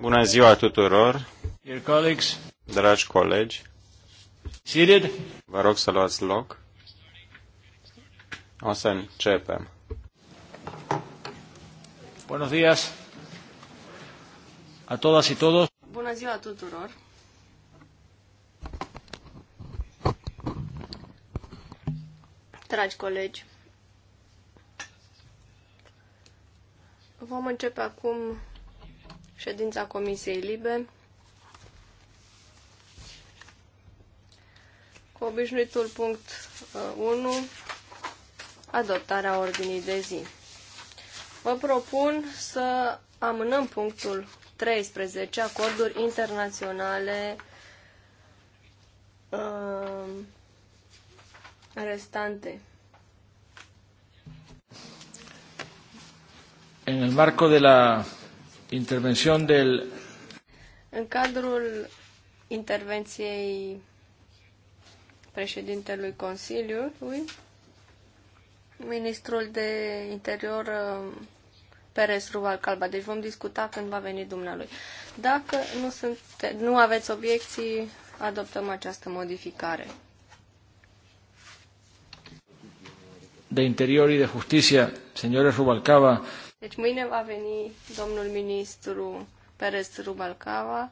Bună ziua tuturor, dragi colegi. Seated. Vă rog să luați loc. O să începem. Buenos días a todas y todos. Bună ziua tuturor. Dragi colegi, Vom începe acum ședința Comisiei Libe cu obișnuitul punct 1, uh, adoptarea ordinii de zi. Vă propun să amânăm punctul 13, acorduri internaționale uh, restante. En el marco de la intervención del... În cadrul intervenției președintelui Consiliului, ministrul de interior uh, Perez Rubalcalba. Deci vom discuta când va veni dumnealui. Dacă nu, sunt, nu aveți obiecții, adoptăm această modificare. De interior și de justiție, señores Rubalcaba, deci mâine va veni domnul ministru Perez Rubalcava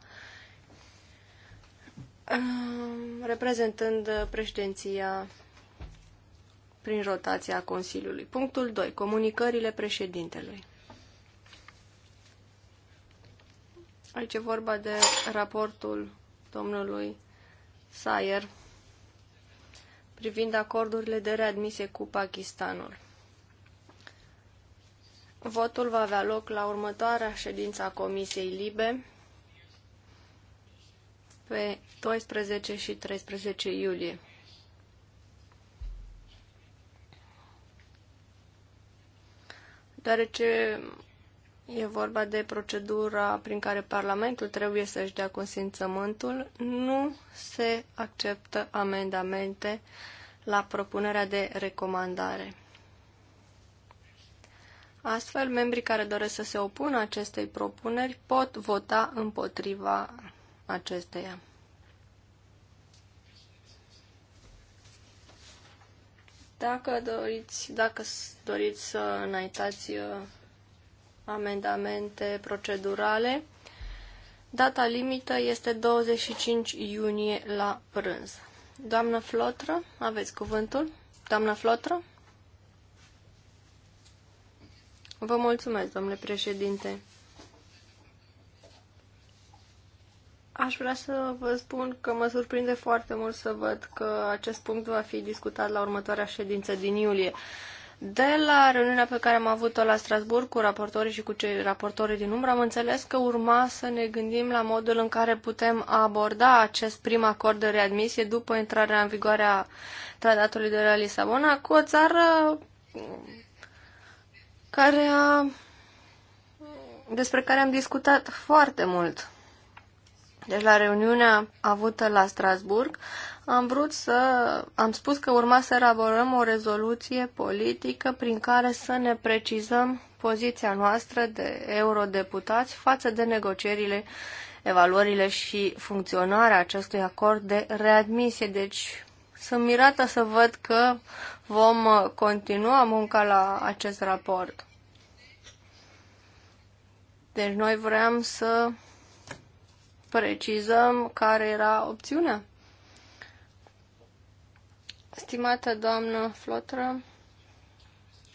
um, reprezentând președinția prin rotația Consiliului. Punctul 2. Comunicările președintelui. Aici e vorba de raportul domnului Sayer privind acordurile de readmisie cu Pakistanul. Votul va avea loc la următoarea ședință a Comisiei Libe pe 12 și 13 iulie. Deoarece e vorba de procedura prin care Parlamentul trebuie să-și dea consimțământul, nu se acceptă amendamente la propunerea de recomandare. Astfel, membrii care doresc să se opună acestei propuneri pot vota împotriva acesteia. Dacă doriți, dacă doriți să înaintați uh, amendamente procedurale, data limită este 25 iunie la prânz. Doamnă Flotră, aveți cuvântul? Doamnă Flotră? Vă mulțumesc, domnule președinte. Aș vrea să vă spun că mă surprinde foarte mult să văd că acest punct va fi discutat la următoarea ședință din iulie. De la reuniunea pe care am avut-o la Strasburg cu raportorii și cu cei raportorii din umbră, am înțeles că urma să ne gândim la modul în care putem aborda acest prim acord de readmisie după intrarea în vigoare a Tratatului de la Lisabona cu o țară care a, despre care am discutat foarte mult. Deci la reuniunea avută la Strasburg am vrut să am spus că urma să elaborăm o rezoluție politică prin care să ne precizăm poziția noastră de eurodeputați față de negocierile, evaluările și funcționarea acestui acord de readmisie. Deci sunt mirată să văd că vom uh, continua munca la acest raport. Deci noi vrem să precizăm care era opțiunea. Stimată doamnă Flotră,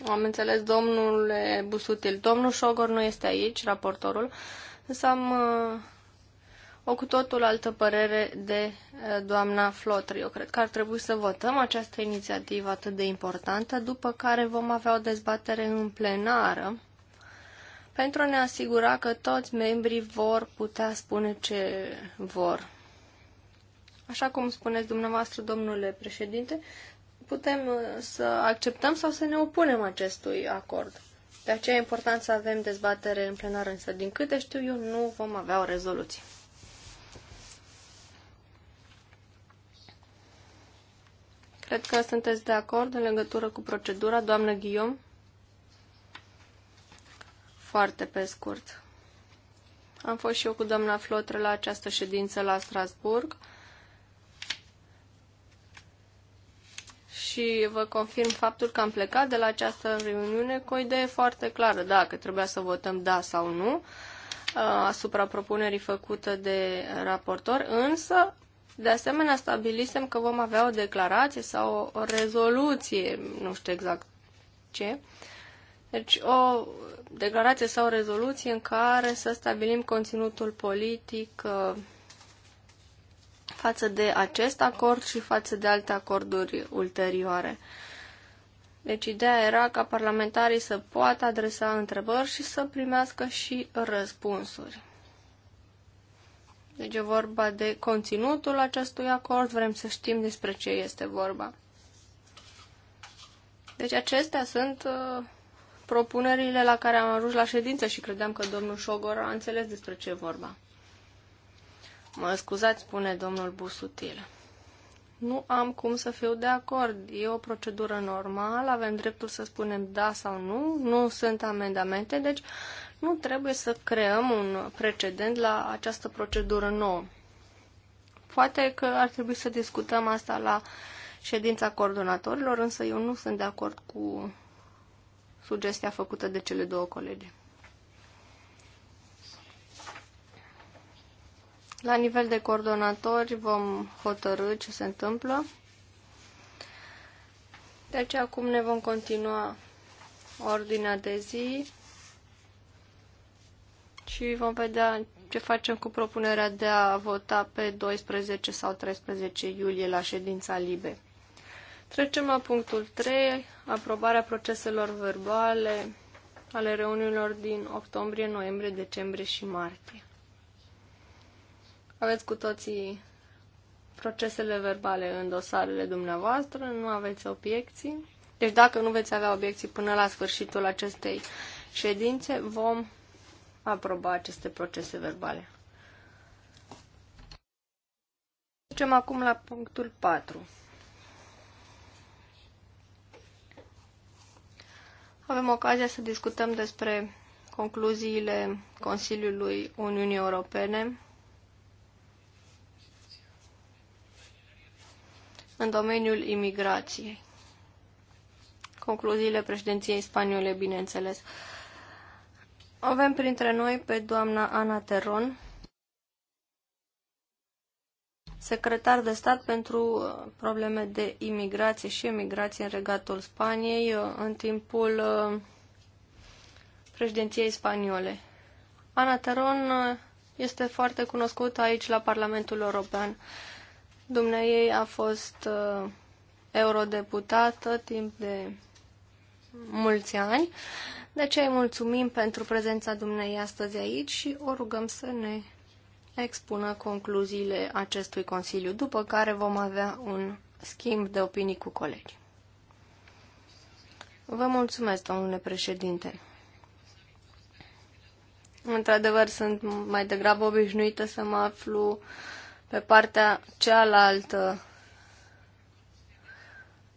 am înțeles, domnule Busutil, domnul Șogor nu este aici, raportorul, însă am uh, o cu totul altă părere de eh, doamna Flotr. Eu cred că ar trebui să votăm această inițiativă atât de importantă, după care vom avea o dezbatere în plenară pentru a ne asigura că toți membrii vor putea spune ce vor. Așa cum spuneți dumneavoastră, domnule președinte, putem eh, să acceptăm sau să ne opunem acestui acord. De aceea e important să avem dezbatere în plenar, însă din câte știu eu nu vom avea o rezoluție. Cred că sunteți de acord în legătură cu procedura, doamnă Ghiom? Foarte pe scurt. Am fost și eu cu doamna Flotre la această ședință la Strasburg și vă confirm faptul că am plecat de la această reuniune cu o idee foarte clară, dacă trebuia să votăm da sau nu uh, asupra propunerii făcute de raportor, însă de asemenea, stabilisem că vom avea o declarație sau o rezoluție, nu știu exact ce, deci o declarație sau o rezoluție în care să stabilim conținutul politic uh, față de acest acord și față de alte acorduri ulterioare. Deci ideea era ca parlamentarii să poată adresa întrebări și să primească și răspunsuri. Deci e vorba de conținutul acestui acord, vrem să știm despre ce este vorba. Deci acestea sunt uh, propunerile la care am ajuns la ședință și credeam că domnul Șogor a înțeles despre ce e vorba. Mă scuzați, spune domnul Busutil nu am cum să fiu de acord. E o procedură normală, avem dreptul să spunem da sau nu, nu sunt amendamente, deci nu trebuie să creăm un precedent la această procedură nouă. Poate că ar trebui să discutăm asta la ședința coordonatorilor, însă eu nu sunt de acord cu sugestia făcută de cele două colegi. La nivel de coordonatori vom hotărâ ce se întâmplă. Deci acum ne vom continua ordinea de zi și vom vedea ce facem cu propunerea de a vota pe 12 sau 13 iulie la ședința LIBE. Trecem la punctul 3, aprobarea proceselor verbale ale reuniunilor din octombrie, noiembrie, decembrie și martie. Aveți cu toții procesele verbale în dosarele dumneavoastră, nu aveți obiecții. Deci dacă nu veți avea obiecții până la sfârșitul acestei ședințe, vom aproba aceste procese verbale. Trecem acum la punctul 4. Avem ocazia să discutăm despre concluziile Consiliului Uniunii Europene în domeniul imigrației. Concluziile președinției spaniole, bineînțeles. Avem printre noi pe doamna Ana Teron, secretar de stat pentru uh, probleme de imigrație și emigrație în regatul Spaniei uh, în timpul uh, președinției spaniole. Ana Teron este foarte cunoscută aici la Parlamentul European ei a fost uh, eurodeputată timp de mulți ani. De ce îi mulțumim pentru prezența dumnei astăzi aici și o rugăm să ne expună concluziile acestui Consiliu, după care vom avea un schimb de opinii cu colegi. Vă mulțumesc, domnule președinte. Într-adevăr, sunt mai degrabă obișnuită să mă aflu uh, pe partea cealaltă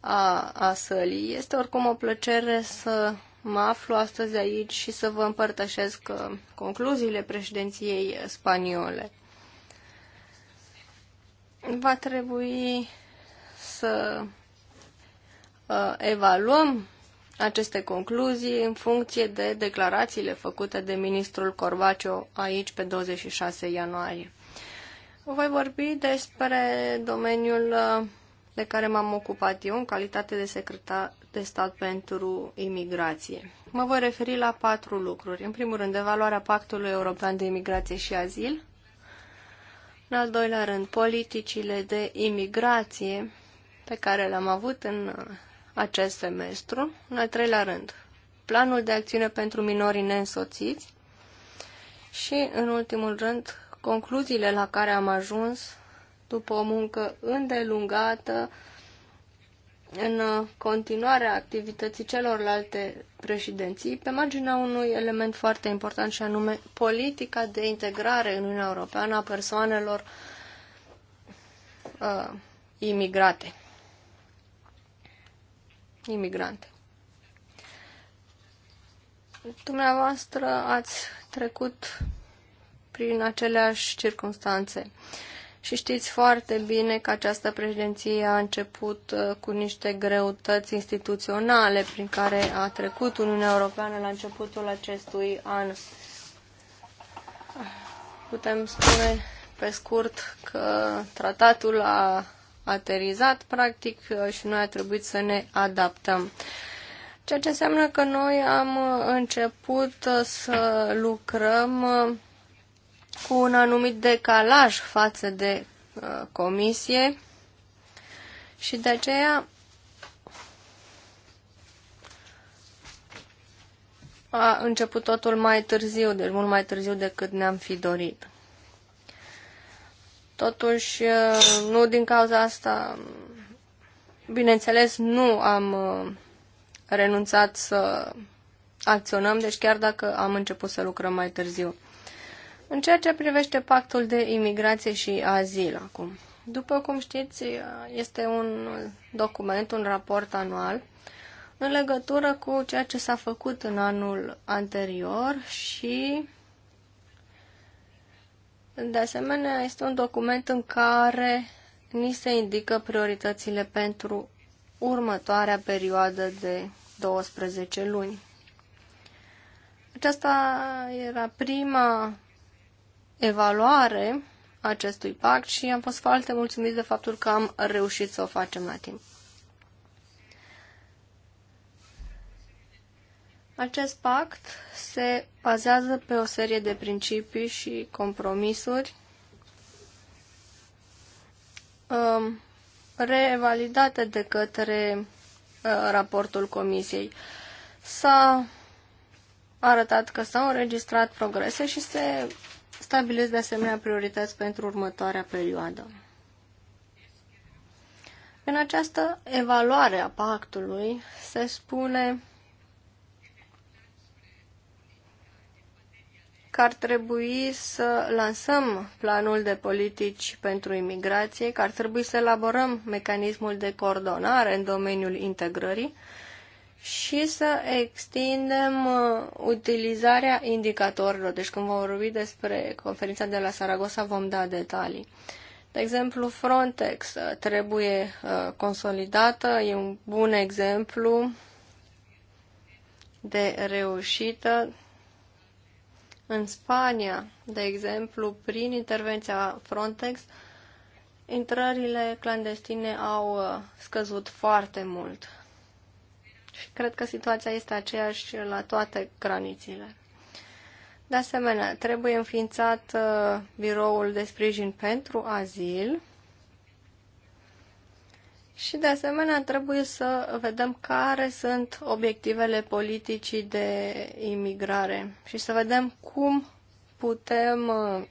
a, a sălii. Este oricum o plăcere să mă aflu astăzi aici și să vă împărtășesc uh, concluziile președinției spaniole. Va trebui să uh, evaluăm aceste concluzii în funcție de declarațiile făcute de ministrul Corvaciu aici pe 26 ianuarie. Voi vorbi despre domeniul uh, de care m-am ocupat eu în calitate de secretar de stat pentru imigrație. Mă voi referi la patru lucruri. În primul rând, evaluarea Pactului European de Imigrație și Azil. În al doilea rând, politicile de imigrație pe care le-am avut în uh, acest semestru. În al treilea rând, planul de acțiune pentru minorii neînsoțiți. Și, în ultimul rând, concluziile la care am ajuns după o muncă îndelungată în continuarea activității celorlalte președinții pe marginea unui element foarte important și anume politica de integrare în Uniunea Europeană a persoanelor uh, imigrate. Imigrante. Dumneavoastră ați trecut prin aceleași circunstanțe. Și știți foarte bine că această președinție a început uh, cu niște greutăți instituționale prin care a trecut Uniunea Europeană la începutul acestui an. Putem spune pe scurt că tratatul a aterizat practic uh, și noi a trebuit să ne adaptăm. Ceea ce înseamnă că noi am început uh, să lucrăm cu un anumit decalaj față de uh, comisie și de aceea a început totul mai târziu, deci mult mai târziu decât ne-am fi dorit. Totuși, uh, nu din cauza asta, bineînțeles, nu am uh, renunțat să acționăm, deci chiar dacă am început să lucrăm mai târziu. În ceea ce privește pactul de imigrație și azil acum. După cum știți, este un document, un raport anual în legătură cu ceea ce s-a făcut în anul anterior și de asemenea este un document în care ni se indică prioritățile pentru următoarea perioadă de 12 luni. Aceasta era prima evaluare acestui pact și am fost foarte mulțumiți de faptul că am reușit să o facem la timp. Acest pact se bazează pe o serie de principii și compromisuri um, revalidate de către uh, raportul comisiei. S-a arătat că s-au înregistrat progrese și se stabilesc de asemenea priorități pentru următoarea perioadă. În această evaluare a pactului se spune că ar trebui să lansăm planul de politici pentru imigrație, că ar trebui să elaborăm mecanismul de coordonare în domeniul integrării și să extindem uh, utilizarea indicatorilor. Deci când vom vorbi despre conferința de la Saragossa vom da detalii. De exemplu, Frontex uh, trebuie uh, consolidată, e un bun exemplu de reușită. În Spania, de exemplu, prin intervenția Frontex, intrările clandestine au scăzut foarte mult. Și cred că situația este aceeași la toate granițile. De asemenea, trebuie înființat uh, biroul de sprijin pentru azil și, de asemenea, trebuie să vedem care sunt obiectivele politicii de imigrare și să vedem cum putem uh,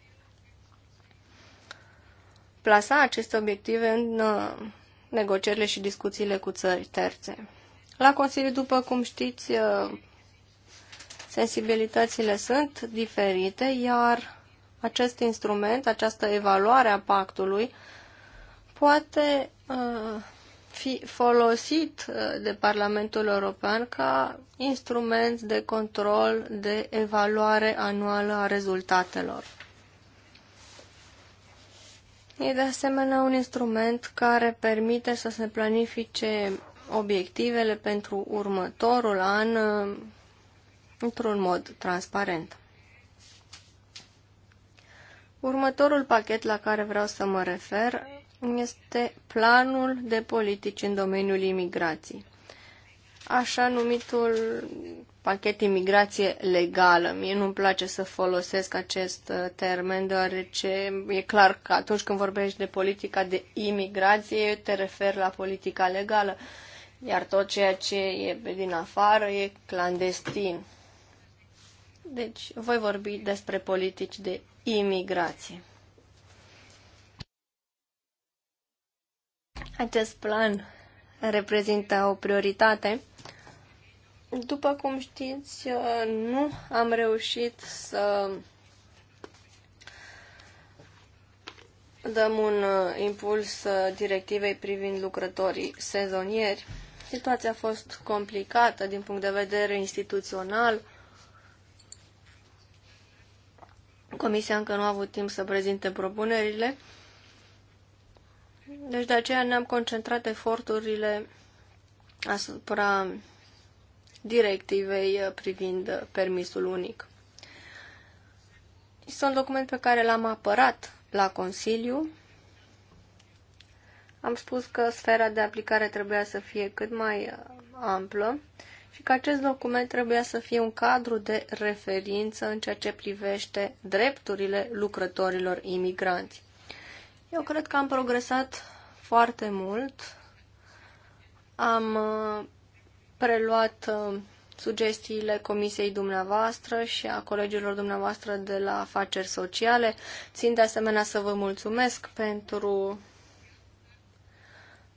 plasa aceste obiective în uh, negocierile și discuțiile cu țări terțe. La Consiliu, după cum știți, uh, sensibilitățile sunt diferite, iar acest instrument, această evaluare a pactului, poate uh, fi folosit uh, de Parlamentul European ca instrument de control, de evaluare anuală a rezultatelor. E de asemenea un instrument care permite să se planifice obiectivele pentru următorul an uh, într-un mod transparent. Următorul pachet la care vreau să mă refer este planul de politici în domeniul imigrației. Așa numitul pachet imigrație legală. Mie nu-mi place să folosesc acest uh, termen, deoarece e clar că atunci când vorbești de politica de imigrație, te referi la politica legală iar tot ceea ce e din afară e clandestin. Deci, voi vorbi despre politici de imigrație. Acest plan reprezintă o prioritate. După cum știți, nu am reușit să dăm un impuls directivei privind lucrătorii sezonieri. Situația a fost complicată din punct de vedere instituțional. Comisia încă nu a avut timp să prezinte propunerile. Deci de aceea ne-am concentrat eforturile asupra directivei privind permisul unic. Este un document pe care l-am apărat la Consiliu am spus că sfera de aplicare trebuia să fie cât mai uh, amplă și că acest document trebuia să fie un cadru de referință în ceea ce privește drepturile lucrătorilor imigranți. Eu cred că am progresat foarte mult. Am uh, preluat uh, sugestiile comisiei dumneavoastră și a colegilor dumneavoastră de la afaceri sociale. Țin de asemenea să vă mulțumesc pentru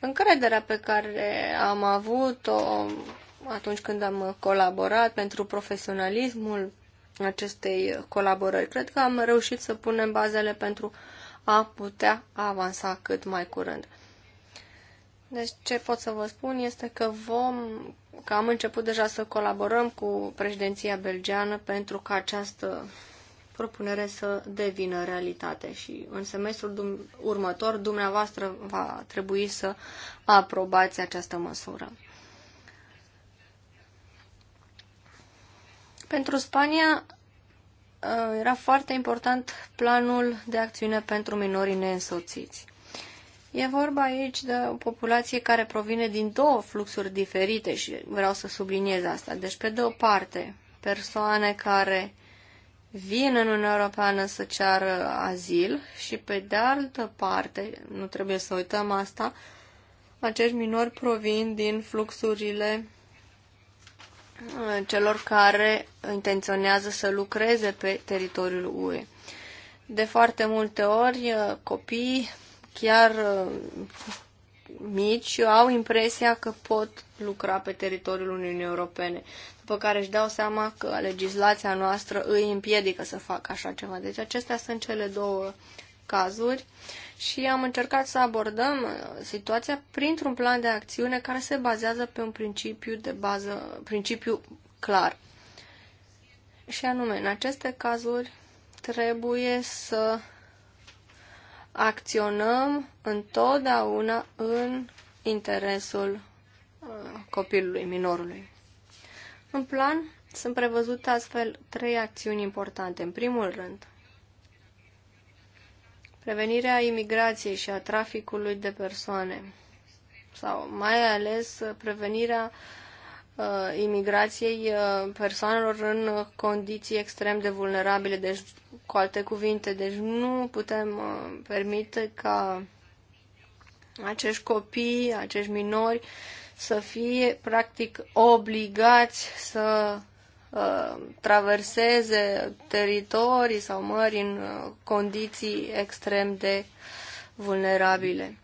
încrederea pe care am avut-o atunci când am colaborat, pentru profesionalismul acestei colaborări. Cred că am reușit să punem bazele pentru a putea avansa cât mai curând. Deci ce pot să vă spun este că vom, că am început deja să colaborăm cu președinția belgeană pentru că această propunere să devină realitate și în semestrul următor dumneavoastră va trebui să aprobați această măsură. Pentru Spania uh, era foarte important planul de acțiune pentru minorii neînsoțiți. E vorba aici de o populație care provine din două fluxuri diferite și vreau să subliniez asta. Deci, pe de o parte, persoane care vin în Uniunea Europeană să ceară azil și, pe de altă parte, nu trebuie să uităm asta, acești minori provin din fluxurile uh, celor care intenționează să lucreze pe teritoriul UE. De foarte multe ori, uh, copiii, chiar uh, mici, au impresia că pot lucra pe teritoriul Uniunii Europene după care își dau seama că legislația noastră îi împiedică să facă așa ceva. Deci acestea sunt cele două cazuri și am încercat să abordăm uh, situația printr-un plan de acțiune care se bazează pe un principiu de bază, principiu clar. Și anume, în aceste cazuri trebuie să acționăm întotdeauna în interesul uh, copilului, minorului. În plan sunt prevăzute astfel trei acțiuni importante. În primul rând, prevenirea imigrației și a traficului de persoane sau mai ales prevenirea uh, imigrației uh, persoanelor în condiții extrem de vulnerabile. Deci, cu alte cuvinte, deci nu putem uh, permite ca acești copii, acești minori să fie practic obligați să uh, traverseze teritorii sau mări în uh, condiții extrem de vulnerabile.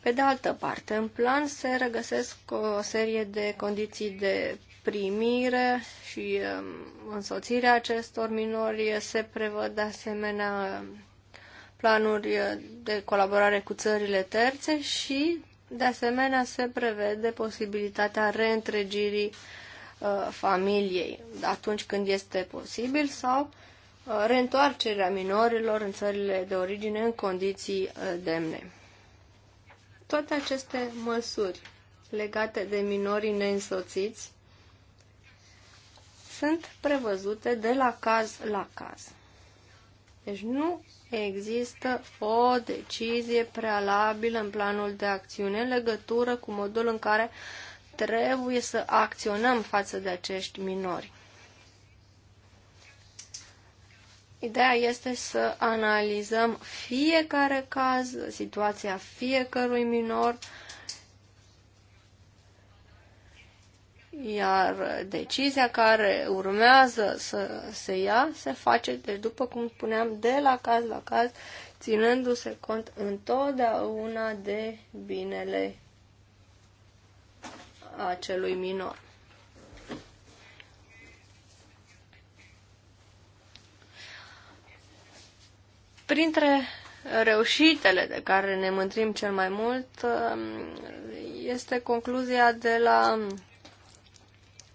Pe de altă parte, în plan se regăsesc o serie de condiții de primire și uh, însoțirea acestor minori. Se prevăd de asemenea planuri de colaborare cu țările terțe și de asemenea, se prevede posibilitatea reîntregirii uh, familiei atunci când este posibil sau uh, reîntoarcerea minorilor în țările de origine în condiții uh, demne. Toate aceste măsuri legate de minorii neînsoțiți sunt prevăzute de la caz la caz. Deci nu există o decizie prealabilă în planul de acțiune în legătură cu modul în care trebuie să acționăm față de acești minori. Ideea este să analizăm fiecare caz, situația fiecărui minor, iar decizia care urmează să se ia se face, deci după cum spuneam, de la caz la caz, ținându-se cont întotdeauna de binele acelui minor. Printre reușitele de care ne mândrim cel mai mult um, este concluzia de la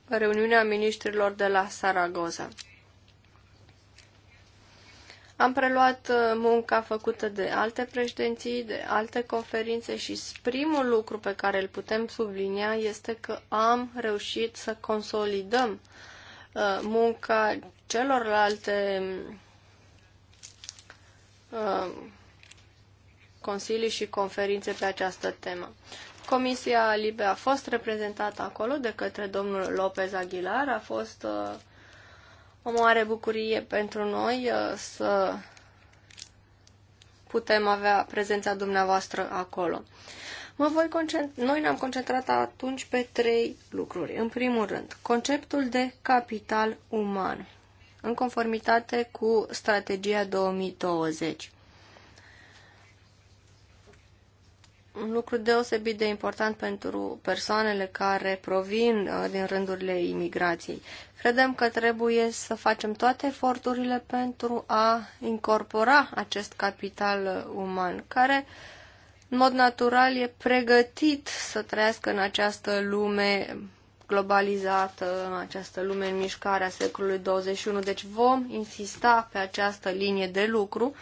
reuniunea ministrilor de la Saragoza. Am preluat uh, munca făcută de alte președinții, de alte conferințe și primul lucru pe care îl putem sublinia este că am reușit să consolidăm uh, munca celorlalte uh, consilii și conferințe pe această temă. Comisia Libe a fost reprezentată acolo de către domnul Lopez Aguilar. A fost uh, o mare bucurie pentru noi uh, să putem avea prezența dumneavoastră acolo. Mă voi Noi ne-am concentrat atunci pe trei lucruri. În primul rând, conceptul de capital uman, în conformitate cu strategia 2020. un lucru deosebit de important pentru persoanele care provin uh, din rândurile imigrației. Credem că trebuie să facem toate eforturile pentru a incorpora acest capital uh, uman, care în mod natural e pregătit să trăiască în această lume globalizată, în această lume în mișcare a secolului 21. Deci vom insista pe această linie de lucru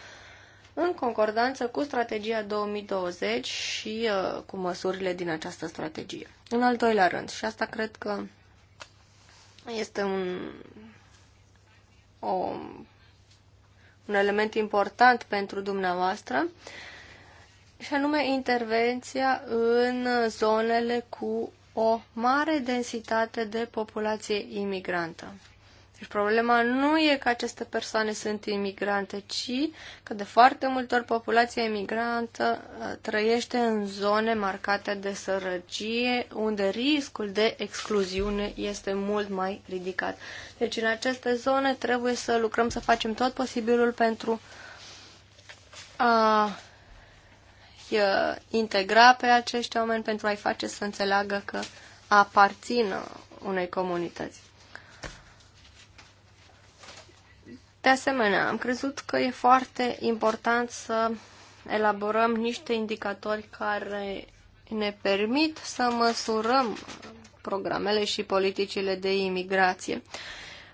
în concordanță cu strategia 2020 și uh, cu măsurile din această strategie. În al doilea rând, și asta cred că este un, o, un element important pentru dumneavoastră, și anume intervenția în zonele cu o mare densitate de populație imigrantă. Deci problema nu e că aceste persoane sunt imigrante, ci că de foarte multe ori populația imigrantă uh, trăiește în zone marcate de sărăcie, unde riscul de excluziune este mult mai ridicat. Deci în aceste zone trebuie să lucrăm, să facem tot posibilul pentru a integra pe acești oameni, pentru a-i face să înțeleagă că aparțin unei comunități. De asemenea, am crezut că e foarte important să elaborăm niște indicatori care ne permit să măsurăm programele și politicile de imigrație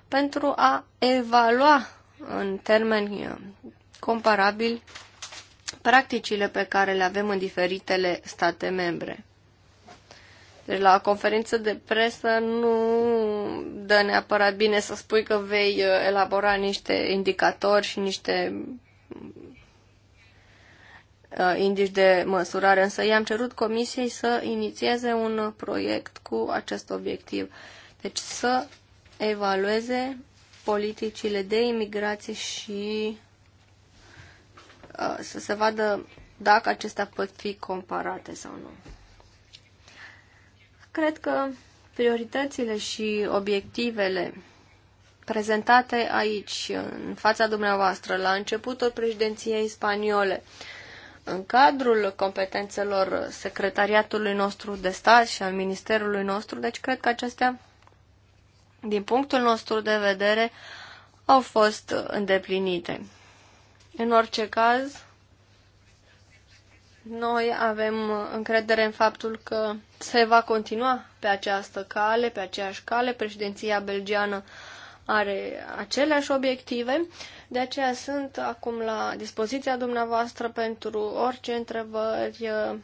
pentru a evalua în termeni comparabili practicile pe care le avem în diferitele state membre. Deci la conferință de presă nu dă neapărat bine să spui că vei uh, elabora niște indicatori și niște uh, indici de măsurare, însă i-am cerut comisiei să inițieze un proiect cu acest obiectiv. Deci să evalueze politicile de imigrație și uh, să se vadă dacă acestea pot fi comparate sau nu. Cred că prioritățile și obiectivele prezentate aici, în fața dumneavoastră, la începutul președinției spaniole, în cadrul competențelor secretariatului nostru de stat și al ministerului nostru, deci cred că acestea, din punctul nostru de vedere, au fost îndeplinite. În orice caz, noi avem încredere în faptul că se va continua pe această cale, pe aceeași cale. Președinția belgiană are aceleași obiective, de aceea sunt acum la dispoziția dumneavoastră pentru orice întrebări uh,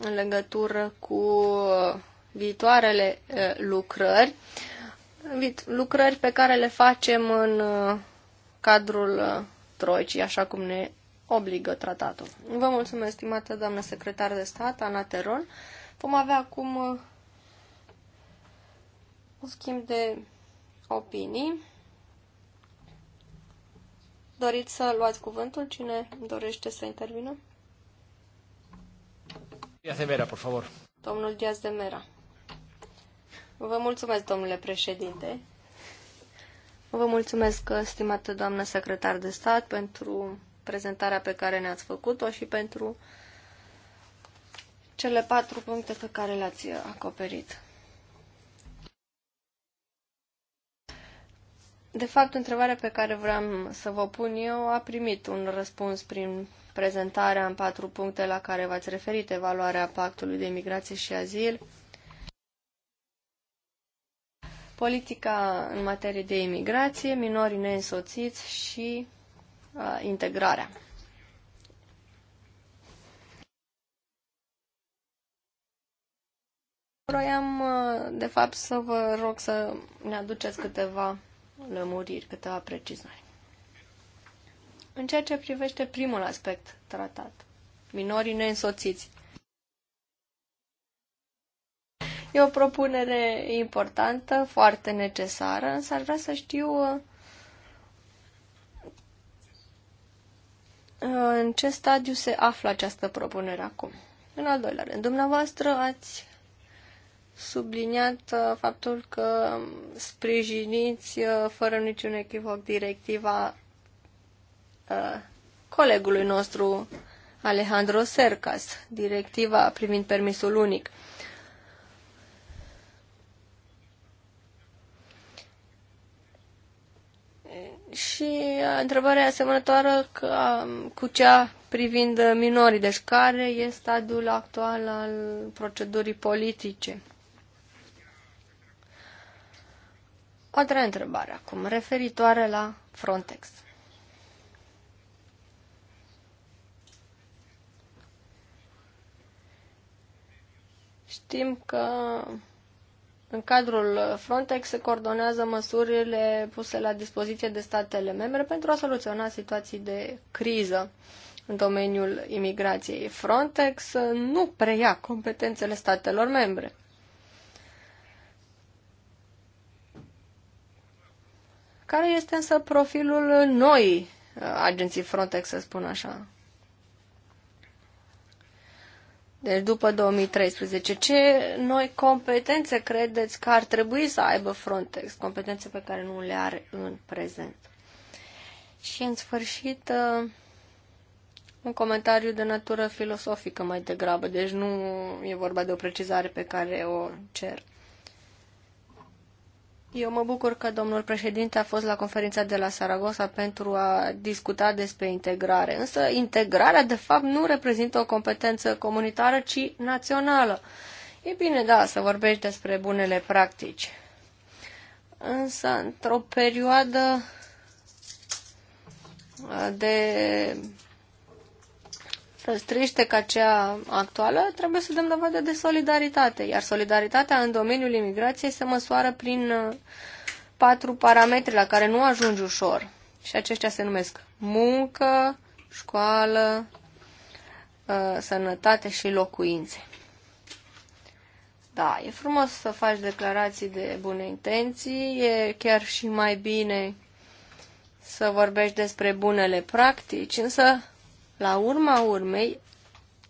în legătură cu uh, viitoarele uh, lucrări, lucrări pe care le facem în cadrul Troicii, așa cum ne obligă tratatul. Vă mulțumesc, stimată doamnă secretar de stat, Ana Teron. Vom avea acum uh, un schimb de opinii. Doriți să luați cuvântul? Cine dorește să intervină? Diaz de Mera, por favor. Domnul Diaz de Mera. Vă mulțumesc, domnule președinte. Vă mulțumesc, stimată doamnă secretar de stat, pentru prezentarea pe care ne-ați făcut-o și pentru uh, cele patru puncte pe care le-ați acoperit. De fapt, întrebarea pe care vreau să vă pun eu a primit un răspuns prin prezentarea în patru puncte la care v-ați referit, evaluarea pactului de migrație și azil, politica în materie de imigrație, minorii neînsoțiți și uh, integrarea. Vroiam, uh, de fapt, să vă rog să ne aduceți câteva lămuriri, câteva precizări. În ceea ce privește primul aspect tratat, minorii neînsoțiți, E o propunere importantă, foarte necesară, însă ar vrea să știu uh, în ce stadiu se află această propunere acum. În al doilea rând, dumneavoastră ați subliniat uh, faptul că sprijiniți uh, fără niciun echivoc directiva uh, colegului nostru Alejandro Sercas, directiva privind permisul unic. Și întrebarea asemănătoare ca, um, cu cea privind minorii, deci care este stadiul actual al procedurii politice? O altă întrebare acum, referitoare la Frontex. Știm că în cadrul Frontex se coordonează măsurile puse la dispoziție de statele membre pentru a soluționa situații de criză în domeniul imigrației. Frontex nu preia competențele statelor membre. Care este însă profilul noi uh, agenții Frontex, să spun așa? Deci după 2013, ce noi competențe credeți că ar trebui să aibă Frontex, competențe pe care nu le are în prezent? Și în sfârșit, uh, un comentariu de natură filosofică mai degrabă, deci nu e vorba de o precizare pe care o cer. Eu mă bucur că domnul președinte a fost la conferința de la Saragossa pentru a discuta despre integrare. Însă integrarea, de fapt, nu reprezintă o competență comunitară, ci națională. E bine, da, să vorbești despre bunele practici. Însă, într-o perioadă de răstriște ca cea actuală, trebuie să dăm dovadă de solidaritate. Iar solidaritatea în domeniul imigrației se măsoară prin uh, patru parametri la care nu ajungi ușor. Și aceștia se numesc muncă, școală, uh, sănătate și locuințe. Da, e frumos să faci declarații de bune intenții, e chiar și mai bine să vorbești despre bunele practici, însă la urma urmei,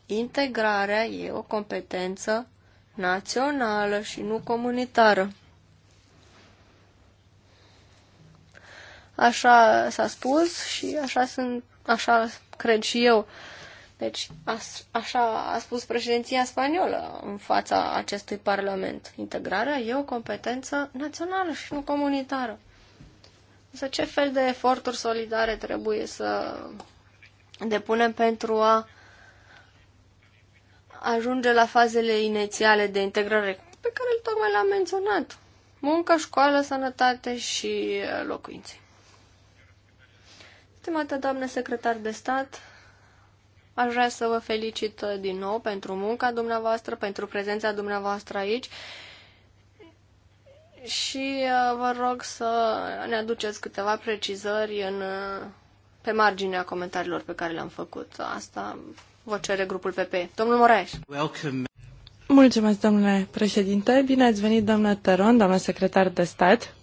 integrarea e o competență națională și nu comunitară. Așa s-a spus și așa sunt, așa cred și eu. Deci, așa a spus președinția spaniolă în fața acestui parlament. Integrarea e o competență națională și nu comunitară. Însă ce fel de eforturi solidare trebuie să depune pentru a ajunge la fazele inițiale de integrare pe care tocmai l-am menționat. Muncă, școală, sănătate și uh, locuințe. Stimată doamnă secretar de stat, aș vrea să vă felicit uh, din nou pentru munca dumneavoastră, pentru prezența dumneavoastră aici și uh, vă rog să ne aduceți câteva precizări în pe marginea comentariilor pe care le-am făcut. Asta vă cere grupul PP. Domnul Moraes. Welcome. Mulțumesc, domnule președinte. Bine ați venit, doamnă Teron, doamnă secretar de stat.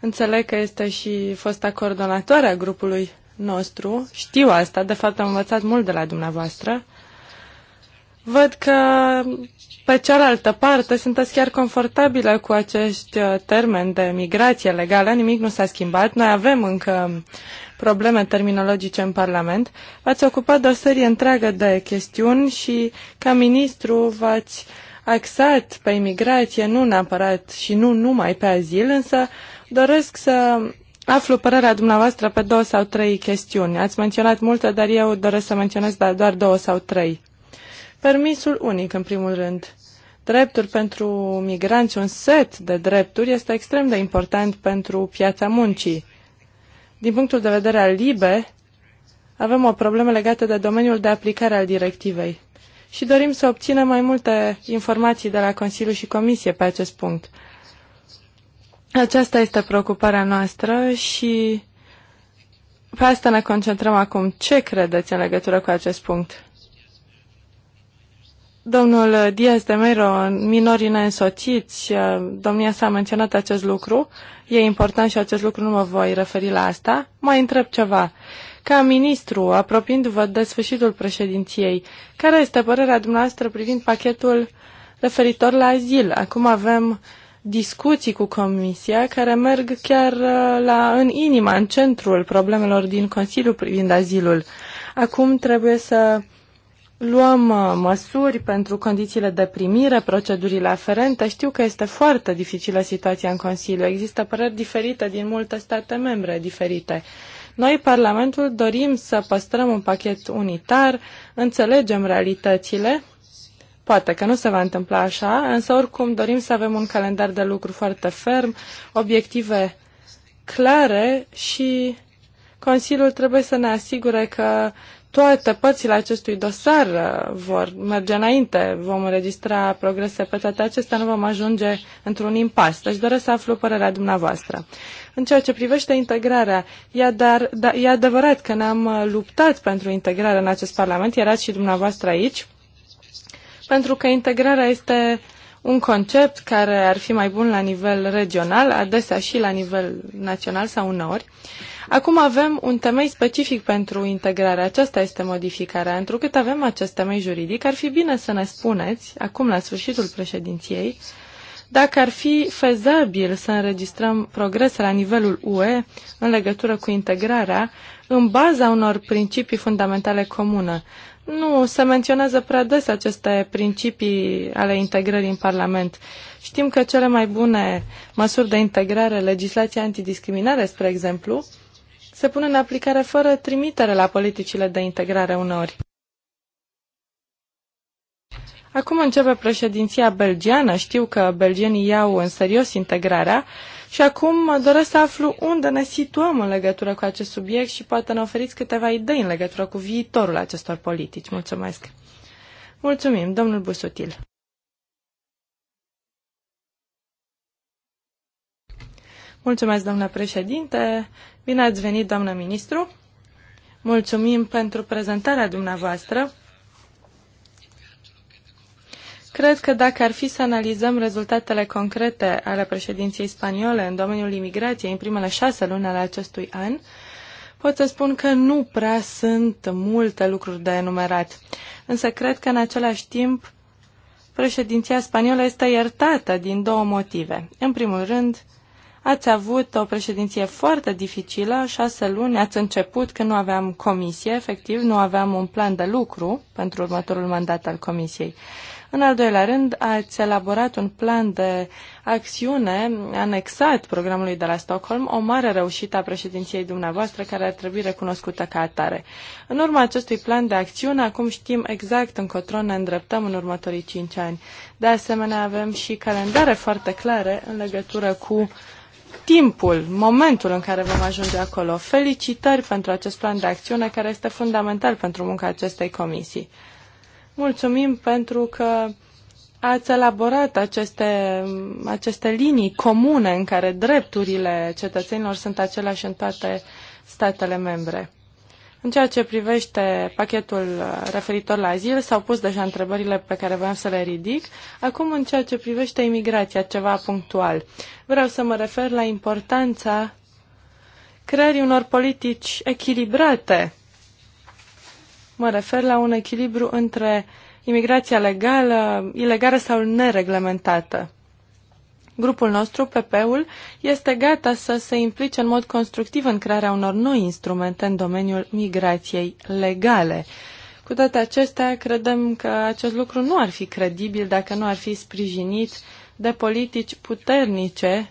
Înțeleg că este și fosta coordonatoare a grupului nostru. Știu asta, de fapt am învățat mult de la dumneavoastră. Văd că pe cealaltă parte sunteți chiar confortabilă cu acești uh, termeni de migrație legală, nimic nu s-a schimbat. Noi avem încă probleme terminologice în Parlament. V-ați ocupat de o serie întreagă de chestiuni și ca ministru v-ați axat pe imigrație, nu neapărat și nu numai pe azil, însă doresc să aflu părerea dumneavoastră pe două sau trei chestiuni. Ați menționat multe, dar eu doresc să menționez da- doar două sau trei. Permisul unic, în primul rând drepturi pentru migranți, un set de drepturi, este extrem de important pentru piața muncii. Din punctul de vedere al LIBE, avem o problemă legată de domeniul de aplicare al directivei și dorim să obținem mai multe informații de la Consiliu și Comisie pe acest punct. Aceasta este preocuparea noastră și pe asta ne concentrăm acum. Ce credeți în legătură cu acest punct? Domnul Diaz de Mero, minorii neînsoțiți, uh, domnia sa a menționat acest lucru, e important și acest lucru nu mă voi referi la asta. Mai întreb ceva. Ca ministru, apropiindu-vă de sfârșitul președinției, care este părerea dumneavoastră privind pachetul referitor la azil? Acum avem discuții cu Comisia care merg chiar uh, la, în inima, în centrul problemelor din Consiliu privind azilul. Acum trebuie să luăm uh, măsuri pentru condițiile de primire, procedurile aferente. Știu că este foarte dificilă situația în Consiliu. Există păreri diferite din multe state membre diferite. Noi, Parlamentul, dorim să păstrăm un pachet unitar, înțelegem realitățile, Poate că nu se va întâmpla așa, însă oricum dorim să avem un calendar de lucru foarte ferm, obiective clare și Consiliul trebuie să ne asigure că toate părțile acestui dosar uh, vor merge înainte, vom înregistra progrese pe toate acestea, nu vom ajunge într-un impas. Deci doresc să aflu părerea dumneavoastră. În ceea ce privește integrarea, e, dar, da, e adevărat că ne-am uh, luptat pentru integrarea în acest Parlament, erați și dumneavoastră aici, pentru că integrarea este uh, un concept care ar fi mai bun la nivel regional, adesea și la nivel național sau uneori. Acum avem un temei specific pentru integrare. Aceasta este modificarea. Întrucât avem acest temei juridic, ar fi bine să ne spuneți, acum la sfârșitul președinției, dacă ar fi fezabil să înregistrăm progrese la nivelul UE în legătură cu integrarea, în baza unor principii fundamentale comune, nu, se menționează prea des aceste principii ale integrării în Parlament. Știm că cele mai bune măsuri de integrare, legislația antidiscriminare, spre exemplu, se pun în aplicare fără trimitere la politicile de integrare uneori. Acum începe președinția belgiană. Știu că belgenii iau în serios integrarea și acum doresc să aflu unde ne situăm în legătură cu acest subiect și poate ne oferiți câteva idei în legătură cu viitorul acestor politici. Mulțumesc! Mulțumim, domnul Busutil! Mulțumesc, domnule președinte! Bine ați venit, doamnă ministru! Mulțumim pentru prezentarea dumneavoastră! Cred că dacă ar fi să analizăm rezultatele concrete ale președinției spaniole în domeniul imigrației în primele șase luni ale acestui an, pot să spun că nu prea sunt multe lucruri de enumerat. Însă cred că în același timp președinția spaniolă este iertată din două motive. În primul rând, ați avut o președinție foarte dificilă, șase luni, ați început când nu aveam comisie, efectiv, nu aveam un plan de lucru pentru următorul mandat al comisiei. În al doilea rând, ați elaborat un plan de acțiune anexat programului de la Stockholm, o mare reușită a președinției dumneavoastră care ar trebui recunoscută ca atare. În urma acestui plan de acțiune, acum știm exact încotro ne îndreptăm în următorii cinci ani. De asemenea, avem și calendare foarte clare în legătură cu timpul, momentul în care vom ajunge acolo. Felicitări pentru acest plan de acțiune care este fundamental pentru munca acestei comisii. Mulțumim pentru că ați elaborat aceste, aceste linii comune în care drepturile cetățenilor sunt aceleași în toate statele membre. În ceea ce privește pachetul referitor la azil, s-au pus deja întrebările pe care voiam să le ridic. Acum, în ceea ce privește imigrația, ceva punctual. Vreau să mă refer la importanța creării unor politici echilibrate Mă refer la un echilibru între imigrația legală, ilegală sau nereglementată. Grupul nostru, PP-ul, este gata să se implice în mod constructiv în crearea unor noi instrumente în domeniul migrației legale. Cu toate acestea, credem că acest lucru nu ar fi credibil dacă nu ar fi sprijinit de politici puternice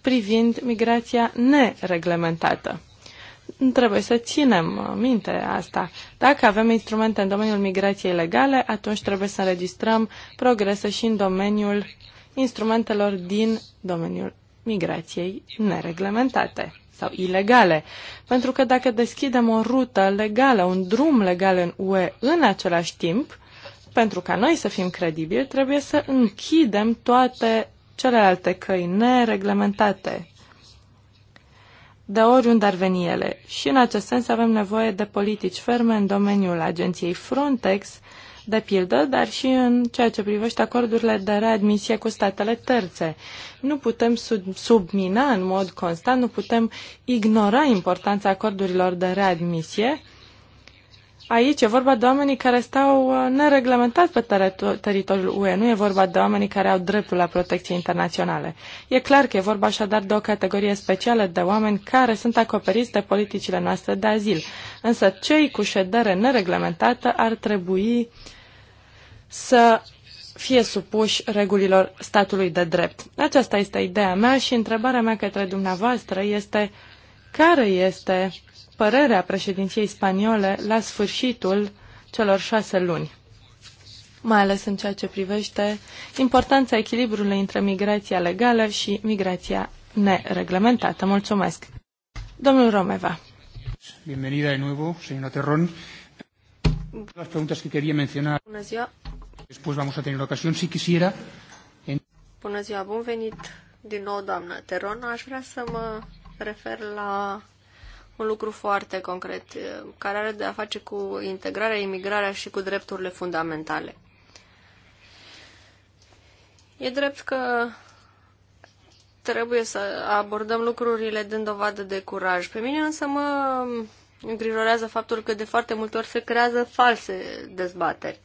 privind migrația nereglementată. Trebuie să ținem minte asta. Dacă avem instrumente în domeniul migrației legale, atunci trebuie să înregistrăm progrese și în domeniul instrumentelor din domeniul migrației nereglementate sau ilegale. Pentru că dacă deschidem o rută legală, un drum legal în UE în același timp, pentru ca noi să fim credibili, trebuie să închidem toate celelalte căi nereglementate de oriunde ar veni ele. Și în acest sens avem nevoie de politici ferme în domeniul agenției Frontex, de pildă, dar și în ceea ce privește acordurile de readmisie cu statele terțe. Nu putem sub- submina în mod constant, nu putem ignora importanța acordurilor de readmisie, Aici e vorba de oamenii care stau uh, nereglementați pe teritoriul UE, nu e vorba de oamenii care au dreptul la protecție internaționale. E clar că e vorba așadar de o categorie specială de oameni care sunt acoperiți de politicile noastre de azil. Însă cei cu ședere nereglementată ar trebui să fie supuși regulilor statului de drept. Aceasta este ideea mea și întrebarea mea către dumneavoastră este care este părerea președinției spaniole la sfârșitul celor șase luni, mai ales în ceea ce privește importanța echilibrului între migrația legală și migrația nereglementată. Mulțumesc! Domnul Romeva. Bienvenida de nuevo, señora Terron. Las preguntas que quería mencionar. Bună ziua. Después vamos a tener ocasión, si quisiera. En... Bună ziua, bun venit din nou, doamnă Teron. Aș vrea să mă refer la un lucru foarte concret, eh, care are de a face cu integrarea, imigrarea și cu drepturile fundamentale. E drept că trebuie să abordăm lucrurile dând dovadă de curaj. Pe mine însă mă îngrijorează faptul că de foarte multe ori se creează false dezbateri.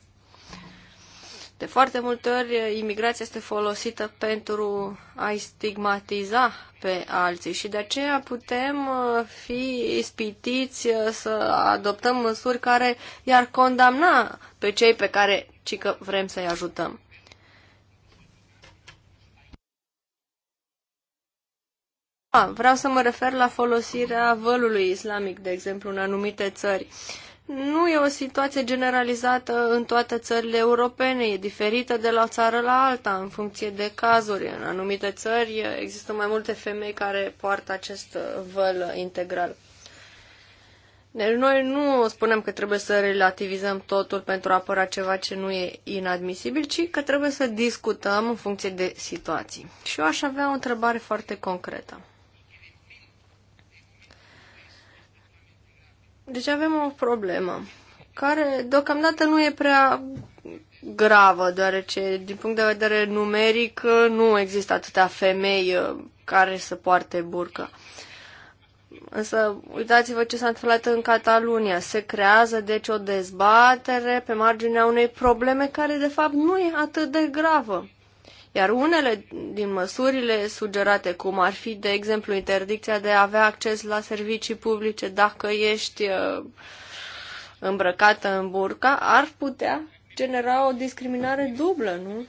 De foarte multe ori, eh, imigrația este folosită pentru a-i stigmatiza pe alții și de aceea putem eh, fi ispitiți eh, să adoptăm măsuri care i-ar condamna pe cei pe care ci că vrem să-i ajutăm. A, ah, vreau să mă refer la folosirea vălului islamic, de exemplu, în anumite țări. Uh, nu e o situație generalizată în toate țările europene, e diferită de la o țară la alta, în funcție de cazuri. În anumite țări există mai multe femei care poartă acest uh, văl integral. Deci noi nu spunem că trebuie să relativizăm totul pentru a apăra ceva ce nu e inadmisibil, ci că trebuie să discutăm în funcție de situații. Și eu aș avea o întrebare foarte concretă. Deci avem o problemă care deocamdată nu e prea gravă, deoarece din punct de vedere numeric nu există atâtea femei uh, care să poarte burcă. Însă, uitați-vă ce s-a întâmplat în Catalunia. Se creează, deci, o dezbatere pe marginea unei probleme care, de fapt, nu e atât de gravă. Iar unele din măsurile sugerate, cum ar fi, de exemplu, interdicția de a avea acces la servicii publice dacă ești uh, îmbrăcată în burca, ar putea genera o discriminare dublă, nu?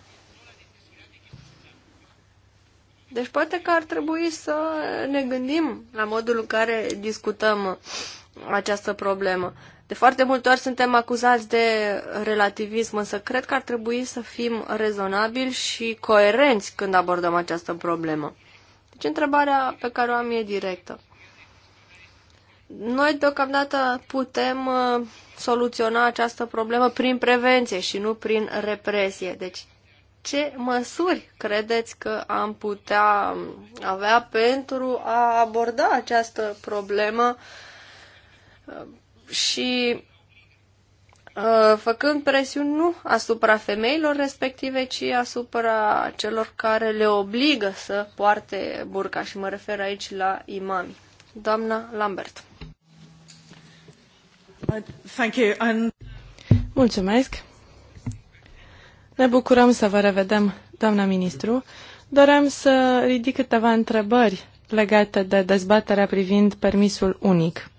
Deci poate că ar trebui să ne gândim la modul în care discutăm această problemă. De foarte multe ori suntem acuzați de relativism, însă cred că ar trebui să fim rezonabili și coerenți când abordăm această problemă. Deci întrebarea pe care o am e directă. Noi deocamdată putem uh, soluționa această problemă prin prevenție și nu prin represie. Deci ce măsuri credeți că am putea um, avea pentru a aborda această problemă uh, și uh, făcând presiuni nu asupra femeilor respective, ci asupra celor care le obligă să poarte burca și mă refer aici la imami. Doamna Lambert. Thank you. And... Mulțumesc. Ne bucurăm să vă revedem, doamna ministru. Doream să ridic câteva întrebări legate de dezbaterea privind permisul unic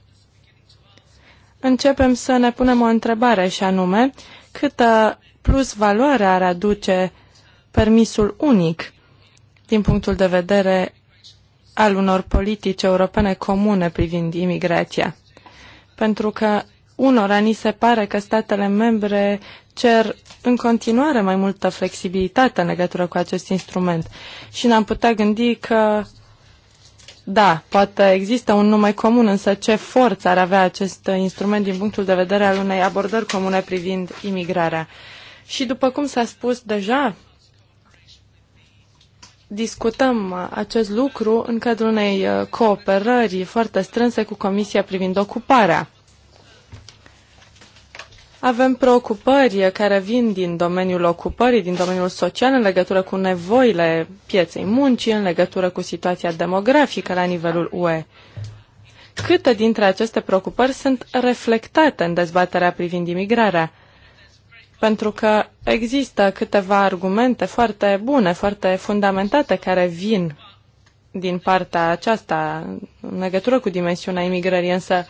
începem să ne punem o întrebare și anume câtă plus valoare ar aduce permisul unic din punctul de vedere al unor politici europene comune privind imigrația. Pentru că unora ni se pare că statele membre cer în continuare mai multă flexibilitate în legătură cu acest instrument și ne-am putea gândi că da, poate există un nume comun, însă ce forță ar avea acest instrument din punctul de vedere al unei abordări comune privind imigrarea? Și după cum s-a spus deja, discutăm acest lucru în cadrul unei uh, cooperări foarte strânse cu Comisia privind ocuparea. Avem preocupări care vin din domeniul ocupării, din domeniul social, în legătură cu nevoile pieței muncii, în legătură cu situația demografică la nivelul UE. Câte dintre aceste preocupări sunt reflectate în dezbaterea privind imigrarea? Pentru că există câteva argumente foarte bune, foarte fundamentate care vin din partea aceasta în legătură cu dimensiunea imigrării, însă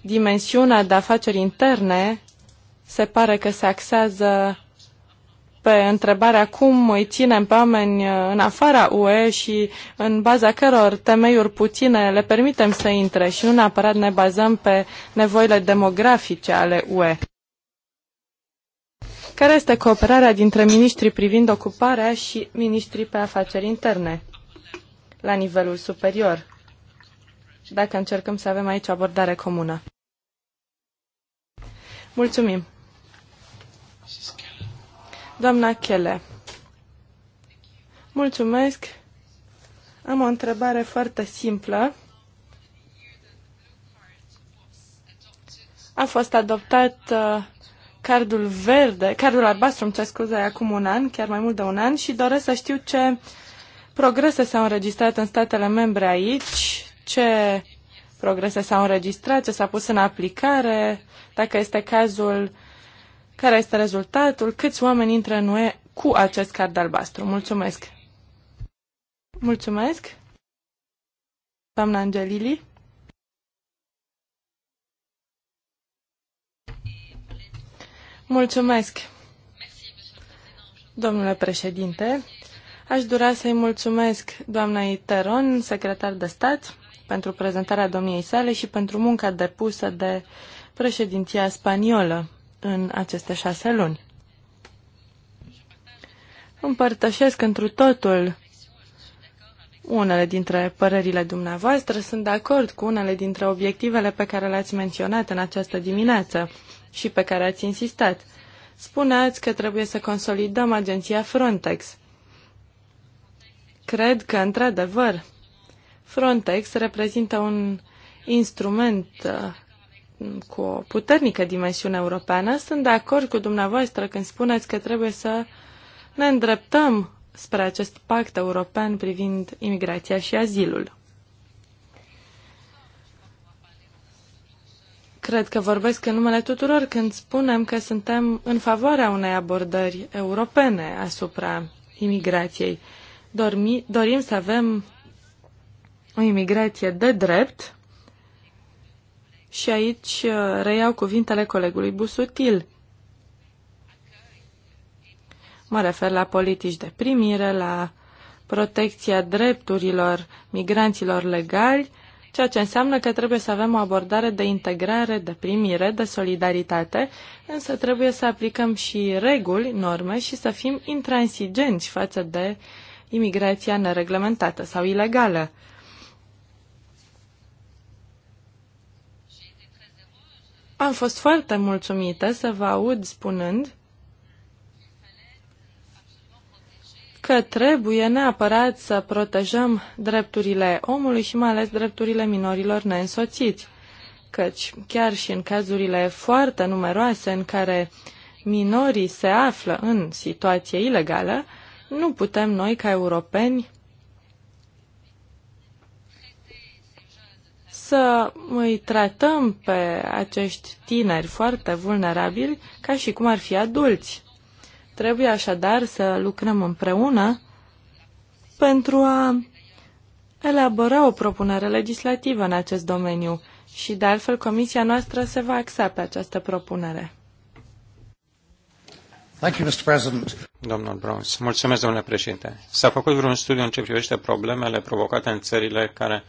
dimensiunea de afaceri interne se pare că se axează pe întrebarea cum îi ținem pe oameni în afara UE și în baza căror temeiuri puține le permitem să intre și nu neapărat ne bazăm pe nevoile demografice ale UE. Care este cooperarea dintre miniștrii privind ocuparea și miniștrii pe afaceri interne la nivelul superior? Dacă încercăm să avem aici o abordare comună. Mulțumim! Doamna Chele. Mulțumesc. Am o întrebare foarte simplă. A fost adoptat uh, cardul verde, cardul albastru, îmi cer scuze, acum un an, chiar mai mult de un an, și doresc să știu ce progrese s-au înregistrat în statele membre aici, ce progrese s-au înregistrat, ce s-a pus în aplicare, dacă este cazul care este rezultatul, câți oameni intră în UE cu acest card albastru. Mulțumesc! Mulțumesc! Doamna Angelili. Mulțumesc, domnule președinte. Aș dura să-i mulțumesc doamnei Teron, secretar de stat, pentru prezentarea domniei sale și pentru munca depusă de președinția spaniolă în aceste șase luni. Împărtășesc întru totul unele dintre părerile dumneavoastră, sunt de acord cu unele dintre obiectivele pe care le-ați menționat în această dimineață și pe care ați insistat. Spuneați că trebuie să consolidăm agenția Frontex. Cred că, într-adevăr, Frontex reprezintă un instrument uh, cu o puternică dimensiune europeană. Sunt de acord cu dumneavoastră când spuneți că trebuie să ne îndreptăm spre acest pact european privind imigrația și azilul. Cred că vorbesc în numele tuturor când spunem că suntem în favoarea unei abordări europene asupra imigrației. Dormi, dorim să avem o imigrație de drept, și aici uh, reiau cuvintele colegului Busutil. Mă refer la politici de primire, la protecția drepturilor migranților legali, ceea ce înseamnă că trebuie să avem o abordare de integrare, de primire, de solidaritate, însă trebuie să aplicăm și reguli, norme și să fim intransigenți față de imigrația nereglementată sau ilegală. Am fost foarte mulțumită să vă aud spunând că trebuie neapărat să protejăm drepturile omului și mai ales drepturile minorilor neînsoțiți, căci chiar și în cazurile foarte numeroase în care minorii se află în situație ilegală, nu putem noi ca europeni să îi tratăm pe acești tineri foarte vulnerabili ca și cum ar fi adulți. Trebuie așadar să lucrăm împreună pentru a elabora o propunere legislativă în acest domeniu și de altfel comisia noastră se va axa pe această propunere. Thank you, Mr. President. Domnul Browns, mulțumesc, domnule președinte. S-a făcut vreun studiu în ce privește problemele provocate în țările care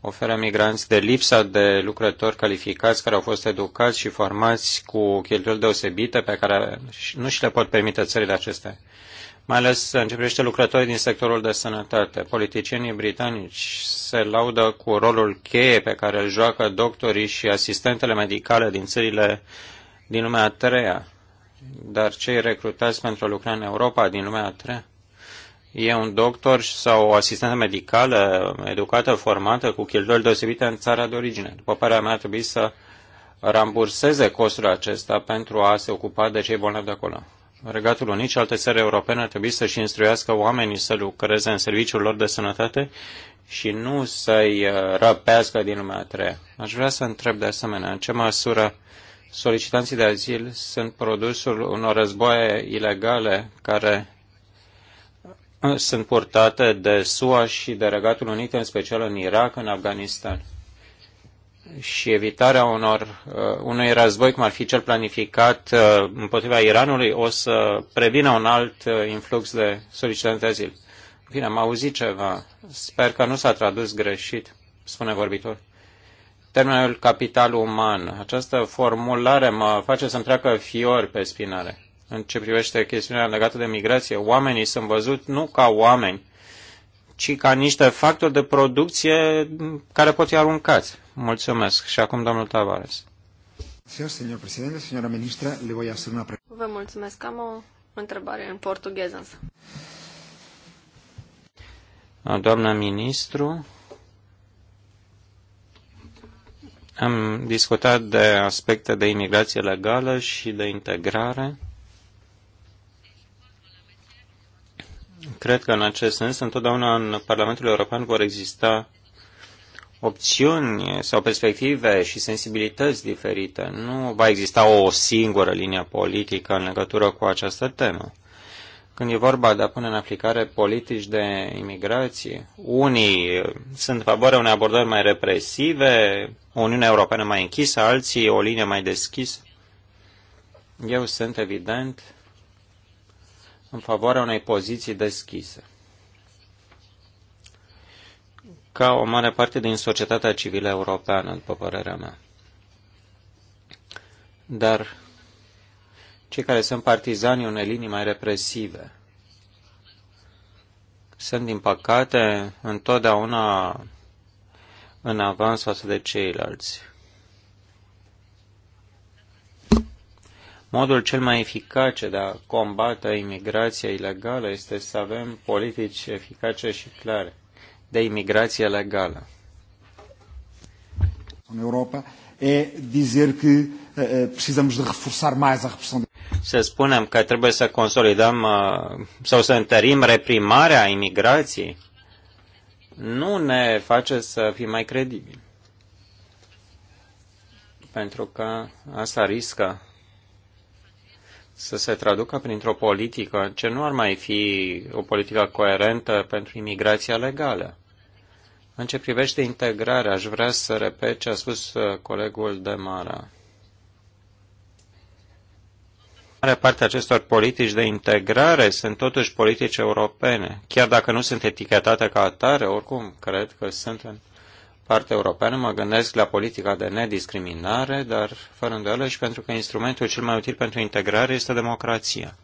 oferă migranți de lipsa de lucrători calificați care au fost educați și formați cu cheltuieli deosebite pe care nu și le pot permite țările acestea. Mai ales în ce privește lucrătorii din sectorul de sănătate. Politicienii britanici se laudă cu rolul cheie pe care îl joacă doctorii și asistentele medicale din țările din lumea a treia, dar cei recrutați pentru a lucra în Europa din lumea a treia e un doctor sau o asistentă medicală educată, formată, cu cheltuieli deosebite în țara de origine. După părerea mea, ar trebui să ramburseze costul acesta pentru a se ocupa de cei bolnavi de acolo. Regatul Unit și alte țări europene ar trebui să-și instruiască oamenii să lucreze în serviciul lor de sănătate și nu să-i uh, răpească din lumea a treia. Aș vrea să întreb de asemenea în ce măsură solicitanții de azil sunt produsul unor războaie ilegale care sunt purtate de SUA și de Regatul Unit, în special în Irak, în Afganistan. Și evitarea unor, uh, unui război, cum ar fi cel planificat uh, împotriva Iranului, o să prevină un alt uh, influx de solicitanți de azil. Bine, am auzit ceva. Sper că nu s-a tradus greșit, spune vorbitor. Termenul capital uman. Această formulare mă face să-mi treacă fiori pe spinare în ce privește chestiunea legată de migrație. Oamenii sunt văzut nu ca oameni, ci ca niște factori de producție care pot fi aruncați. Mulțumesc. Și acum, domnul Tavares. Vă mulțumesc. Am o întrebare în portugheză însă. Doamna ministru, am discutat de aspecte de imigrație legală și de integrare. Cred că în acest sens întotdeauna în Parlamentul European vor exista opțiuni sau perspective și sensibilități diferite. Nu va exista o singură linie politică în legătură cu această temă. Când e vorba de a pune în aplicare politici de imigrație, unii sunt în favoarea unei abordări mai represive, o Uniune Europeană mai închisă, alții o linie mai deschisă. Eu sunt evident în favoarea unei poziții deschise. Ca o mare parte din societatea civilă europeană, după părerea mea. Dar cei care sunt partizani unei linii mai represive sunt, din păcate, întotdeauna în avans față de ceilalți. Modul cel mai eficace de a combate imigrația ilegală este să avem politici eficace și clare de imigrație legală. În Europa e dizer că eh, eh, precisamos de reforçar mais a repressão. Să spunem că trebuie să consolidăm eh, sau să întărim reprimarea imigrației nu ne face să fim mai credibili. Pentru că asta riscă să se traducă printr-o politică ce nu ar mai fi o politică coerentă pentru imigrația legală. În ce privește integrarea, aș vrea să repet ce a spus uh, colegul de Mara. Mare parte acestor politici de integrare sunt totuși politici europene. Chiar dacă nu sunt etichetate ca atare, oricum cred că sunt în partea europeană, mă gândesc la politica de nediscriminare, dar fără îndoială și pentru că instrumentul cel mai util pentru integrare este democrația.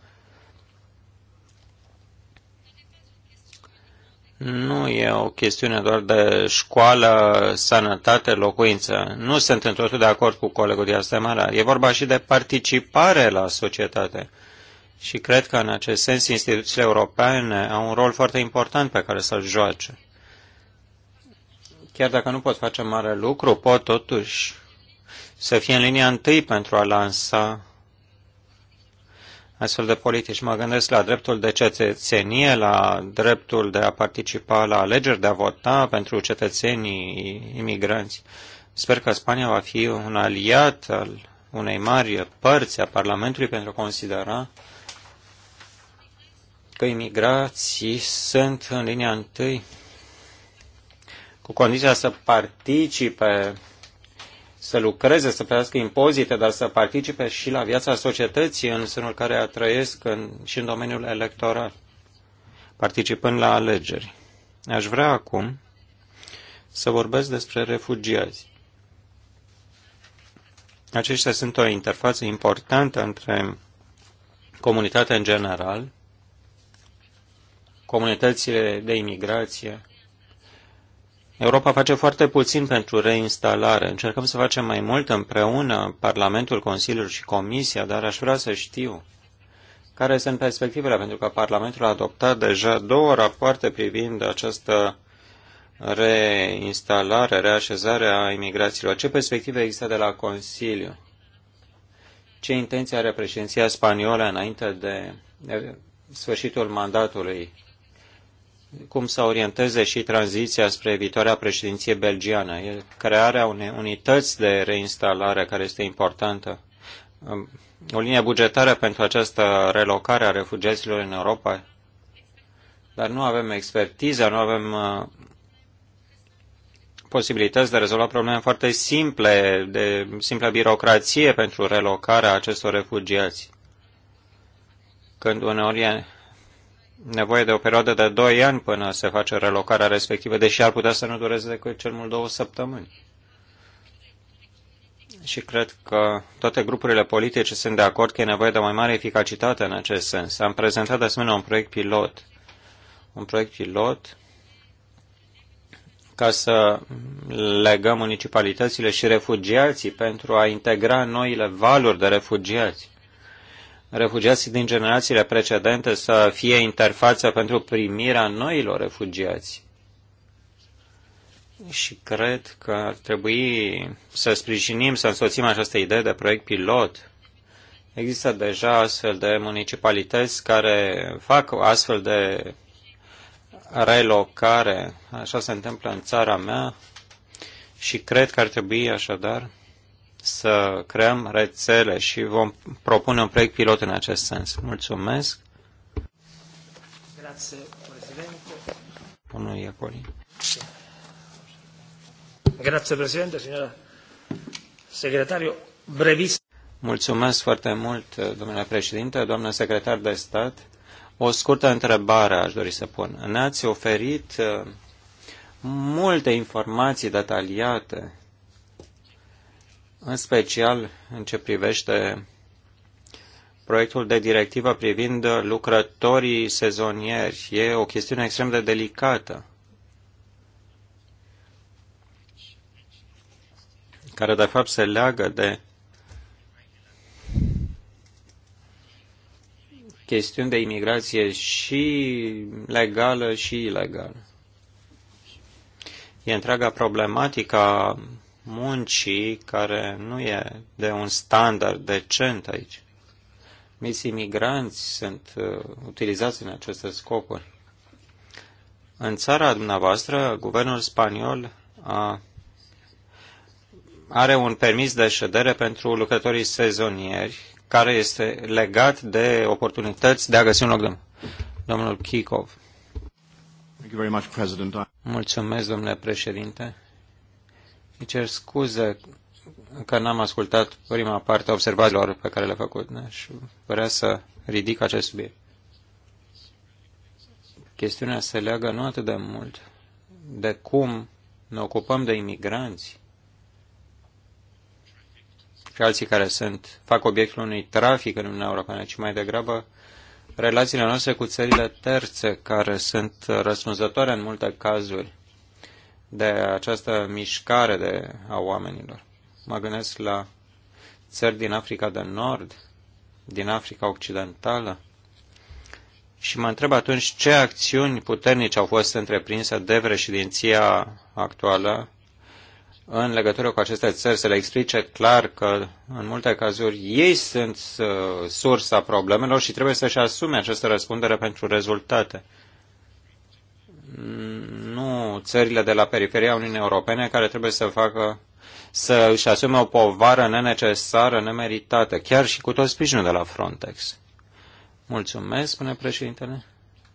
Nu e o chestiune doar de școală, sănătate, locuință. Nu sunt în totul de acord cu colegul Diaz de Mara. E vorba și de participare la societate. Și cred că în acest sens instituțiile europene au un rol foarte important pe care să-l joace. Chiar dacă nu pot face mare lucru, pot totuși să fie în linia întâi pentru a lansa astfel de politici. Mă gândesc la dreptul de cetățenie, la dreptul de a participa la alegeri, de a vota pentru cetățenii imigranți. Sper că Spania va fi un aliat al unei mari părți a Parlamentului pentru a considera că imigrații sunt în linia întâi cu condiția să participe, să lucreze, să plătească impozite, dar să participe și la viața societății în sânul care trăiesc în, și în domeniul electoral, participând la alegeri. Aș vrea acum să vorbesc despre refugiați. Aceștia sunt o interfață importantă între comunitatea în general, comunitățile de imigrație Europa face foarte puțin pentru reinstalare. Încercăm să facem mai mult împreună, Parlamentul, Consiliul și Comisia, dar aș vrea să știu care sunt perspectivele, pentru că Parlamentul a adoptat deja două rapoarte privind această reinstalare, reașezare a imigraților. Ce perspective există de la Consiliu? Ce intenție are președinția spaniolă înainte de sfârșitul mandatului cum să orienteze și tranziția spre viitoarea președinție belgiană. E crearea unei unități de reinstalare care este importantă. Um, o linie bugetară pentru această relocare a refugiaților în Europa. Dar nu avem expertiza, nu avem uh, posibilități de a rezolva probleme foarte simple, de simplă birocrație pentru relocarea acestor refugiați. Când uneori nevoie de o perioadă de 2 ani până se face relocarea respectivă, deși ar putea să nu dureze decât cel mult două săptămâni. Și cred că toate grupurile politice sunt de acord că e nevoie de mai mare eficacitate în acest sens. Am prezentat de asemenea un proiect pilot. Un proiect pilot ca să legăm municipalitățile și refugiații pentru a integra noile valuri de refugiați refugiații din generațiile precedente să fie interfața pentru primirea noilor refugiați. Și cred că ar trebui să sprijinim, să însoțim această idee de proiect pilot. Există deja astfel de municipalități care fac astfel de relocare. Așa se întâmplă în țara mea și cred că ar trebui așadar să creăm rețele și vom propune un proiect pilot în acest sens. Mulțumesc. Grazie, Presidente. Iacoli. Grazie, Presidente, signora Secretario. Brevis. Mulțumesc foarte mult, domnule președinte, doamnă secretar de stat. O scurtă întrebare aș dori să pun. Ne-ați oferit uh, multe informații detaliate în special în ce privește proiectul de directivă privind lucrătorii sezonieri. E o chestiune extrem de delicată. care de fapt se leagă de chestiuni de imigrație și legală și ilegală. E întreaga problematică a muncii, care nu e de un standard decent aici. mulți imigranți sunt uh, utilizați în aceste scopuri. În țara dumneavoastră, guvernul spaniol a, are un permis de ședere pentru lucrătorii sezonieri, care este legat de oportunități de a găsi un loc de muncă. Domnul Kikov. Mulțumesc, domnule președinte. Îi cer scuze că n-am ascultat prima parte a observațiilor pe care le-a făcut ne? Da? și vrea să ridic acest subiect. Chestiunea se leagă nu atât de mult de cum ne ocupăm de imigranți și alții care sunt, fac obiectul unui trafic în Uniunea Europeană, ci mai degrabă relațiile noastre cu țările terțe, care sunt răspunzătoare în multe cazuri de această mișcare de, a oamenilor. Mă gândesc la țări din Africa de Nord, din Africa Occidentală, și mă întreb atunci ce acțiuni puternice au fost întreprinse de președinția actuală în legătură cu aceste țări, să le explice clar că în multe cazuri ei sunt uh, sursa problemelor și trebuie să-și asume această răspundere pentru rezultate nu țările de la periferia Uniunii Europene care trebuie să facă să își asume o povară nenecesară, nemeritată, chiar și cu tot sprijinul de la Frontex. Mulțumesc, spune președintele.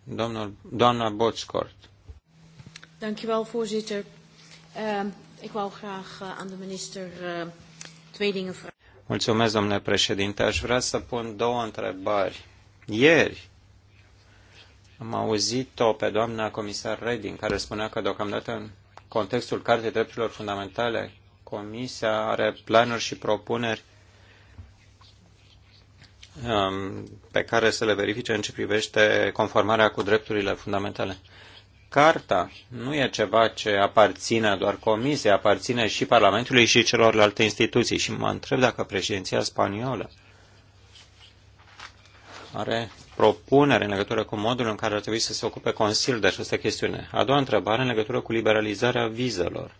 Domnul, doamna Botscort. Dank u wel, voorzitter. Uh, ik wou graag eh, aan de minister uh, twee dingen vragen. Mulțumesc, domnule președinte. Aș vrea să pun două întrebări. Ieri, am auzit-o pe doamna comisar Reding, care spunea că deocamdată în contextul Cartei Drepturilor Fundamentale, Comisia are planuri și propuneri um, pe care să le verifice în ce privește conformarea cu drepturile fundamentale. Carta nu e ceva ce aparține doar Comisiei, aparține și Parlamentului și celorlalte instituții. Și mă întreb dacă președinția spaniolă are propunere în legătură cu modul în care ar trebui să se ocupe Consiliul de această chestiune. A doua întrebare în legătură cu liberalizarea vizelor.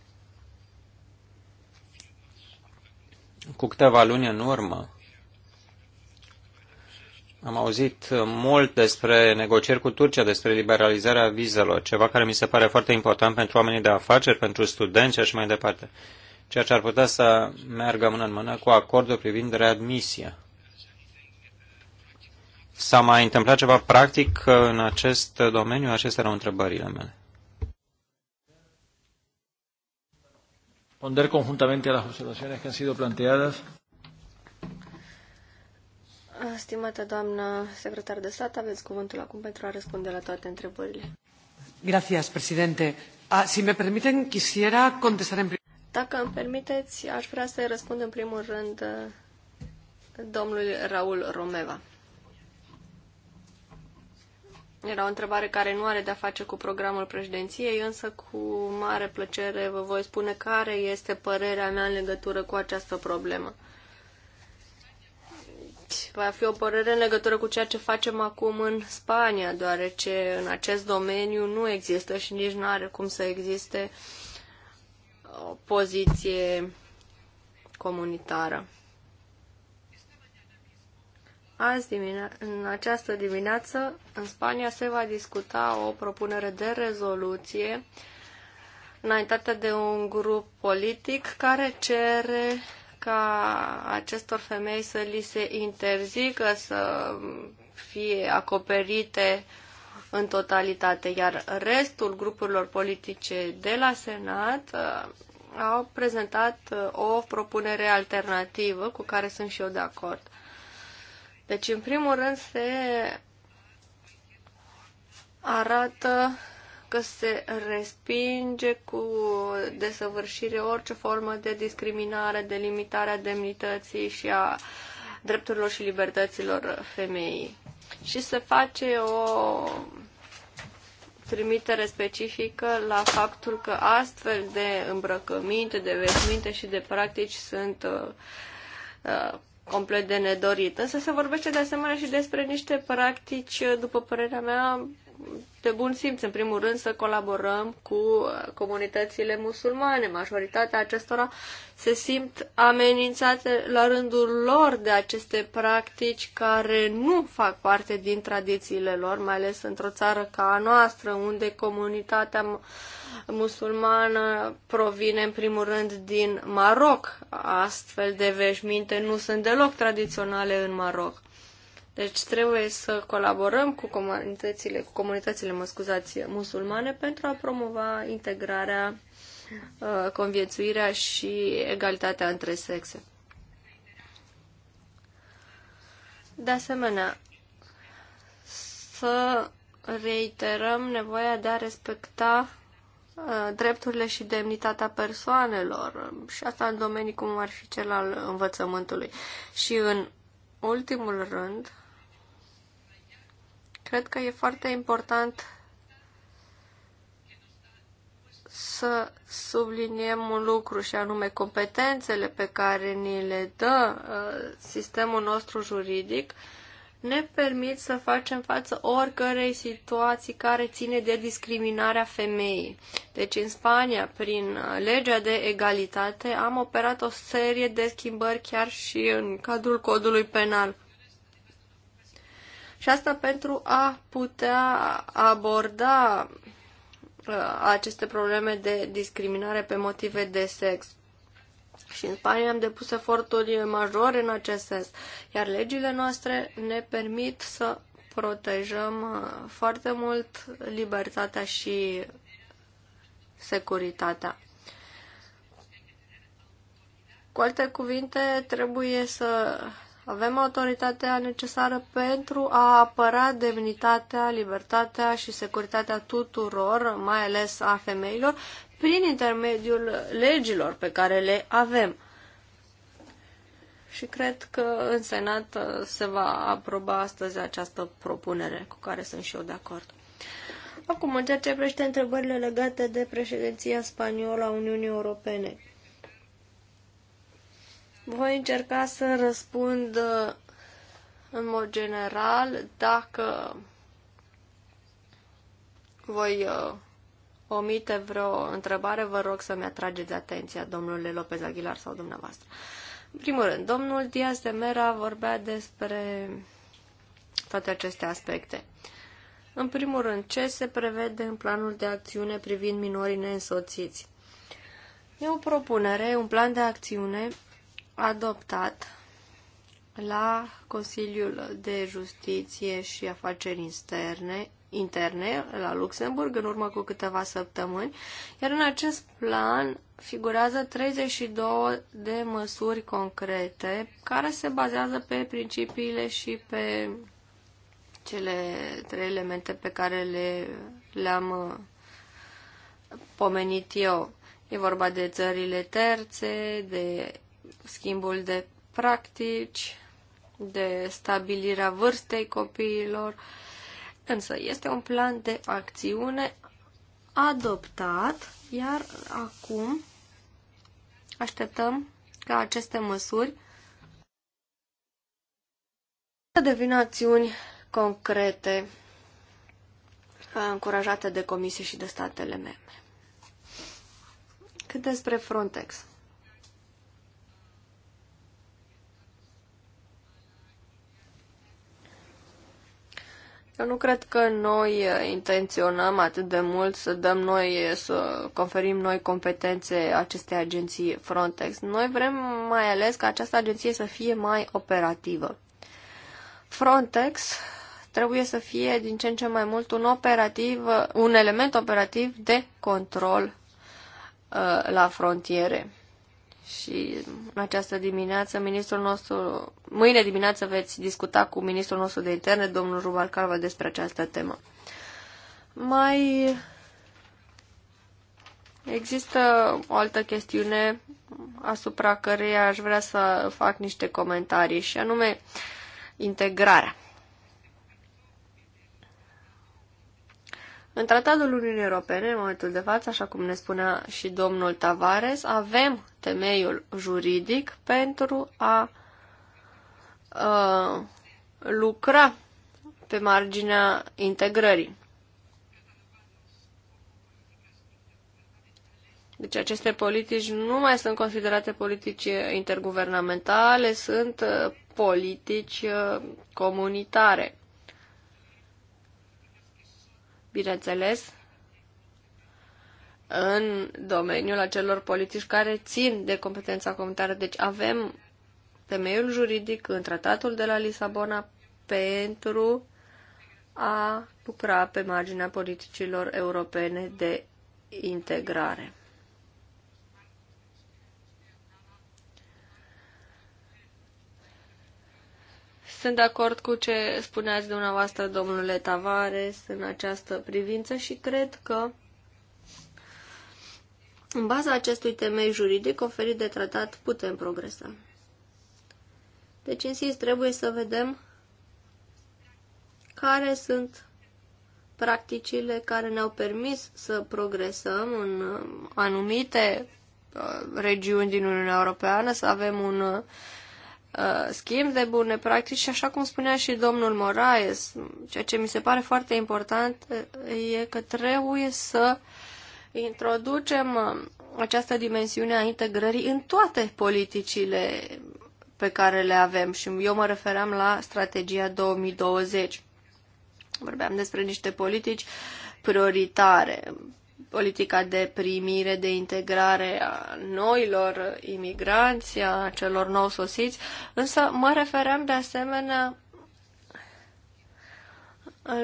Cu câteva luni în urmă, am auzit mult despre negocieri cu Turcia, despre liberalizarea vizelor, ceva care mi se pare foarte important pentru oamenii de afaceri, pentru studenți și așa mai departe, ceea ce ar putea să meargă mână în mână cu acordul privind readmisia. S-a mai întâmplat ceva practic în acest domeniu? Acestea erau întrebările mele. Ponder conjuntamente las observaciones que han sido planteadas. Stimată doamna secretar de stat, aveți cuvântul acum pentru a răspunde la toate întrebările. Gracias, presidente. Ah, si me permiten, quisiera contestar en primer... Dacă îmi permiteți, aș vrea să-i răspund în primul rând eh, domnului Raul Romeva. Era o întrebare care nu are de-a face cu programul președinției, însă cu mare plăcere vă voi spune care este părerea mea în legătură cu această problemă. Va fi o părere în legătură cu ceea ce facem acum în Spania, deoarece în acest domeniu nu există și nici nu are cum să existe o poziție comunitară. Azi, dimine- în această dimineață, în Spania se va discuta o propunere de rezoluție înaintată de un grup politic care cere ca acestor femei să li se interzică să fie acoperite în totalitate, iar restul grupurilor politice de la Senat uh, au prezentat uh, o propunere alternativă cu care sunt și eu de acord. Deci, în primul rând, se arată că se respinge cu desăvârșire orice formă de discriminare, de limitare a demnității și a drepturilor și libertăților femeii. Și se face o trimitere specifică la faptul că astfel de îmbrăcăminte, de vestminte și de practici sunt uh, uh, complet de nedorit. Însă se vorbește de asemenea și despre niște practici, după părerea mea, de bun simț. În primul rând să colaborăm cu comunitățile musulmane. Majoritatea acestora se simt amenințate la rândul lor de aceste practici care nu fac parte din tradițiile lor, mai ales într-o țară ca a noastră, unde comunitatea musulmană provine în primul rând din Maroc. Astfel de veșminte nu sunt deloc tradiționale în Maroc. Deci trebuie să colaborăm cu comunitățile, cu comunitățile mă scuzați, musulmane pentru a promova integrarea, uh, conviețuirea și egalitatea între sexe. De asemenea, să reiterăm nevoia de a respecta Uh, drepturile și demnitatea persoanelor și asta în domenii cum ar fi cel al învățământului. Și în ultimul rând, cred că e foarte important să subliniem un lucru și anume competențele pe care ni le dă uh, sistemul nostru juridic uh, ne permit să facem față oricărei situații care ține de discriminarea femeii. Deci în Spania, prin uh, legea de egalitate, am operat o serie de schimbări chiar și în cadrul codului penal. Și asta pentru a putea aborda uh, aceste probleme de discriminare pe motive de sex. Și în Spania am depus eforturi majore în acest sens, iar legile noastre ne permit să protejăm uh, foarte mult libertatea și securitatea. Cu alte cuvinte, trebuie să avem autoritatea necesară pentru a apăra demnitatea, libertatea și securitatea tuturor, mai ales a femeilor, prin intermediul legilor pe care le avem. Și cred că în Senat uh, se va aproba astăzi această propunere cu care sunt și eu de acord. Acum, în ceea ce prește întrebările legate de președinția spaniolă a Uniunii Europene, voi încerca să răspund uh, în mod general dacă voi uh, omite vreo întrebare, vă rog să-mi atrageți atenția, domnule Lopez Aguilar sau dumneavoastră. În primul rând, domnul Diaz de Mera vorbea despre toate aceste aspecte. În primul rând, ce se prevede în planul de acțiune privind minorii neînsoțiți? E o propunere, un plan de acțiune adoptat la Consiliul de Justiție și Afaceri Interne interne la Luxemburg în urmă cu câteva săptămâni, iar în acest plan figurează 32 de măsuri concrete care se bazează pe principiile și pe cele trei elemente pe care le, le-am uh, pomenit eu. E vorba de țările terțe, de schimbul de practici, de stabilirea vârstei copiilor, uh, însă este un plan de acțiune adoptat, iar acum așteptăm ca aceste măsuri să devină acțiuni concrete încurajate de Comisie și de statele membre. Cât despre Frontex. că nu cred că noi eh, intenționăm atât de mult să dăm noi, eh, să conferim noi competențe acestei agenții Frontex. Noi vrem mai ales ca această agenție să fie mai operativă. Frontex trebuie să fie din ce în ce mai mult un, operativ, un element operativ de control uh, la frontiere și în această dimineață ministrul nostru, mâine dimineață veți discuta cu ministrul nostru de interne, domnul Rubal Calva, despre această temă. Mai există o altă chestiune asupra căreia aș vrea să fac niște comentarii și anume integrarea. În tratatul Uniunii Europene, în momentul de față, așa cum ne spunea și domnul Tavares, avem temeiul juridic pentru a, a lucra pe marginea integrării. Deci aceste politici nu mai sunt considerate politici interguvernamentale, sunt uh, politici uh, comunitare bineînțeles, în domeniul acelor politici care țin de competența comunitară. Deci avem temeiul juridic în tratatul de la Lisabona pentru a lucra pe marginea politicilor europene de integrare. Sunt de acord cu ce spuneați dumneavoastră, domnule Tavares, în această privință și cred că în baza acestui temei juridic oferit de tratat putem progresa. Deci, insist, trebuie să vedem care sunt practicile care ne-au permis să progresăm în uh, anumite uh, regiuni din Uniunea Europeană, să avem un uh, Uh, schimb de bune practici și așa cum spunea și domnul Moraes, ceea ce mi se pare foarte important uh, e că trebuie să introducem uh, această dimensiune a integrării în toate politicile pe care le avem și eu mă referam la strategia 2020. Vorbeam despre niște politici prioritare, politica de primire, de integrare a noilor imigranți, a celor nou sosiți, însă mă refeream de asemenea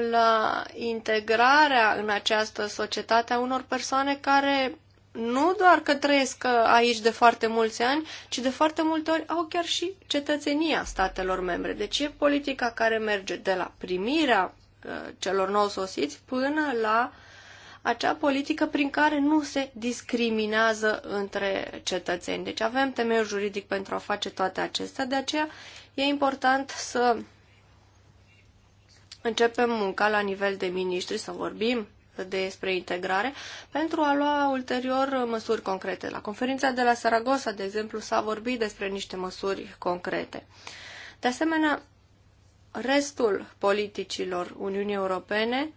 la integrarea în această societate a unor persoane care nu doar că trăiesc aici de foarte mulți ani, ci de foarte multe ori au chiar și cetățenia statelor membre. Deci e politica care merge de la primirea uh, celor nou sosiți până la uh, acea politică prin care nu se discriminează între cetățeni. Deci avem temeiul juridic pentru a face toate acestea, de aceea e important să începem munca la nivel de miniștri, să vorbim despre integrare, pentru a lua ulterior măsuri concrete. La conferința de la Saragossa, de exemplu, s-a vorbit despre niște măsuri concrete. De asemenea, restul politicilor Uniunii Europene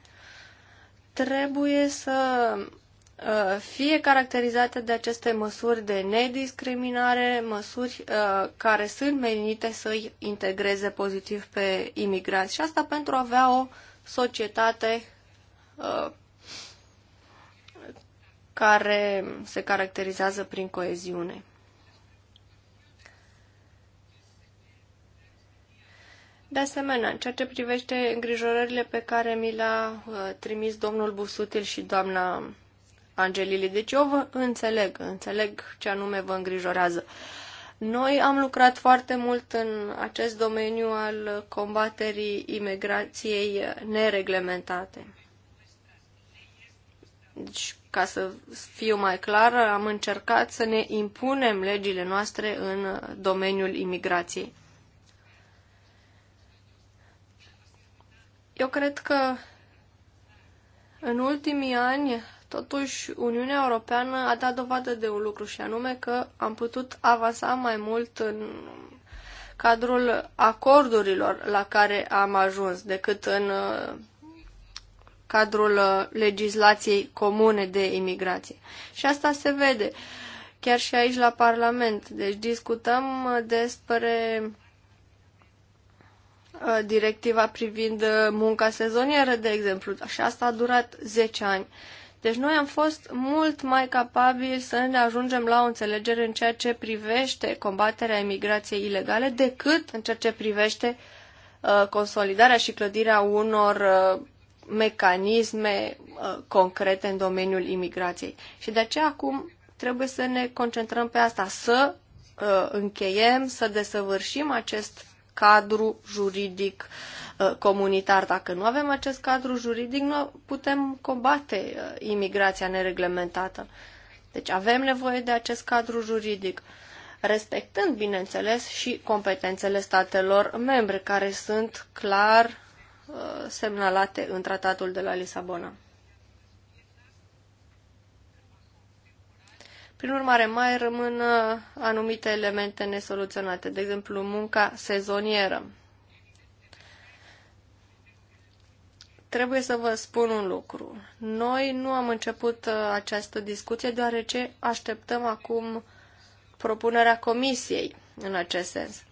trebuie să uh, fie caracterizate de aceste măsuri de nediscriminare, măsuri uh, care sunt menite să-i integreze pozitiv pe imigranți. Și asta pentru a avea o societate uh, care se caracterizează prin coeziune. De asemenea, în ceea ce privește îngrijorările pe care mi le-a uh, trimis domnul Busutil și doamna Angelili, deci eu vă înțeleg, înțeleg ce anume vă îngrijorează. Noi am lucrat foarte mult în acest domeniu al combaterii imigrației nereglementate. Deci, ca să fiu mai clară, am încercat să ne impunem legile noastre în domeniul imigrației. Eu cred că în ultimii ani, totuși, Uniunea Europeană a dat dovadă de un lucru și anume că am putut avansa mai mult în cadrul acordurilor la care am ajuns decât în uh, cadrul uh, legislației comune de imigrație. Și asta se vede chiar și aici la Parlament. Deci discutăm uh, despre Uh, directiva privind uh, munca sezonieră, de exemplu, și asta a durat 10 ani. Deci noi am fost mult mai capabili să ne ajungem la o înțelegere în ceea ce privește combaterea emigrației ilegale decât în ceea ce privește uh, consolidarea și clădirea unor mecanisme concrete în domeniul imigrației. Și de aceea acum trebuie să ne concentrăm pe asta, să încheiem, să desăvârșim acest cadru juridic uh, comunitar. Dacă nu avem acest cadru juridic, nu putem combate uh, imigrația nereglementată. Deci avem nevoie de acest cadru juridic, respectând, bineînțeles, și competențele statelor membre, care sunt clar uh, semnalate în tratatul de la Lisabona. Prin urmare, mai rămân uh, anumite elemente nesoluționate, de exemplu, munca sezonieră. Trebuie să vă spun un lucru. Noi nu am început uh, această discuție deoarece așteptăm acum propunerea comisiei în acest sens.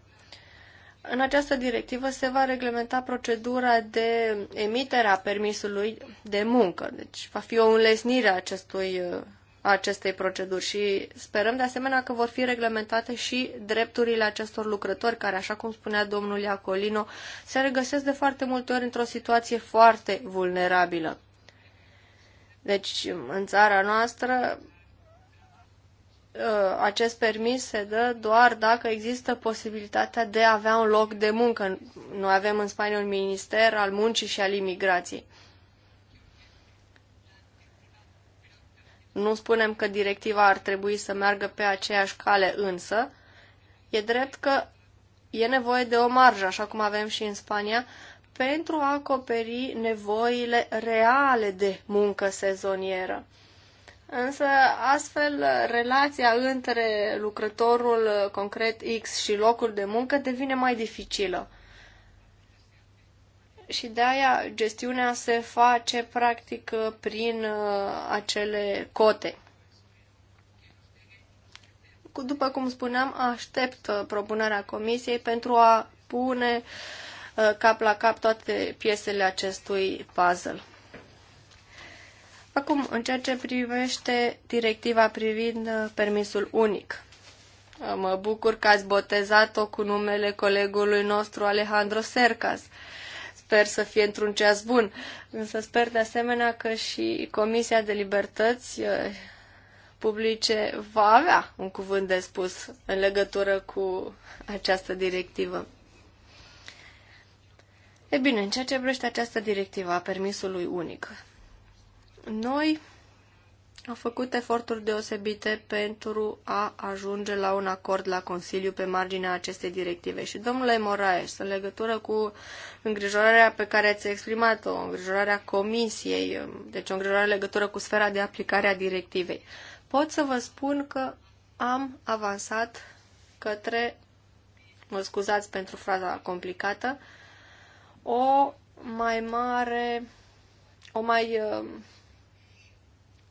În această directivă se va reglementa procedura de emitere a permisului de muncă, deci va fi o înlesnire a acestui uh, acestei proceduri și sperăm de asemenea că vor fi reglementate și drepturile acestor lucrători care, așa cum spunea domnul Iacolino, se regăsesc de foarte multe ori într-o situație foarte vulnerabilă. Deci, în țara noastră, ă, acest permis se dă doar dacă există posibilitatea de a avea un loc de muncă. Noi avem în Spania un minister al muncii și al imigrației. Nu spunem că directiva ar trebui să meargă pe aceeași cale, însă e drept că e nevoie de o marjă, așa cum avem și în Spania, pentru a acoperi nevoile reale de muncă sezonieră. Însă, astfel, relația între lucrătorul concret X și locul de muncă devine mai dificilă și de aia gestiunea se face practic prin uh, acele cote. După cum spuneam, aștept uh, propunerea comisiei pentru a pune uh, cap la cap toate piesele acestui puzzle. Acum, în ceea ce privește directiva privind permisul unic. Mă bucur că ați botezat-o cu numele colegului nostru Alejandro Sercas sper să fie într-un ceas bun. Însă sper de asemenea că și Comisia de Libertăți eh, Publice va avea un cuvânt de spus în legătură cu această directivă. E bine, în ceea ce vrește această directivă a permisului unic, noi au făcut eforturi deosebite pentru a ajunge la un acord la Consiliu pe marginea acestei directive. Și domnule Moraes, în legătură cu îngrijorarea pe care ați exprimat-o, îngrijorarea Comisiei, deci o îngrijorare în legătură cu sfera de aplicare a directivei, pot să vă spun că am avansat către, mă scuzați pentru fraza complicată, o mai mare, o mai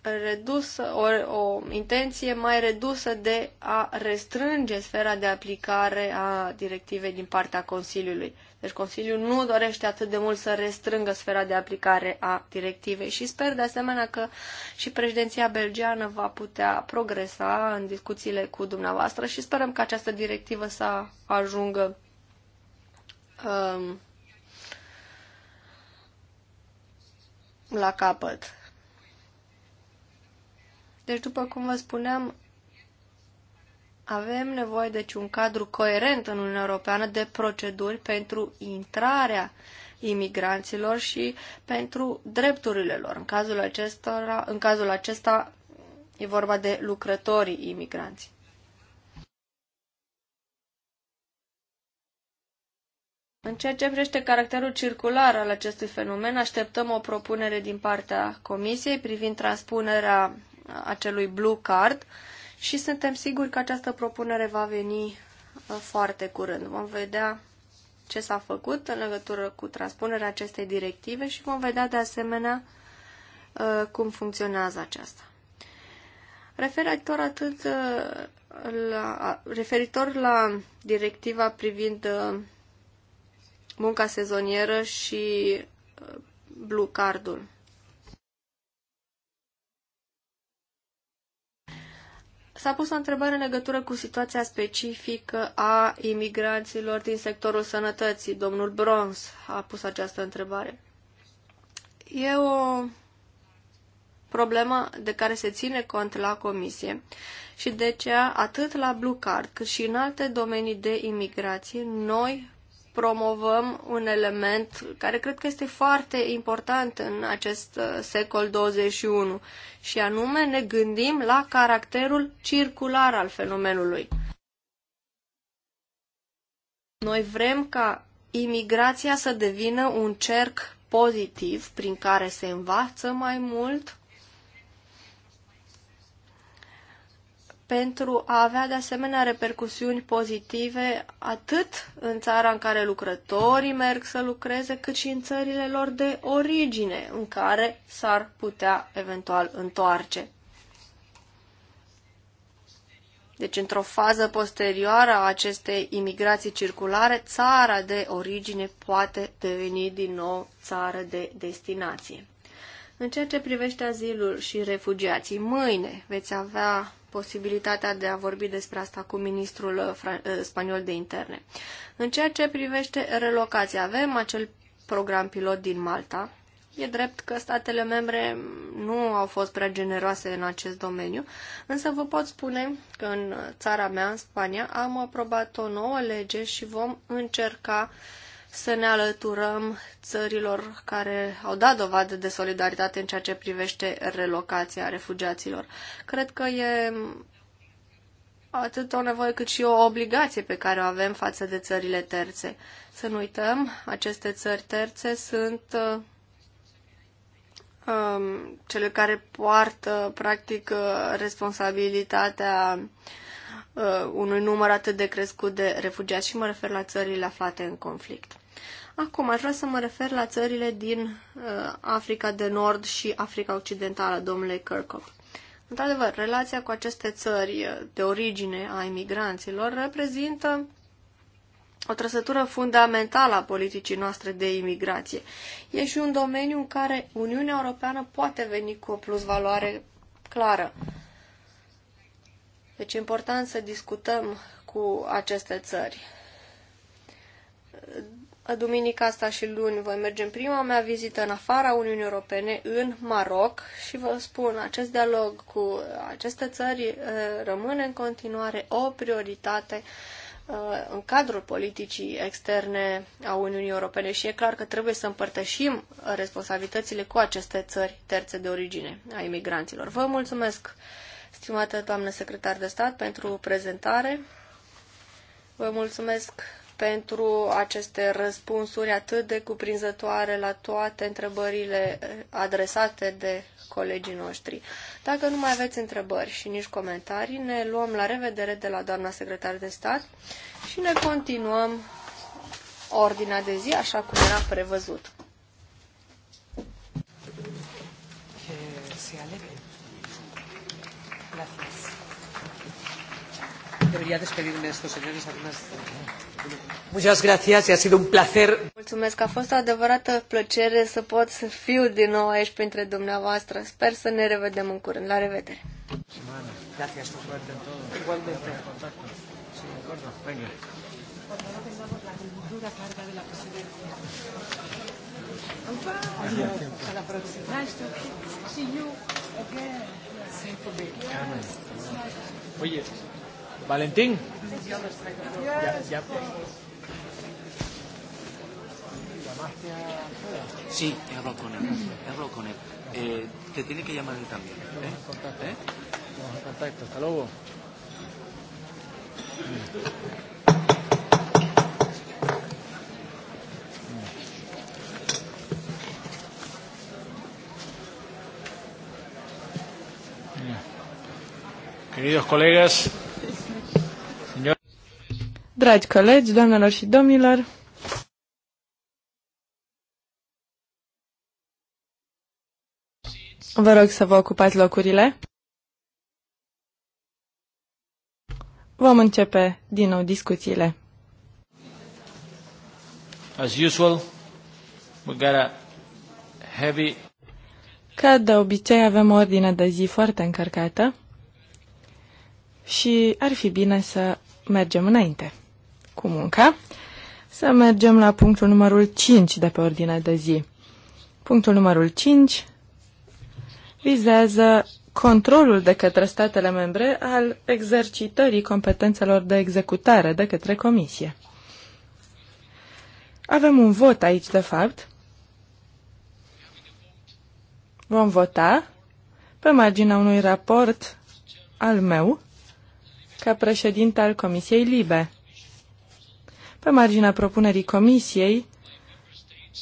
redusă, o, o intenție mai redusă de a restrânge sfera de aplicare a directivei din partea Consiliului. Deci Consiliul nu dorește atât de mult să restrângă sfera de aplicare a directivei și sper de asemenea că și președinția belgeană va putea progresa în discuțiile cu dumneavoastră și sperăm că această directivă să ajungă um, la capăt. Deci, după cum vă spuneam, avem nevoie deci un cadru coerent în Uniunea Europeană de proceduri pentru intrarea imigranților și pentru drepturile lor. În cazul, acestora, în cazul acesta e vorba de lucrătorii imigranți. În ceea ce privește caracterul circular al acestui fenomen, așteptăm o propunere din partea Comisiei privind transpunerea acelui blue card și suntem siguri că această propunere va veni uh, foarte curând. Vom vedea ce s-a făcut în legătură cu transpunerea acestei directive și vom vedea de asemenea uh, cum funcționează aceasta. Referitor atât uh, la, referitor la directiva privind munca sezonieră și blue cardul. S-a pus o întrebare în legătură cu situația specifică a imigranților din sectorul sănătății. Domnul Brons a pus această întrebare. E o problemă de care se ține cont la comisie și de aceea atât la Blue Card cât și în alte domenii de imigrație noi promovăm un element care cred că este foarte important în acest uh, secol 21 și anume ne gândim la caracterul circular al fenomenului. Noi vrem ca imigrația să devină un cerc pozitiv prin care se învață mai mult, pentru a avea de asemenea repercusiuni pozitive atât în țara în care lucrătorii merg să lucreze, cât și în țările lor de origine, în care s-ar putea eventual întoarce. Deci, într-o fază posterioară a acestei imigrații circulare, țara de origine poate deveni din nou țară de destinație. În ceea ce privește azilul și refugiații, mâine veți avea posibilitatea de a vorbi despre asta cu ministrul uh, uh, spaniol de interne. În ceea ce privește relocația, avem acel program pilot din Malta. E drept că statele membre nu au fost prea generoase în acest domeniu, însă vă pot spune că în țara mea, în Spania, am aprobat o nouă lege și vom încerca uh, să ne alăturăm țărilor care au dat dovadă de solidaritate în ceea ce privește relocația refugiaților. Cred că e atât o nevoie cât și o obligație pe care o avem față de țările terțe. Să nu uităm, aceste țări terțe sunt uh, um, cele care poartă, practic, uh, responsabilitatea uh, unui număr atât de crescut de refugiați și mă refer la țările aflate în conflict. Acum aș vrea să mă refer la țările din uh, Africa de Nord și Africa Occidentală, domnule Kirkhoff. Într-adevăr, relația cu aceste țări uh, de origine a imigranților reprezintă o trăsătură fundamentală a politicii noastre de imigrație. E și un domeniu în care Uniunea Europeană poate veni cu o plusvaloare clară. Deci e important să discutăm cu aceste țări Duminica asta și luni voi merge în prima mea vizită în afara Uniunii Europene, în Maroc, și vă spun, acest dialog cu aceste țări uh, rămâne în continuare o prioritate uh, în cadrul politicii externe a Uniunii Europene și e clar că trebuie să împărtășim responsabilitățile cu aceste țări terțe de origine a imigranților. Vă mulțumesc, stimată doamnă secretar de stat, pentru prezentare. Vă mulțumesc pentru aceste răspunsuri atât de cuprinzătoare la toate întrebările eh, adresate de colegii noștri. Dacă nu mai aveți întrebări și nici comentarii, ne luăm la revedere de la doamna secretar de stat și ne continuăm ordinea de zi așa cum era prevăzut. Debería despedirme de estos señores además. Muchas gracias, ha sido un placer. Mulțumesc, a fost o adevărată plăcere să pot să fiu din nou aici printre dumneavoastră. Sper să ne revedem în curând. La revedere. Gracias, Valentín. Sí, he hablado con él. He hablado con él. Eh, te tiene que llamar él también. ¿eh? ¿Eh? Vamos a contacto. Hasta luego. Queridos colegas, Dragi colegi, doamnelor și domnilor, vă rog să vă ocupați locurile. Vom începe din nou discuțiile. As usual, we got a heavy... Ca de obicei avem o ordine de zi foarte încărcată și ar fi bine să mergem înainte cu munca, să mergem la punctul numărul 5 de pe ordinea de zi. Punctul numărul 5 vizează controlul de către statele membre al exercitării competențelor de executare de către Comisie. Avem un vot aici, de fapt. Vom vota pe marginea unui raport al meu ca președinte al Comisiei Libe pe marginea propunerii Comisiei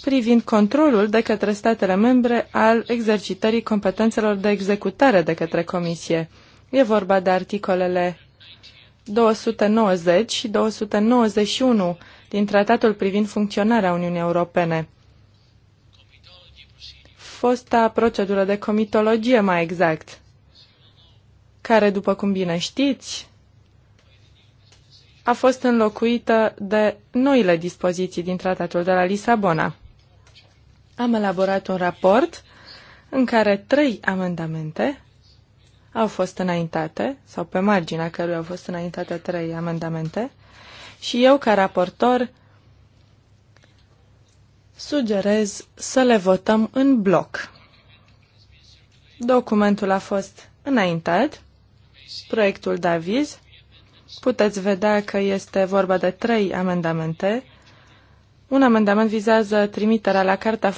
privind controlul de către statele membre al exercitării competențelor de executare de către Comisie. E vorba de articolele 290 și 291 din Tratatul privind funcționarea Uniunii Europene. Fosta procedură de comitologie, mai exact, care, după cum bine știți, a fost înlocuită de noile dispoziții din Tratatul de la Lisabona. Am elaborat un raport în care trei amendamente au fost înaintate, sau pe marginea cărui au fost înaintate trei amendamente, și eu, ca raportor, sugerez să le votăm în bloc. Documentul a fost înaintat, proiectul de aviz, Puteți vedea că este vorba de trei amendamente. Un amendament vizează trimiterea la Carta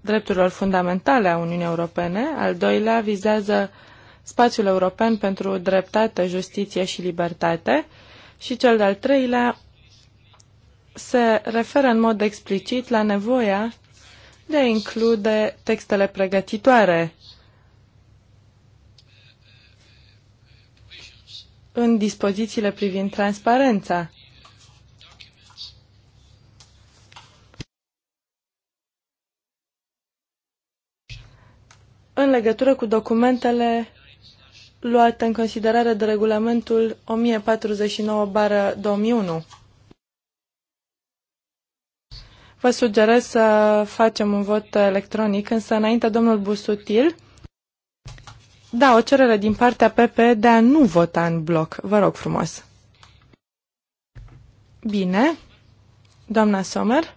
Drepturilor Fundamentale a Uniunii Europene, al doilea vizează spațiul european pentru dreptate, justiție și libertate și cel de-al treilea se referă în mod explicit la nevoia de a include textele pregătitoare în dispozițiile privind transparența. În legătură cu documentele luate în considerare de regulamentul 1049-2001. Vă sugerez să facem un vot electronic, însă înainte domnul Busutil da, o cerere din partea PP de a nu vota în bloc. Vă rog frumos. Bine. Doamna Sommer.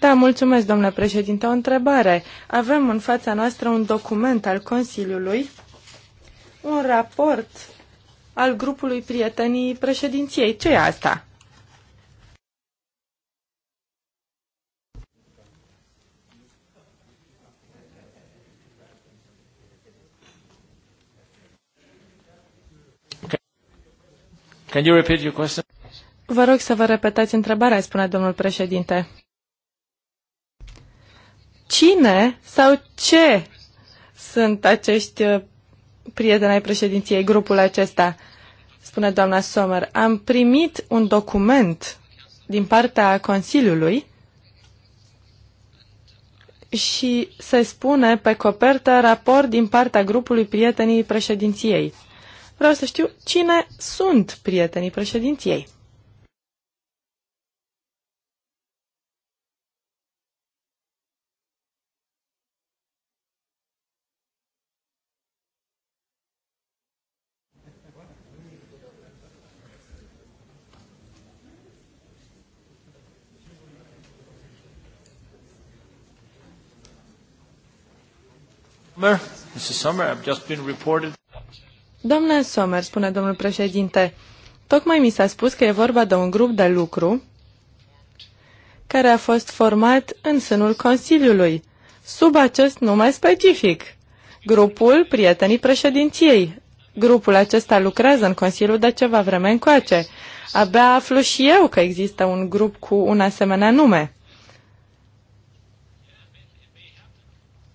Da, mulțumesc, domnule președinte. O întrebare. Avem în fața noastră un document al Consiliului, un raport al grupului prietenii președinției. Ce e asta? Can you repeat your question? Vă rog să vă repetați întrebarea, spune domnul președinte. Cine sau ce sunt acești uh, prieteni ai președinției, grupul acesta? Spune doamna Sommer. Am primit un document din partea Consiliului și se spune pe copertă raport din partea grupului prietenii președinției. Vreau să știu cine sunt prietenii președinției. Summer, Mrs. Summer, I've just been reported. Domnule Sommer, spune domnul președinte, tocmai mi s-a spus că e vorba de un grup de lucru care a fost format în sânul Consiliului, sub acest nume specific, grupul Prietenii Președinției. Grupul acesta lucrează în Consiliu de ceva vreme încoace. Abia aflu și eu că există un grup cu un asemenea nume.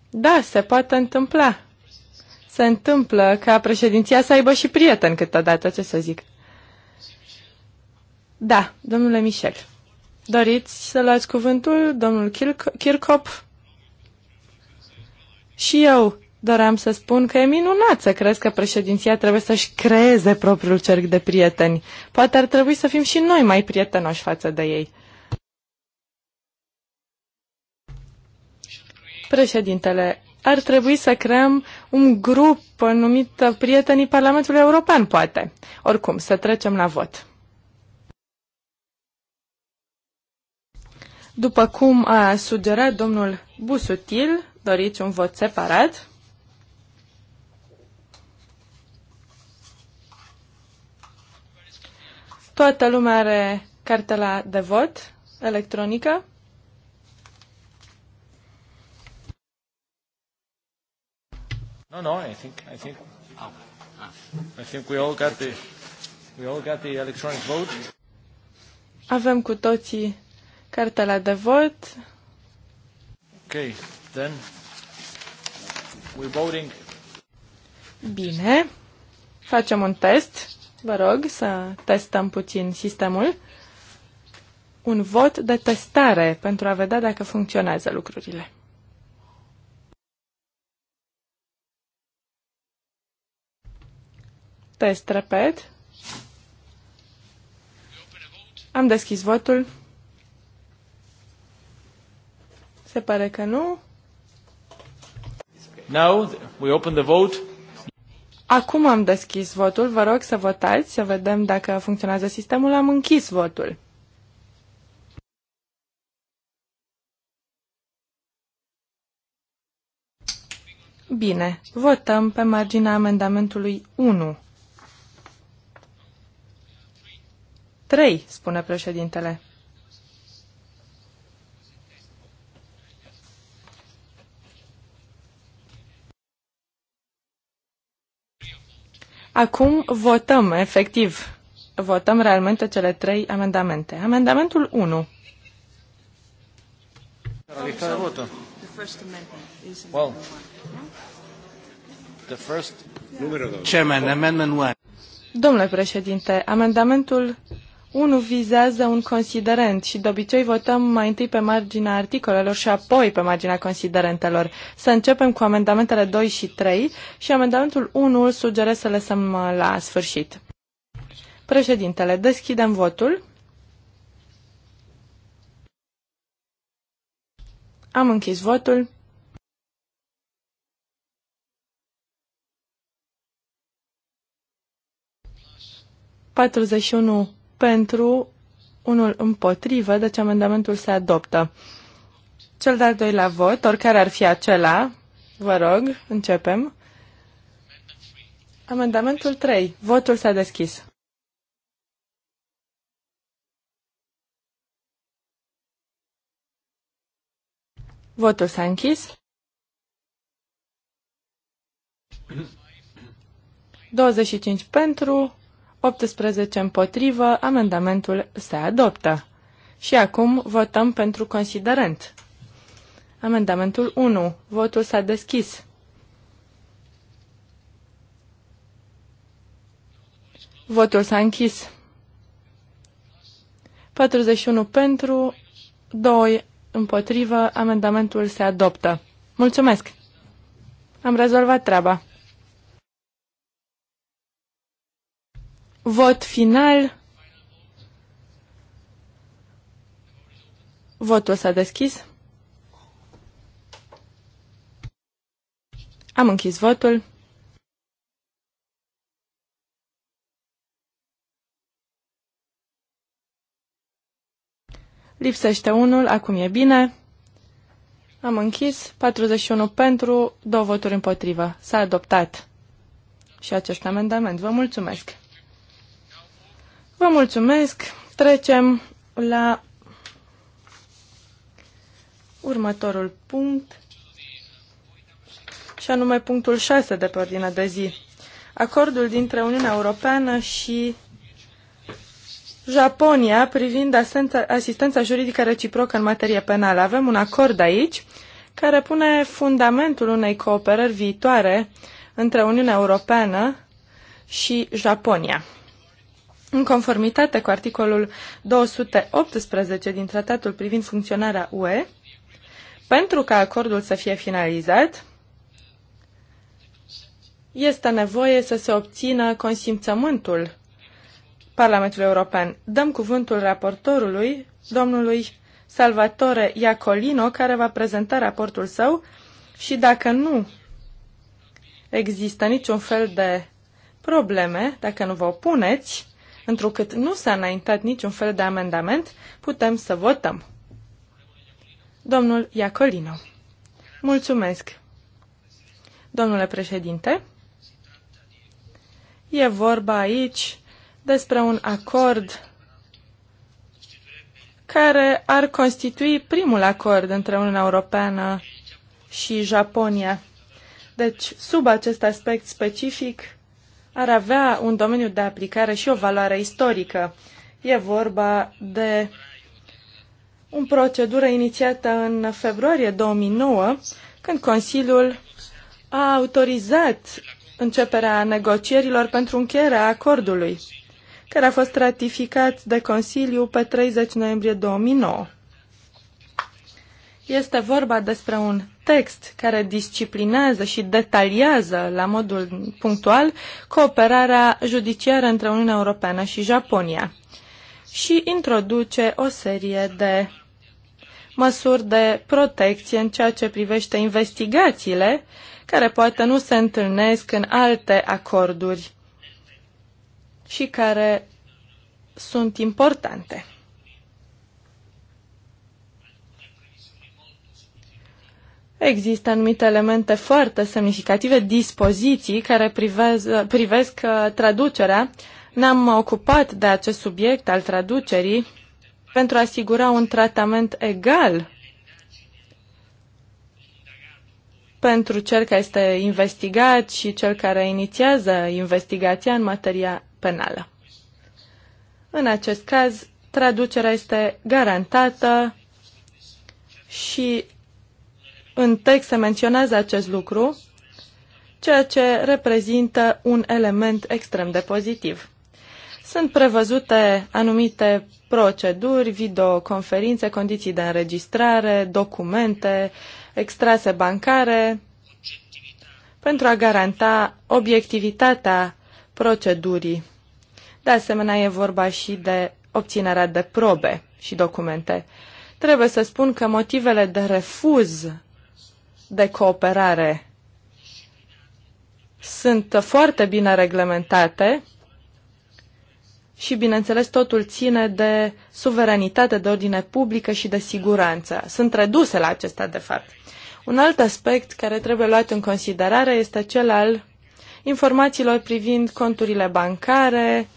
Da, se poate întâmpla se întâmplă ca președinția să aibă și prieten câteodată, ce să zic. Da, domnule Michel. Doriți să luați cuvântul, domnul Kirkop? Și eu doream să spun că e minunat să crezi că președinția trebuie să-și creeze propriul cerc de prieteni. Poate ar trebui să fim și noi mai prietenoși față de ei. Președintele, ar trebui să creăm un grup numit Prietenii Parlamentului European, poate. Oricum, să trecem la vot. După cum a sugerat domnul Busutil, doriți un vot separat? Toată lumea are cartela de vot electronică? No, no, I think, I think, I think we all got the, we all got the electronic vote. Avem cu toții cartela de vot. Okay, then we're voting. Bine. Facem un test. Vă rog să testăm puțin sistemul. Un vot de testare pentru a vedea dacă funcționează lucrurile. Test, repet. Am deschis votul. Se pare că nu. Now we open the vote. Acum am deschis votul. Vă rog să votați, să vedem dacă funcționează sistemul. Am închis votul. Bine, votăm pe marginea amendamentului 1. Trei, spune președintele. Acum votăm, efectiv. Votăm realmente cele trei amendamente. Amendamentul 1. Well, the first... Chairman, amendment 1. Domnule președinte, amendamentul Unu vizează un considerent și de obicei votăm mai întâi pe marginea articolelor și apoi pe marginea considerentelor. Să începem cu amendamentele 2 și 3 și amendamentul 1 îl sugerez să lăsăm uh, la sfârșit. Președintele, deschidem votul. Am închis votul. Patruzeci și unu pentru, unul împotrivă, deci amendamentul se adoptă. Cel de-al doilea vot, oricare ar fi acela, vă rog, începem. Amendamentul 3. Votul s-a deschis. Votul s-a închis. 25 pentru, 18 împotrivă, amendamentul se adoptă. Și acum votăm pentru considerent. Amendamentul 1. Votul s-a deschis. Votul s-a închis. 41 pentru, 2 împotrivă, amendamentul se adoptă. Mulțumesc! Am rezolvat treaba. Vot final. Votul s-a deschis. Am închis votul. Lipsește unul, acum e bine. Am închis 41 pentru, două voturi împotrivă. S-a adoptat și acest amendament. Vă mulțumesc! Vă mulțumesc. Trecem la următorul punct, și anume punctul 6 de pe ordinea de zi. Acordul dintre Uniunea Europeană și Japonia privind asistența juridică reciprocă în materie penală. Avem un acord aici care pune fundamentul unei cooperări viitoare între Uniunea Europeană și Japonia. În conformitate cu articolul 218 din Tratatul privind funcționarea UE, pentru ca acordul să fie finalizat, este nevoie să se obțină consimțământul Parlamentului European. Dăm cuvântul raportorului, domnului Salvatore Iacolino, care va prezenta raportul său și dacă nu există niciun fel de probleme, dacă nu vă opuneți, Întrucât nu s-a înaintat niciun fel de amendament, putem să votăm. Domnul Iacolino. Mulțumesc. Domnule președinte, e vorba aici despre un acord care ar constitui primul acord între Uniunea Europeană și Japonia. Deci, sub acest aspect specific, ar avea un domeniu de aplicare și o valoare istorică. E vorba de o procedură inițiată în februarie 2009, când Consiliul a autorizat începerea negocierilor pentru încheierea acordului, care a fost ratificat de Consiliu pe 30 noiembrie 2009. Este vorba despre un text care disciplinează și detaliază la modul punctual cooperarea judiciară între Uniunea Europeană și Japonia și introduce o serie de măsuri de protecție în ceea ce privește investigațiile care poate nu se întâlnesc în alte acorduri și care sunt importante. Există anumite elemente foarte semnificative, dispoziții care privez, privesc uh, traducerea. Ne-am ocupat de acest subiect al traducerii pentru a asigura un tratament egal pentru cel care este investigat și cel care inițiază investigația în materia penală. În acest caz, traducerea este garantată și în text se menționează acest lucru, ceea ce reprezintă un element extrem de pozitiv. Sunt prevăzute anumite proceduri, videoconferințe, condiții de înregistrare, documente, extrase bancare, pentru a garanta obiectivitatea procedurii. De asemenea, e vorba și de obținerea de probe și documente. Trebuie să spun că motivele de refuz de cooperare sunt foarte bine reglementate și, bineînțeles, totul ține de suveranitate, de ordine publică și de siguranță. Sunt reduse la acestea, de fapt. Un alt aspect care trebuie luat în considerare este cel al informațiilor privind conturile bancare,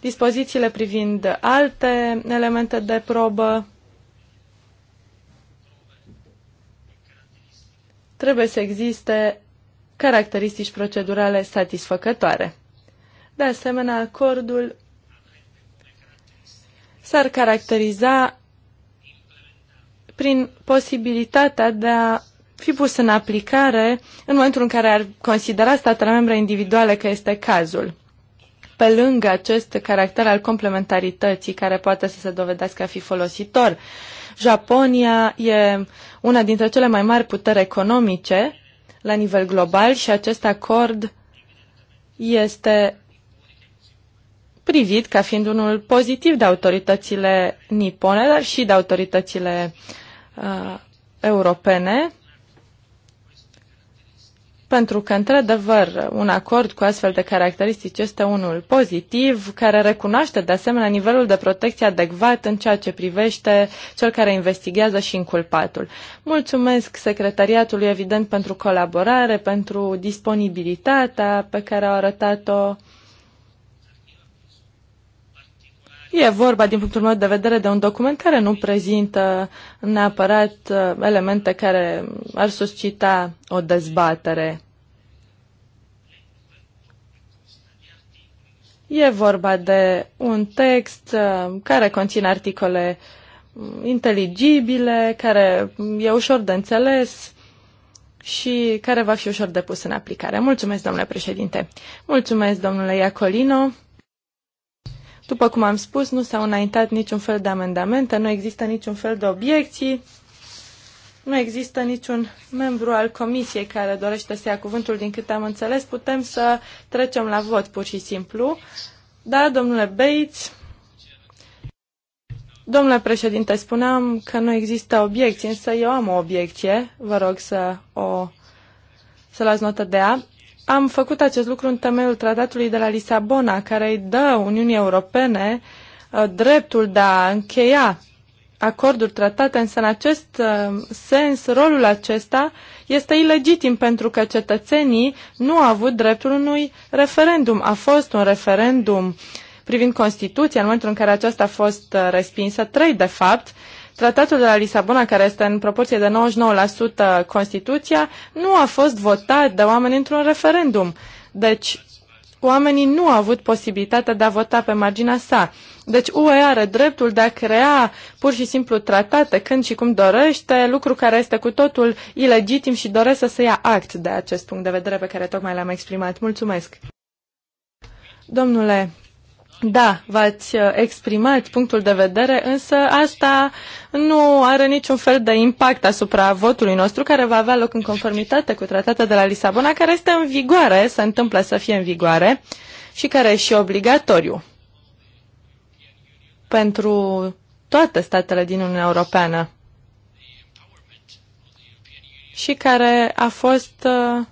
dispozițiile privind alte elemente de probă, trebuie să existe caracteristici procedurale satisfăcătoare. De asemenea, acordul s-ar caracteriza prin posibilitatea de a fi pus în aplicare în momentul în care ar considera statele membre individuale că este cazul. Pe lângă acest caracter al complementarității care poate să se dovedească a fi folositor Japonia e una dintre cele mai mari puteri economice la nivel global și acest acord este privit ca fiind unul pozitiv de autoritățile nipone, dar și de autoritățile uh, europene pentru că, într-adevăr, un acord cu astfel de caracteristici este unul pozitiv, care recunoaște, de asemenea, nivelul de protecție adecvat în ceea ce privește cel care investigează și inculpatul. Mulțumesc secretariatului, evident, pentru colaborare, pentru disponibilitatea pe care au arătat-o E vorba, din punctul meu de vedere, de un document care nu prezintă neapărat uh, elemente care ar suscita o dezbatere. E vorba de un text uh, care conține articole mm, inteligibile, care e ușor de înțeles și care va fi ușor de pus în aplicare. Mulțumesc, domnule președinte. Mulțumesc, domnule Iacolino. După cum am spus, nu s-au înaintat niciun fel de amendamente, nu există niciun fel de obiecții, nu există niciun membru al comisiei care dorește să ia cuvântul din câte am înțeles. Putem să trecem la vot pur și simplu. Da, domnule Bates, Domnule președinte, spuneam că nu există obiecții, însă eu am o obiecție. Vă rog să o să luați notă de ea. Am făcut acest lucru în temeiul tratatului de la Lisabona, care îi dă Uniunii Europene uh, dreptul de a încheia acorduri tratate, însă în acest uh, sens rolul acesta este ilegitim pentru că cetățenii nu au avut dreptul unui referendum. A fost un referendum privind Constituția, în momentul în care aceasta a fost uh, respinsă, trei de fapt, Tratatul de la Lisabona, care este în proporție de 99% Constituția, nu a fost votat de oameni într-un referendum. Deci, oamenii nu au avut posibilitatea de a vota pe marginea sa. Deci UE are dreptul de a crea pur și simplu tratate când și cum dorește, lucru care este cu totul ilegitim și doresc să se ia act de acest punct de vedere pe care tocmai l-am exprimat. Mulțumesc! Domnule da, v-ați uh, exprimat punctul de vedere, însă asta nu are niciun fel de impact asupra votului nostru, care va avea loc în conformitate cu tratatul de la Lisabona, care este în vigoare, se întâmplă să fie în vigoare și care e și obligatoriu pentru toate statele din Uniunea Europeană și care a fost uh,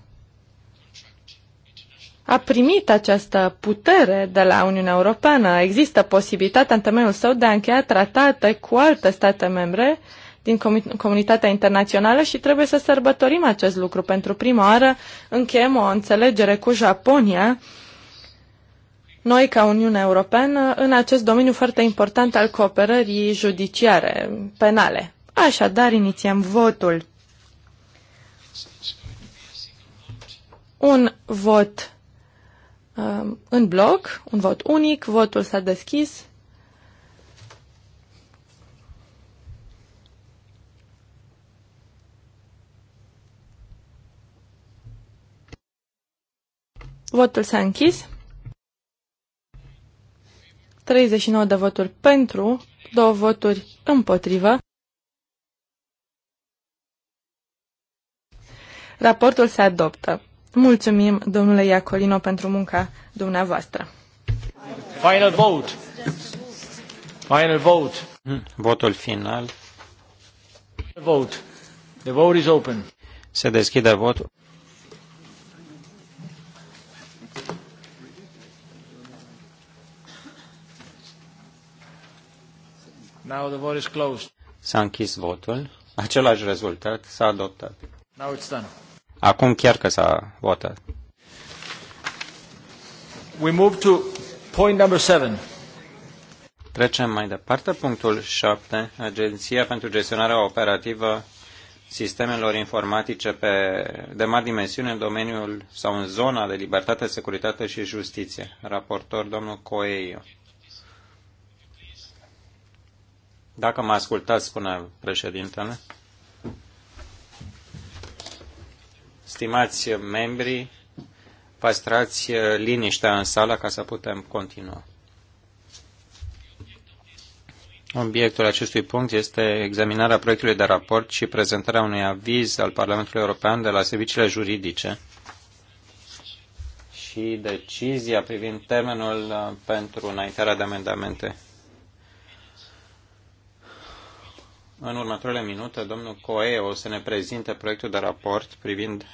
a primit această putere de la Uniunea Europeană. Există posibilitatea în temeiul său de a încheia tratate cu alte state membre din comunitatea internațională și trebuie să sărbătorim acest lucru. Pentru prima oară încheiem o înțelegere cu Japonia, noi ca Uniunea Europeană, în acest domeniu foarte important al cooperării judiciare, penale. Așadar, inițiem votul. Un vot Um, în bloc, un vot unic, votul s-a deschis. Votul s-a închis. 39 de voturi pentru, două voturi împotrivă. Raportul se adoptă. Mulțumim, domnule Iacolino, pentru munca dumneavoastră. Final vote. Final vote. Hmm, votul final. vote. The vote is open. Se deschide votul. Now the vote is closed. S-a închis votul. Același rezultat s-a adoptat. Now it's done. Acum chiar că s-a votat. We move to point number seven. Trecem mai departe. Punctul 7. Agenția pentru gestionarea operativă sistemelor informatice pe, de mari dimensiune în domeniul sau în zona de libertate, securitate și justiție. Raportor domnul Coeiu. Dacă mă ascultați, spune președintele. Stimați membri, păstrați uh, liniștea în sală ca să putem continua. Obiectul acestui punct este examinarea proiectului de raport și prezentarea unui aviz al Parlamentului European de la serviciile juridice și decizia privind termenul uh, pentru înaintarea de amendamente. În următoarele minute, domnul Coe o să ne prezinte proiectul de raport privind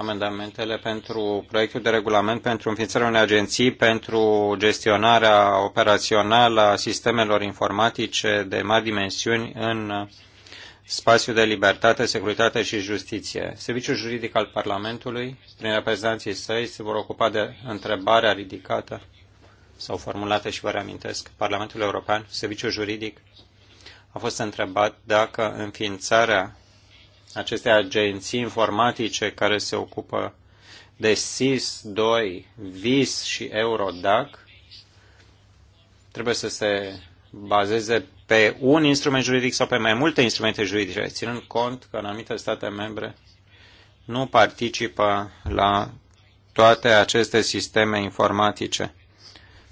amendamentele pentru proiectul de regulament pentru înființarea unei agenții pentru gestionarea operațională a sistemelor informatice de mari dimensiuni în spațiul de libertate, securitate și justiție. Serviciul juridic al Parlamentului, prin reprezentanții săi, se vor ocupa de întrebarea ridicată sau formulată și vă reamintesc. Parlamentul European, serviciul juridic, a fost întrebat dacă înființarea aceste agenții informatice care se ocupă de SIS-2, VIS și Eurodac trebuie să se bazeze pe un instrument juridic sau pe mai multe instrumente juridice, ținând cont că în anumite state membre nu participă la toate aceste sisteme informatice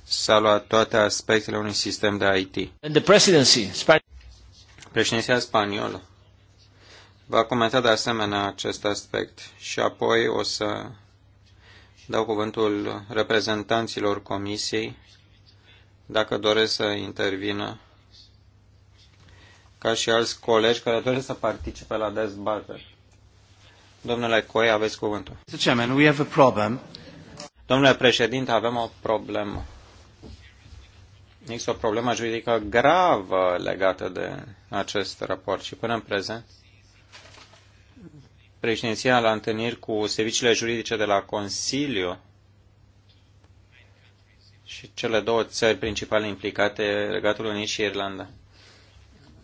sau la toate aspectele unui sistem de IT. Președinția spaniolă va comenta de asemenea acest aspect și apoi o să dau cuvântul reprezentanților comisiei dacă doresc să intervină ca și alți colegi care doresc să participe la dezbatere. Domnule Coe, aveți cuvântul. Chairman, we have a problem. Domnule președinte, avem o problemă. Există o problemă juridică gravă legată de acest raport și până în prezent președinția la întâlniri cu serviciile juridice de la Consiliu și cele două țări principale implicate, Regatul Unit și Irlanda.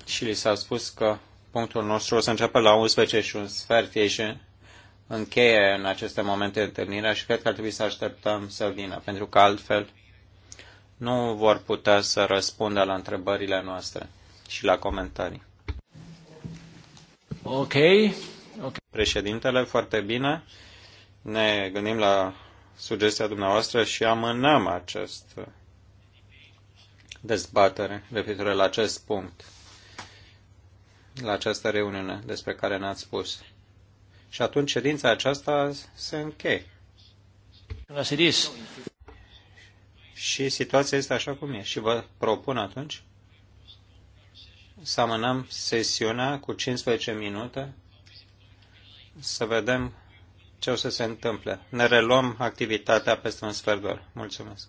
Și li s-a spus că punctul nostru o să înceapă la 11 și un sfert, ei și încheie în aceste momente întâlnirea și cred că ar trebui să așteptăm să vină, pentru că altfel nu vor putea să răspundă la întrebările noastre și la comentarii. Okay. Okay. Președintele, foarte bine. Ne gândim la sugestia dumneavoastră și amânăm acest dezbatere referitor la acest punct, la această reuniune despre care ne-ați spus. Și atunci ședința aceasta se încheie. Și situația este așa cum e. Și vă propun atunci să amânăm sesiunea cu 15 minute să vedem ce o să se întâmple. Ne reluăm activitatea peste un sfert de oră. Mulțumesc!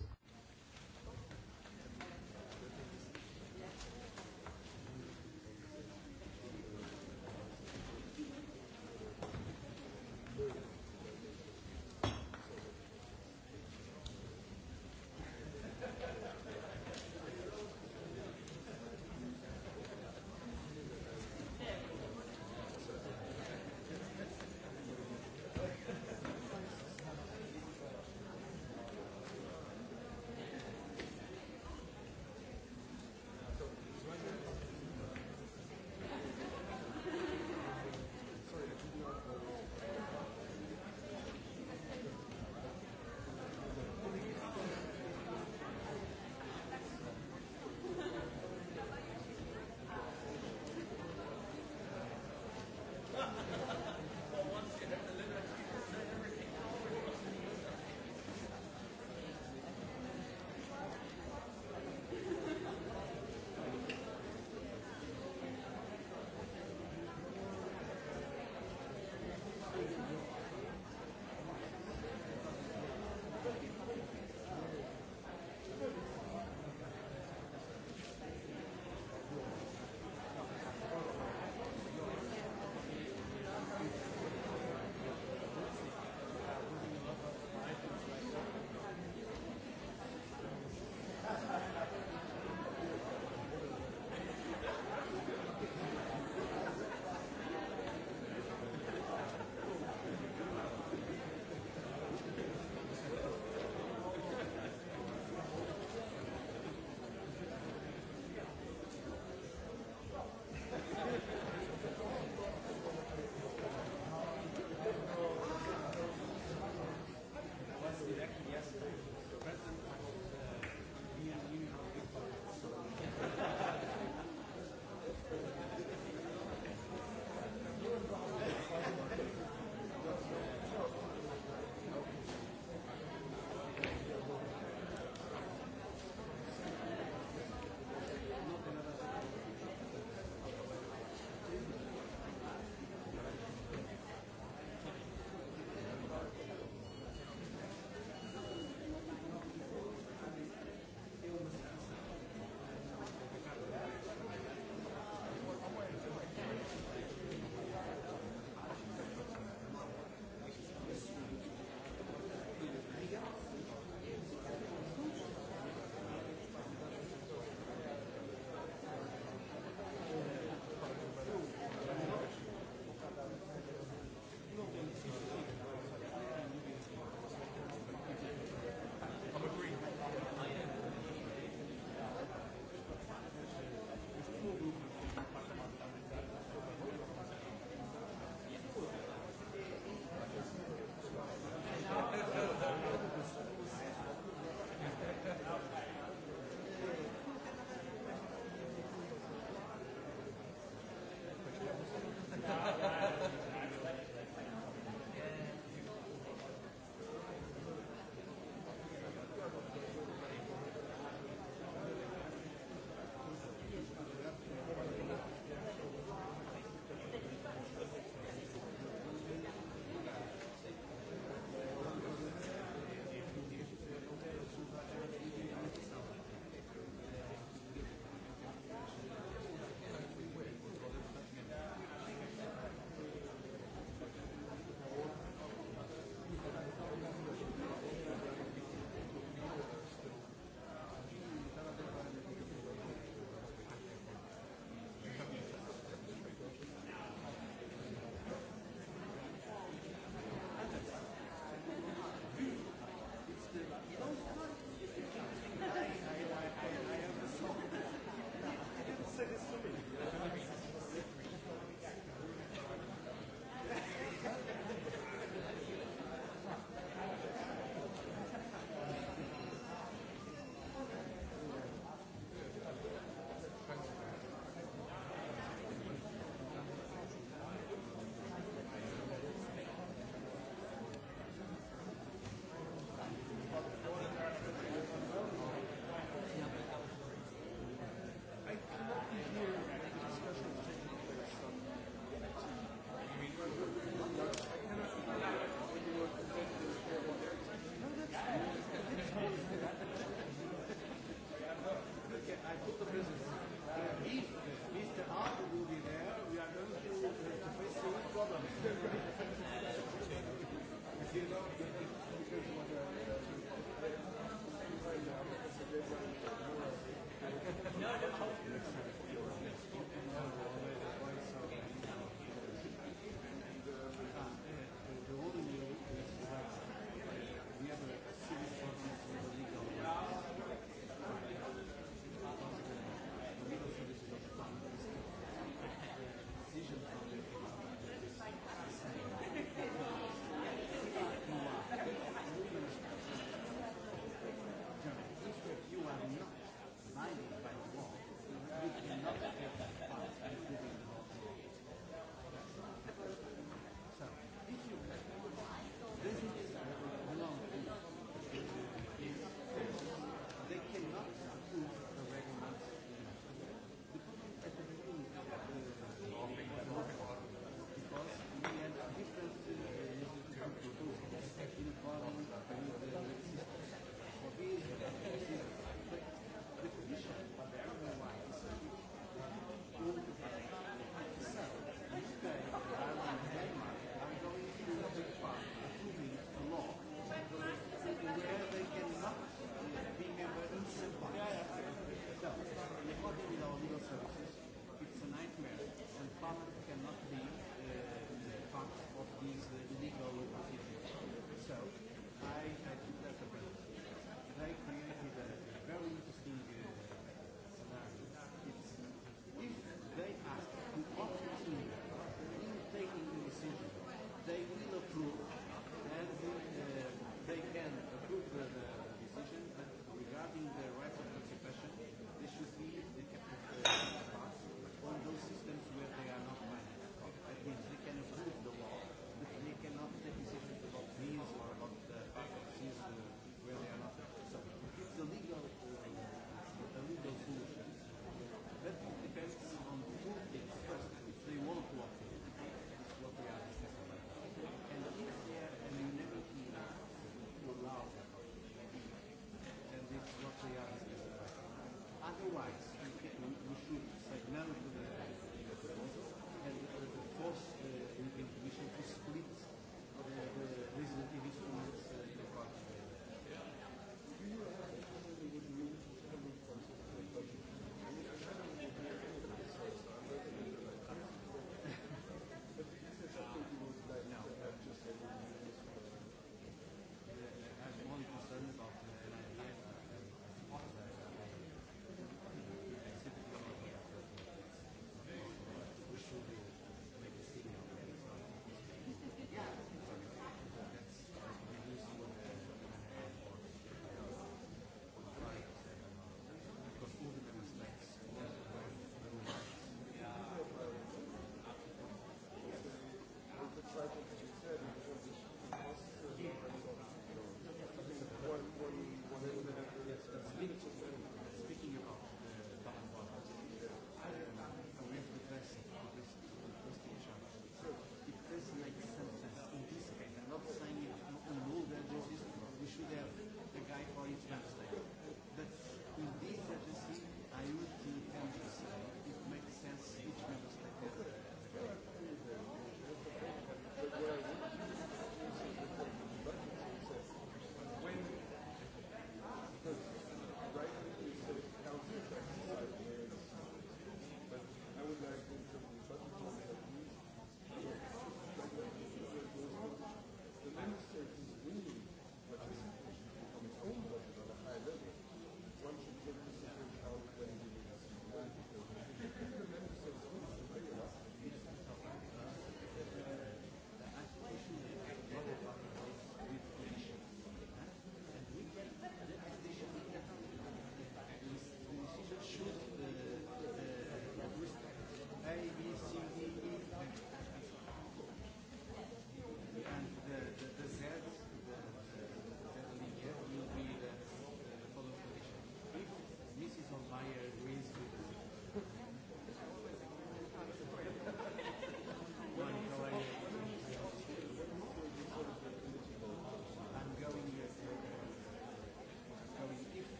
No, no.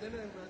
de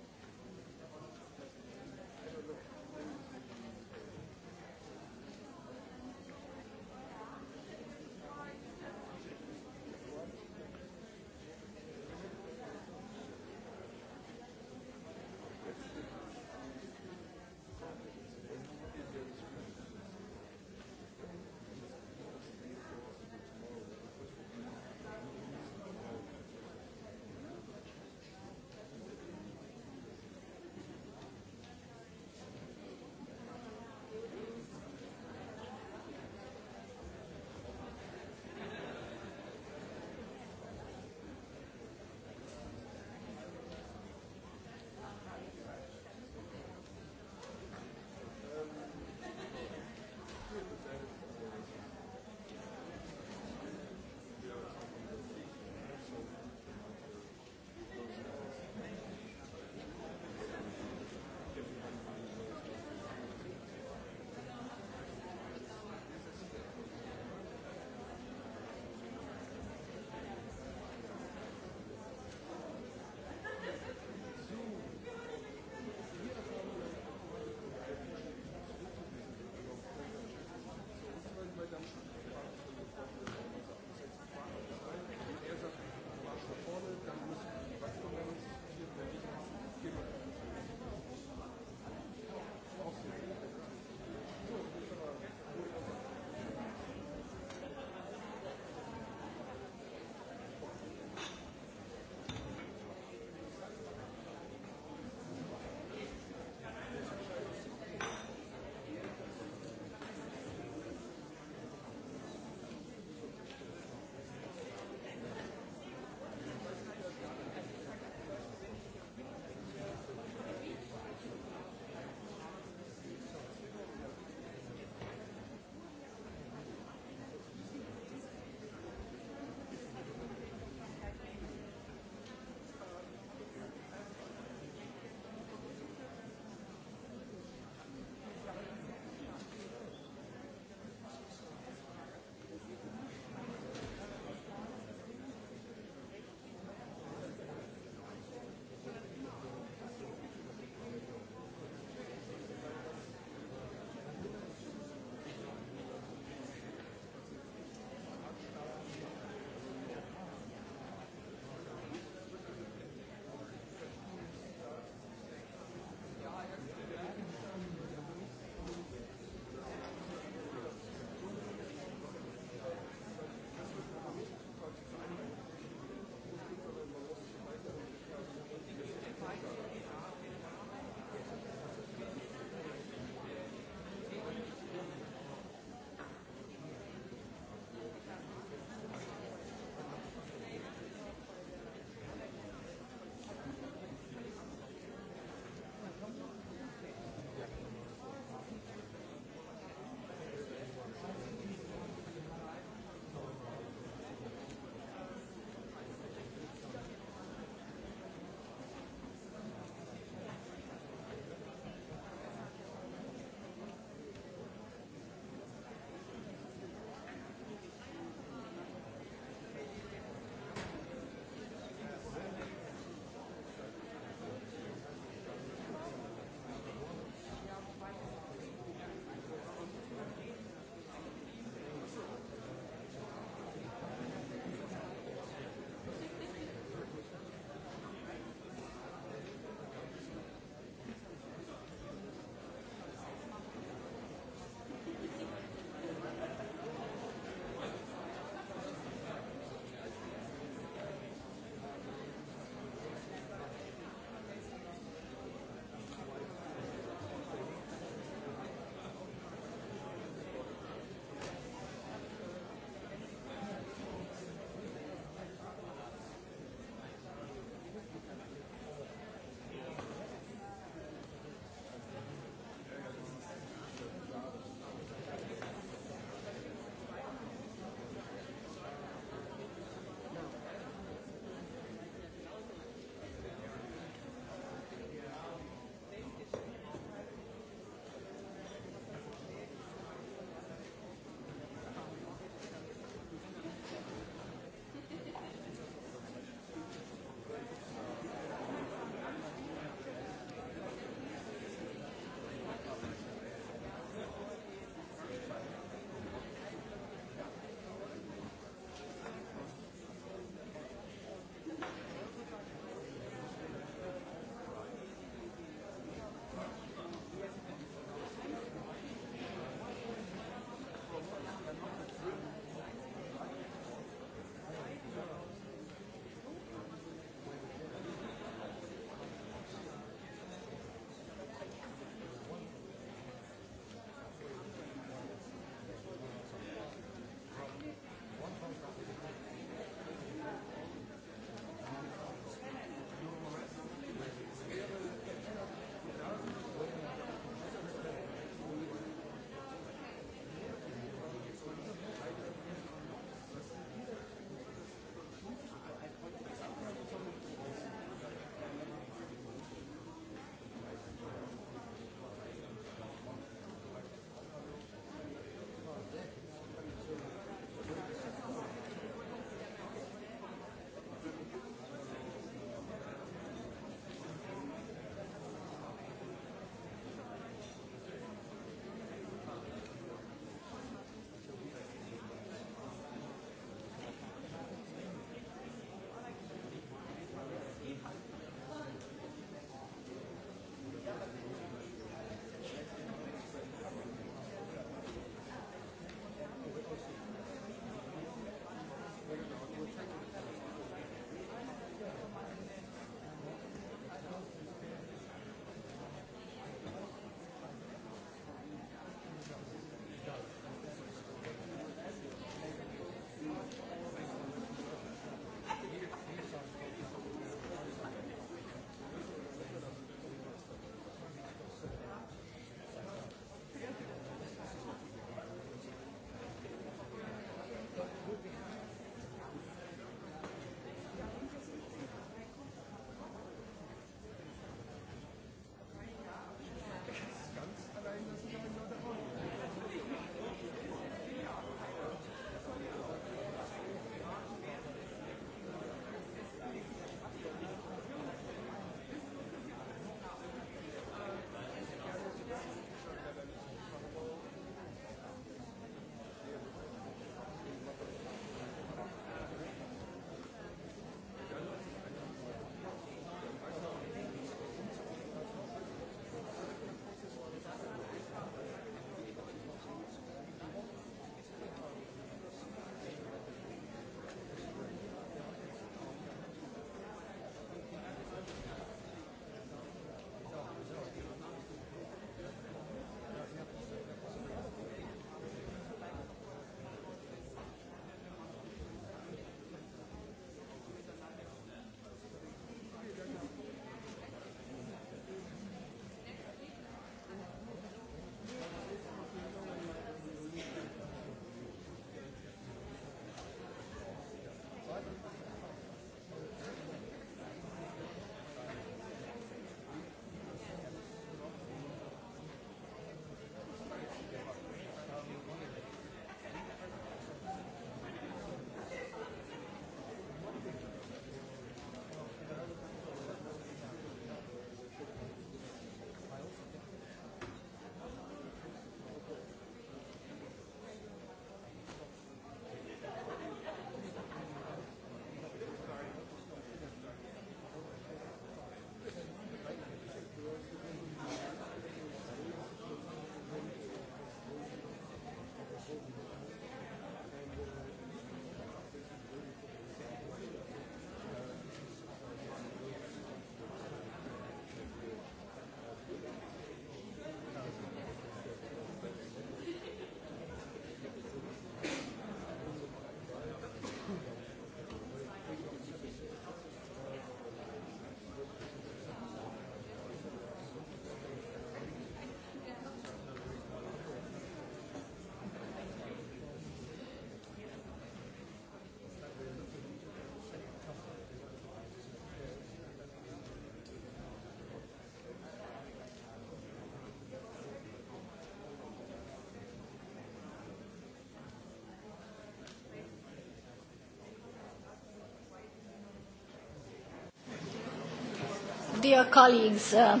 Dear colleagues, uh,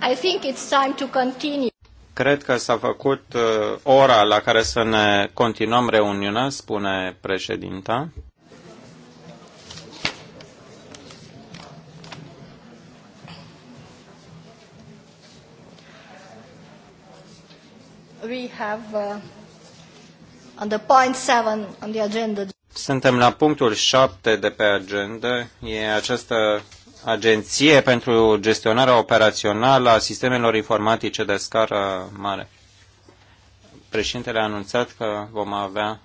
I think it's time to continue. Cred că s-a făcut uh, ora la care să ne continuăm reuniunea, spune președinta. We have uh, on the point on the agenda. Suntem la punctul 7 de pe agenda. E această Agenție pentru gestionarea operațională a sistemelor informatice de scară mare. Președintele a anunțat că vom avea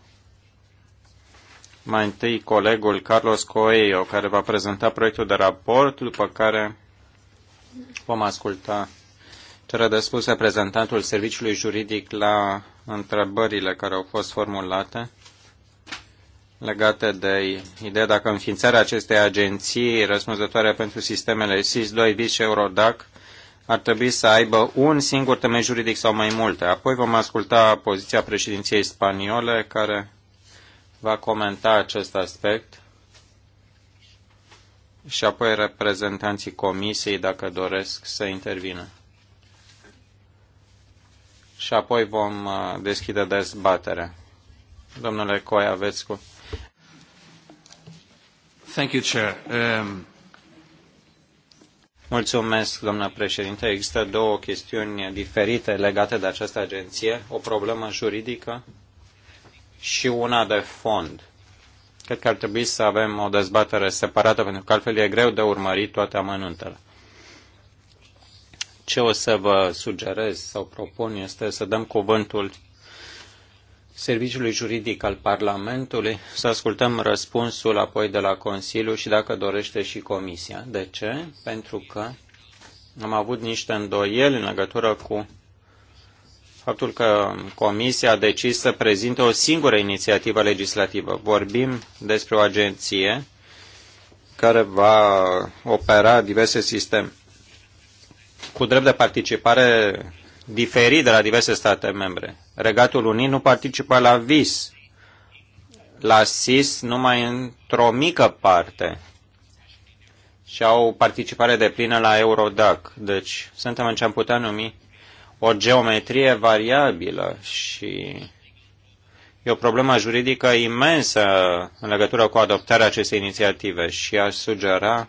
mai întâi colegul Carlos Coelho, care va prezenta proiectul de raport, după care vom asculta cele de spus reprezentantul Serviciului Juridic la întrebările care au fost formulate legate de ideea dacă înființarea acestei agenții răspunzătoare pentru sistemele SIS-2, BIS și Eurodac ar trebui să aibă un singur temei juridic sau mai multe. Apoi vom asculta poziția președinției spaniole care va comenta acest aspect și apoi reprezentanții comisiei dacă doresc să intervină. Și apoi vom uh, deschide dezbaterea. Domnule Coi, aveți cu Um, Mulțumesc, președinte. Există două chestiuni diferite legate de această agenție, o problemă juridică și una de fond. Cred că ar trebui să avem o dezbatere separată, pentru că altfel e greu de urmărit toate amănuntele. Ce o să vă sugerez sau propun este să dăm cuvântul Serviciului Juridic al Parlamentului, să ascultăm răspunsul apoi de la Consiliu și dacă dorește și Comisia. De ce? Pentru că am avut niște îndoieli în legătură cu faptul că Comisia a decis să prezinte o singură inițiativă legislativă. Vorbim despre o agenție care va opera diverse sisteme. Cu drept de participare diferit de la diverse state membre. Regatul Unit nu participă la VIS, la SIS numai într-o mică parte și au participare de plină la Eurodac. Deci suntem în ce am putea numi o geometrie variabilă și e o problemă juridică imensă în legătură cu adoptarea acestei inițiative și aș sugera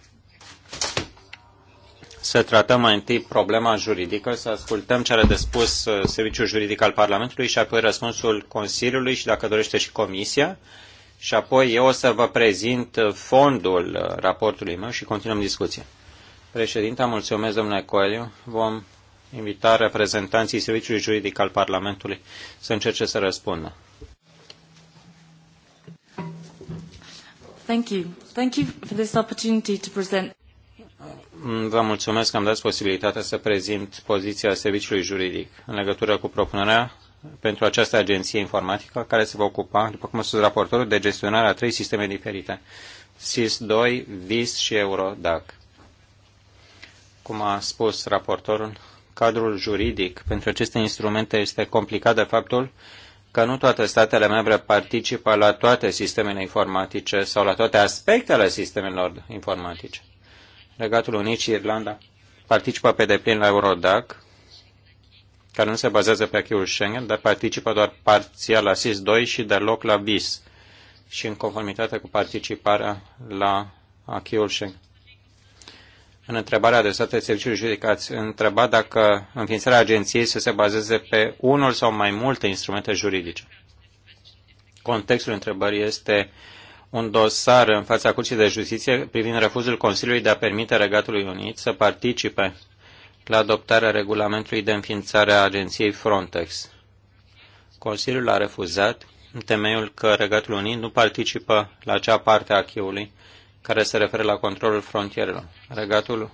să tratăm mai întâi problema juridică, să ascultăm ce are de spus uh, Serviciul Juridic al Parlamentului și apoi răspunsul Consiliului și dacă dorește și Comisia. Și apoi eu o să vă prezint uh, fondul uh, raportului meu și continuăm discuția. Președinte, mulțumesc, domnule Coeliu. Vom invita reprezentanții Serviciului Juridic al Parlamentului să încerce să răspundă. Thank you. Thank you for this opportunity to present. Vă mulțumesc că am dat posibilitatea să prezint poziția serviciului juridic în legătură cu propunerea pentru această agenție informatică care se va ocupa, după cum a spus raportorul, de gestionarea a trei sisteme diferite, SIS-2, VIS și Eurodac. Cum a spus raportorul, cadrul juridic pentru aceste instrumente este complicat de faptul că nu toate statele membre participă la toate sistemele informatice sau la toate aspectele sistemelor informatice. Regatul Unit și Irlanda participă pe deplin la Eurodac, care nu se bazează pe acquis Schengen, dar participă doar parțial la SIS-2 și deloc la BIS și în conformitate cu participarea la acquis Schengen. În întrebarea adresată serviciului judicați, întreba dacă înființarea agenției să se bazeze pe unul sau mai multe instrumente juridice. Contextul întrebării este uh, un dosar în fața Curții de Justiție privind refuzul Consiliului de a permite Regatului Unit să participe la adoptarea regulamentului de înființare a agenției Frontex. Consiliul a refuzat în temeiul că Regatul Unit nu participă la acea parte a Chiului care se referă la controlul frontierelor. Regatul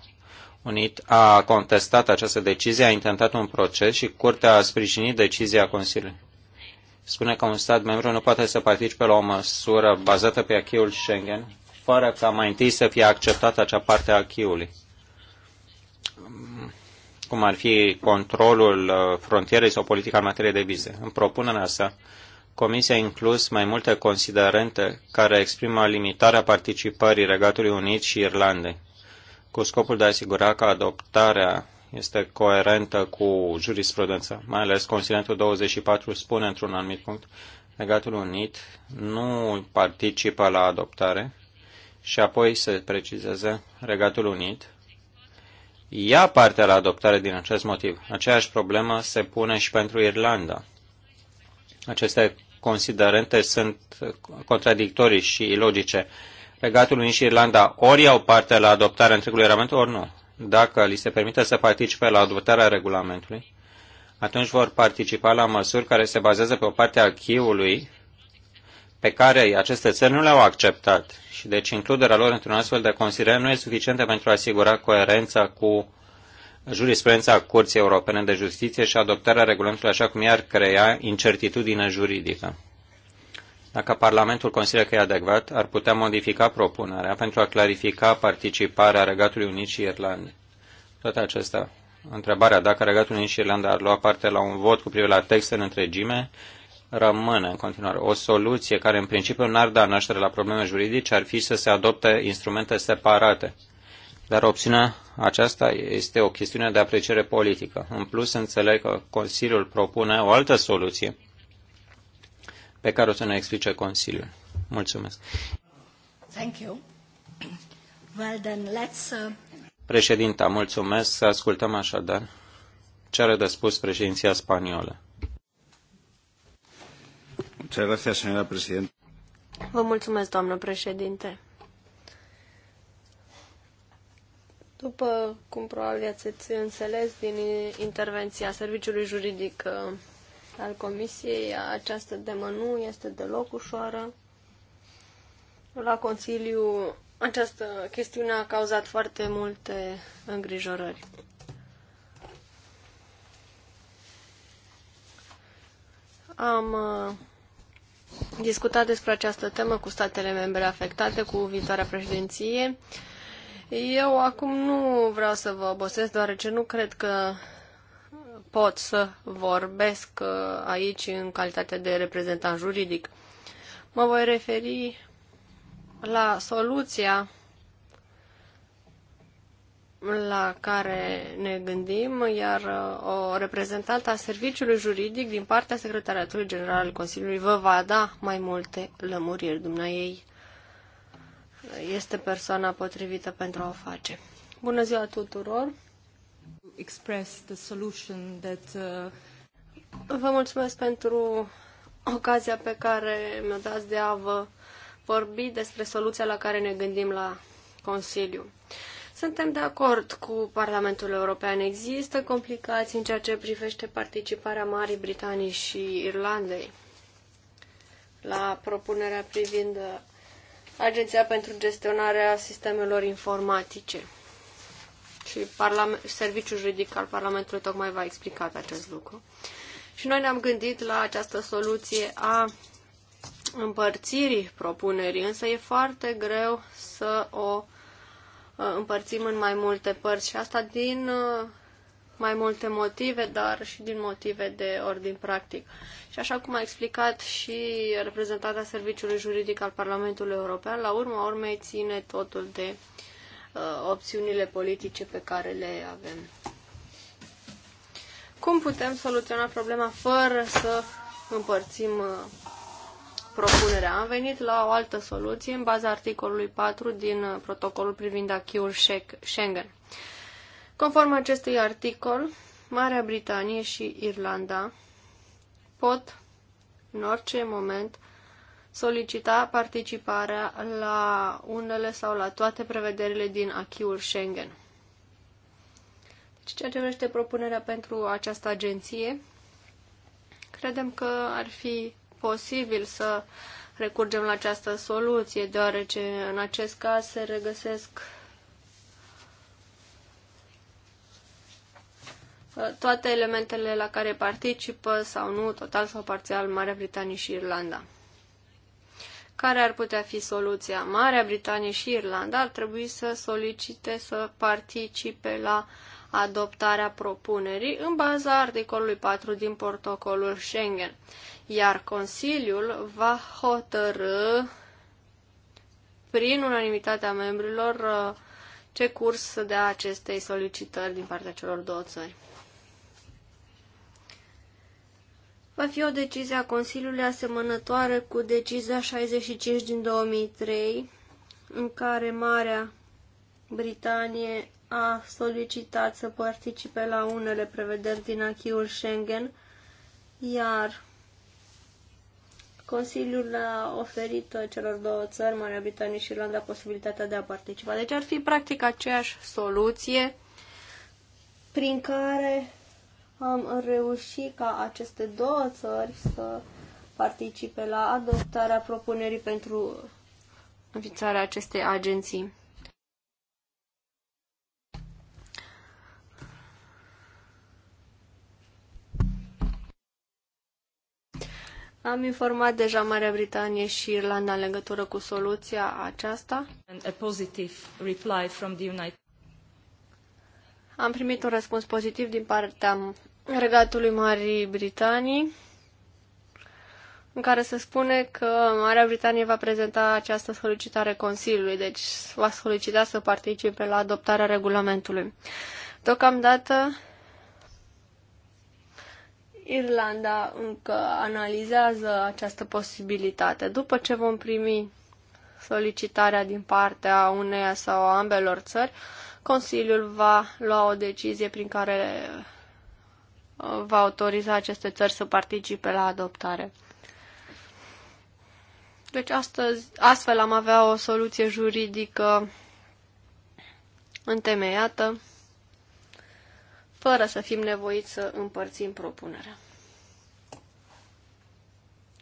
Unit a contestat această decizie, a intentat un proces și Curtea a sprijinit decizia Consiliului spune că un stat membru nu poate să participe la o măsură bazată pe acquis Schengen fără ca mai întâi să fie acceptată acea parte a acquis cum ar fi controlul uh, frontierei sau politica în materie de vize. În propunerea sa, Comisia a inclus mai multe considerente care exprimă limitarea participării Regatului Unit și Irlandei, cu scopul de a asigura că adoptarea este coerentă cu jurisprudența, mai ales Consilentul 24 spune într-un anumit punct, Legatul Unit nu participă la adoptare și apoi se precizează Regatul Unit ia parte la adoptare din acest motiv. Aceeași problemă se pune și pentru Irlanda. Aceste considerente sunt contradictorii și ilogice. Regatul Unit și Irlanda ori au parte la adoptarea întregului regulament, ori nu dacă li se permite să participe la adoptarea regulamentului, atunci vor participa la măsuri care se bazează pe o parte a chiului pe care aceste țări nu le-au acceptat și deci includerea lor într-un astfel de considerare nu e suficientă pentru a asigura coerența cu jurisprudența Curții Europene de Justiție și adoptarea regulamentului așa cum i-ar crea incertitudine juridică. Dacă Parlamentul consideră că e adecvat, ar putea modifica propunerea pentru a clarifica participarea Regatului Unit și Irlandei. Toate acestea. Întrebarea dacă Regatul Unit și Irlanda ar lua parte la un vot cu privire la texte în întregime rămâne în continuare. O soluție care în principiu n-ar da naștere la probleme juridice ar fi să se adopte instrumente separate. Dar opțiunea aceasta este o chestiune de apreciere politică. În plus, înțeleg că Consiliul propune o altă soluție – pe care o să ne explice Consiliul. Mulțumesc. Thank you. Well, then let's, uh... Președinta, mulțumesc. Să ascultăm așadar ce are de spus președinția spaniolă. Vă mulțumesc, doamnă președinte. După cum probabil ați înțeles din intervenția Serviciului Juridic uh, al Comisiei. Această temă nu este deloc ușoară. La Consiliu această chestiune a cauzat foarte multe îngrijorări. Am uh, discutat despre această temă cu statele membre afectate, cu viitoarea președinție. Eu acum nu vreau să vă obosesc, deoarece nu cred că pot să vorbesc uh, aici în calitate de reprezentant juridic. Mă voi referi la soluția la care ne gândim, iar uh, o reprezentantă a serviciului juridic din partea Secretariatului General al Consiliului vă va da mai multe lămuriri. Dumna ei este persoana potrivită pentru a o face. Bună ziua tuturor! express the solution that uh... Vă mulțumesc pentru ocazia pe care mi-o dați de a vă vorbi despre soluția la care ne gândim la Consiliu. Suntem de acord cu Parlamentul European. Există complicații în ceea ce privește participarea Marii Britanii și Irlandei la propunerea privind Agenția pentru gestionarea sistemelor informatice. Și Serviciul Juridic al Parlamentului tocmai v-a explicat acest lucru. Și noi ne-am gândit la această soluție a împărțirii propunerii, însă e foarte greu să o uh, împărțim în mai multe părți și asta din uh, mai multe motive, dar și din motive de ordin practic. Și așa cum a explicat și reprezentanta Serviciului Juridic al Parlamentului European, la urma urmei ține totul de uh, Uh, opțiunile politice pe care le avem. Cum putem soluționa problema fără să împărțim uh, propunerea? Am venit la o altă soluție în baza articolului 4 din uh, protocolul privind achiul Schengen. Conform acestui articol, Marea Britanie și Irlanda pot, în orice moment, solicita participarea la unele sau la toate prevederile din achiul Schengen. Deci, ceea ce vrește propunerea pentru această agenție, credem că ar fi posibil să recurgem la această soluție, deoarece în acest caz se regăsesc uh, toate elementele la care participă sau nu, total sau parțial, Marea Britanie și Irlanda. Care ar putea fi soluția? Marea Britanie și Irlanda ar trebui să solicite să participe la adoptarea propunerii în baza articolului 4 din protocolul Schengen, iar Consiliul va hotărâ prin unanimitatea membrilor uh, ce curs să dea acestei solicitări din partea celor două țări. va fi o decizie a Consiliului asemănătoare cu decizia 65 din 2003, în care Marea Britanie a solicitat să participe la unele prevederi din achiul Schengen, iar Consiliul a oferit celor două țări, Marea Britanie și Irlanda, posibilitatea de a participa. Deci ar fi practic aceeași soluție prin care am reușit ca aceste două țări să participe la adoptarea propunerii pentru înființarea acestei agenții. Am informat deja Marea Britanie și Irlanda în legătură cu soluția aceasta. And a positive reply from the United am primit un răspuns pozitiv din partea Regatului Marii Britanii, în care se spune că Marea Britanie va prezenta această solicitare Consiliului, deci va solicita să participe la adoptarea regulamentului. Deocamdată, Irlanda încă analizează această posibilitate. După ce vom primi solicitarea din partea uneia sau ambelor țări, Consiliul va lua o decizie prin care uh, va autoriza aceste țări să participe la adoptare. Deci astăzi, astfel am avea o soluție juridică întemeiată, fără să fim nevoiți să împărțim propunerea.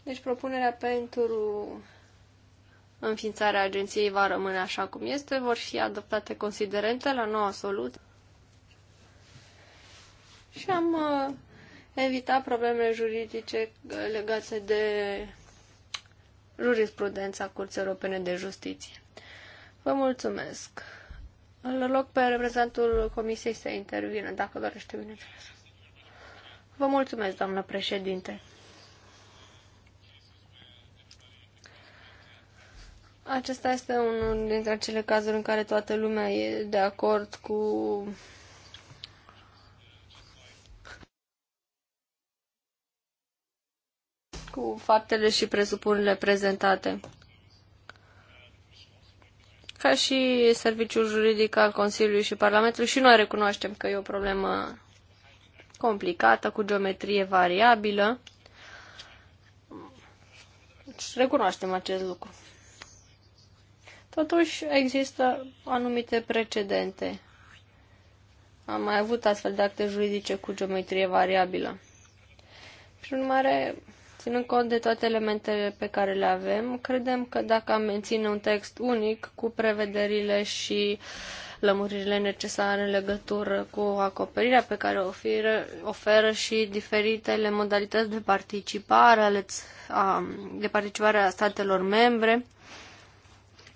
Deci propunerea pentru Înființarea agenției va rămâne așa cum este, vor fi adoptate considerente la noua soluție. Și am uh, evitat probleme juridice legate de jurisprudența Curții Europene de Justiție. Vă mulțumesc. Îl loc pe reprezentantul Comisiei să intervină, dacă dorește, bineînțeles. Vă mulțumesc, doamnă președinte. Acesta este unul dintre acele cazuri în care toată lumea e de acord cu cu faptele și presupunerile prezentate. Ca și serviciul juridic al Consiliului și Parlamentului, și noi recunoaștem că e o problemă complicată, cu geometrie variabilă. Deci recunoaștem acest lucru. Totuși există anumite precedente. Am mai avut astfel de acte juridice cu geometrie variabilă. Prin urmare, ținând cont de toate elementele pe care le avem, credem că dacă am menține un text unic cu prevederile și lămuririle necesare în legătură cu acoperirea pe care o oferă, oferă și diferitele modalități de participare, ale, a, de participare a statelor membre,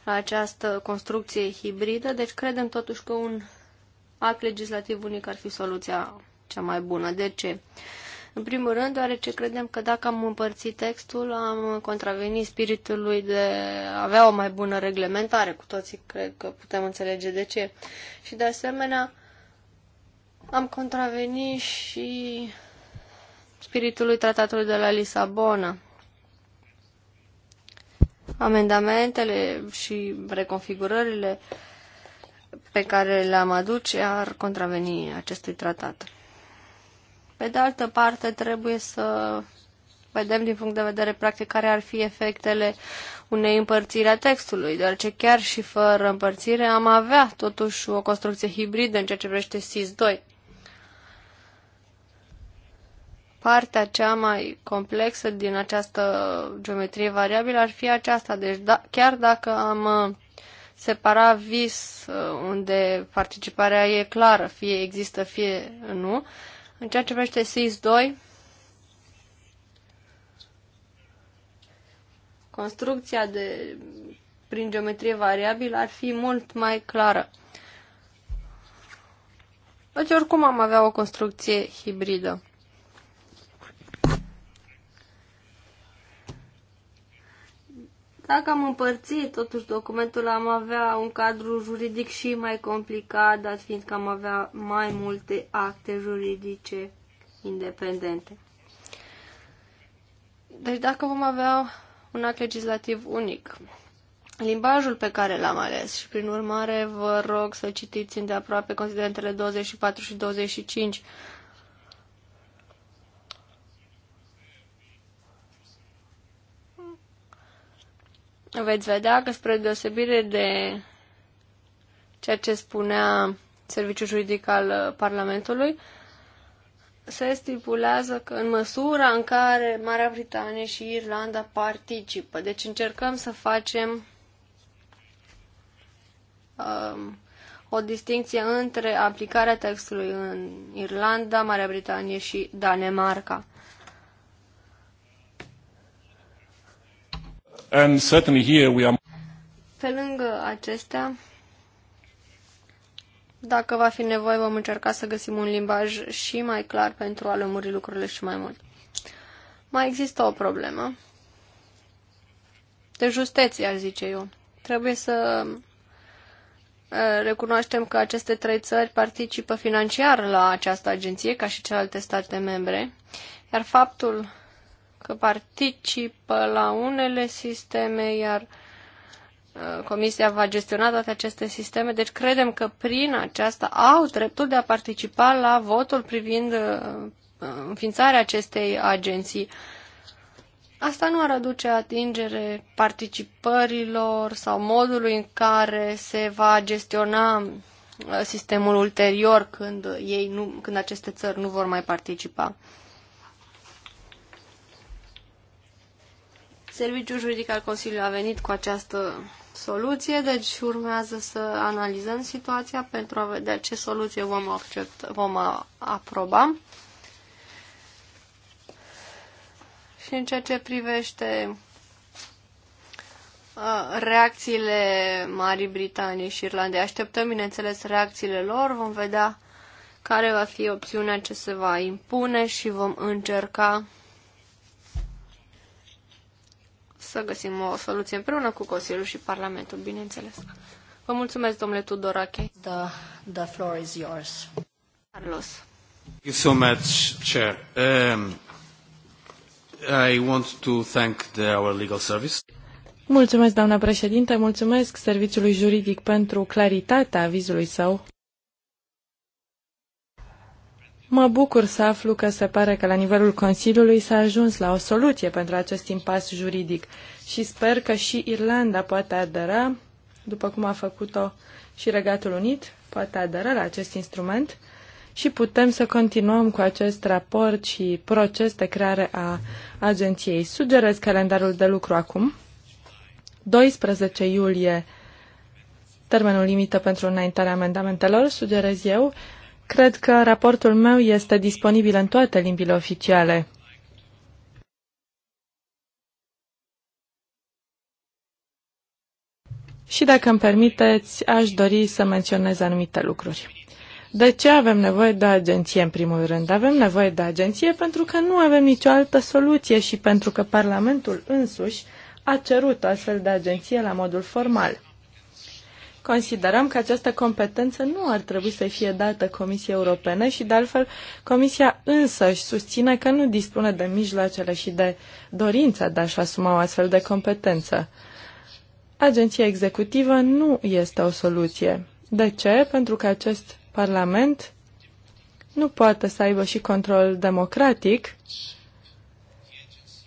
la această construcție hibridă, deci credem totuși că un act legislativ unic ar fi soluția cea mai bună. De ce? În primul rând, deoarece credem că dacă am împărțit textul, am contravenit spiritului de a avea o mai bună reglementare. Cu toții cred că putem înțelege de ce. Și de asemenea, am contravenit și spiritului tratatului de la Lisabona, Amendamentele și reconfigurările pe care le-am aduce ar contraveni acestui tratat. Pe de altă parte, trebuie să vedem din punct de vedere practic care ar fi efectele unei împărțiri a textului, deoarece chiar și fără împărțire am avea totuși o construcție hibridă în ceea ce privește SIS-2. partea cea mai complexă din această geometrie variabilă ar fi aceasta. Deci da, chiar dacă am uh, separa vis uh, unde participarea e clară, fie există, fie nu, în ceea ce privește SIS-2, construcția de prin geometrie variabilă ar fi mult mai clară. Deci oricum am avea o construcție hibridă. Dacă am împărțit totuși documentul, am avea un cadru juridic și mai complicat, dat fiind că am avea mai multe acte juridice independente. Deci dacă vom avea un act legislativ unic, limbajul pe care l-am ales și prin urmare vă rog să citiți îndeaproape considerentele 24 și 25 veți vedea că spre deosebire de ceea ce spunea Serviciul Juridic al Parlamentului, se stipulează că în măsura în care Marea Britanie și Irlanda participă. Deci încercăm să facem um, o distinție între aplicarea textului în Irlanda, Marea Britanie și Danemarca. And certainly here we are... Pe lângă acestea, dacă va fi nevoie, vom încerca să găsim un limbaj și mai clar pentru a lămuri lucrurile și mai mult. Mai există o problemă. De justeție, aș zice eu. Trebuie să recunoaștem că aceste trei țări participă financiar la această agenție, ca și celelalte state membre, iar faptul că participă la unele sisteme, iar uh, Comisia va gestiona toate aceste sisteme, deci credem că prin aceasta au dreptul de a participa la votul privind uh, înființarea acestei agenții. Asta nu ar aduce atingere participărilor sau modului în care se va gestiona uh, sistemul ulterior când, ei nu, când aceste țări nu vor mai participa. Serviciul juridic al Consiliului a venit cu această soluție, deci urmează să analizăm situația pentru a vedea ce soluție vom, accepta, vom aproba. Și în ceea ce privește reacțiile Marii Britanii și Irlandei, așteptăm, bineînțeles, reacțiile lor, vom vedea care va fi opțiunea ce se va impune și vom încerca să găsim o soluție împreună cu Consiliul și Parlamentul, bineînțeles. Vă mulțumesc, domnule Tudorache. The, the floor is yours. Carlos. Thank you so much, Chair. Um, I want to thank the, our legal service. Mulțumesc, doamna președinte, mulțumesc serviciului juridic pentru claritatea avizului său. Mă bucur să aflu că se pare că la nivelul Consiliului s-a ajuns la o soluție pentru acest impas juridic și sper că și Irlanda poate adera, după cum a făcut-o și Regatul Unit, poate adera la acest instrument și putem să continuăm cu acest raport și proces de creare a agenției. Sugerez calendarul de lucru acum. 12 iulie, termenul limită pentru înaintarea amendamentelor, sugerez eu, Cred că raportul meu este disponibil în toate limbile oficiale. Și dacă îmi permiteți, aș dori să menționez anumite lucruri. De ce avem nevoie de agenție în primul rând? Avem nevoie de agenție pentru că nu avem nicio altă soluție și pentru că Parlamentul însuși a cerut astfel de agenție la modul formal considerăm că această competență nu ar trebui să fie dată Comisiei Europene și, de altfel, Comisia însăși susține că nu dispune de mijloacele și de dorința de a-și asuma o astfel de competență. Agenția executivă nu este o soluție. De ce? Pentru că acest Parlament nu poate să aibă și control democratic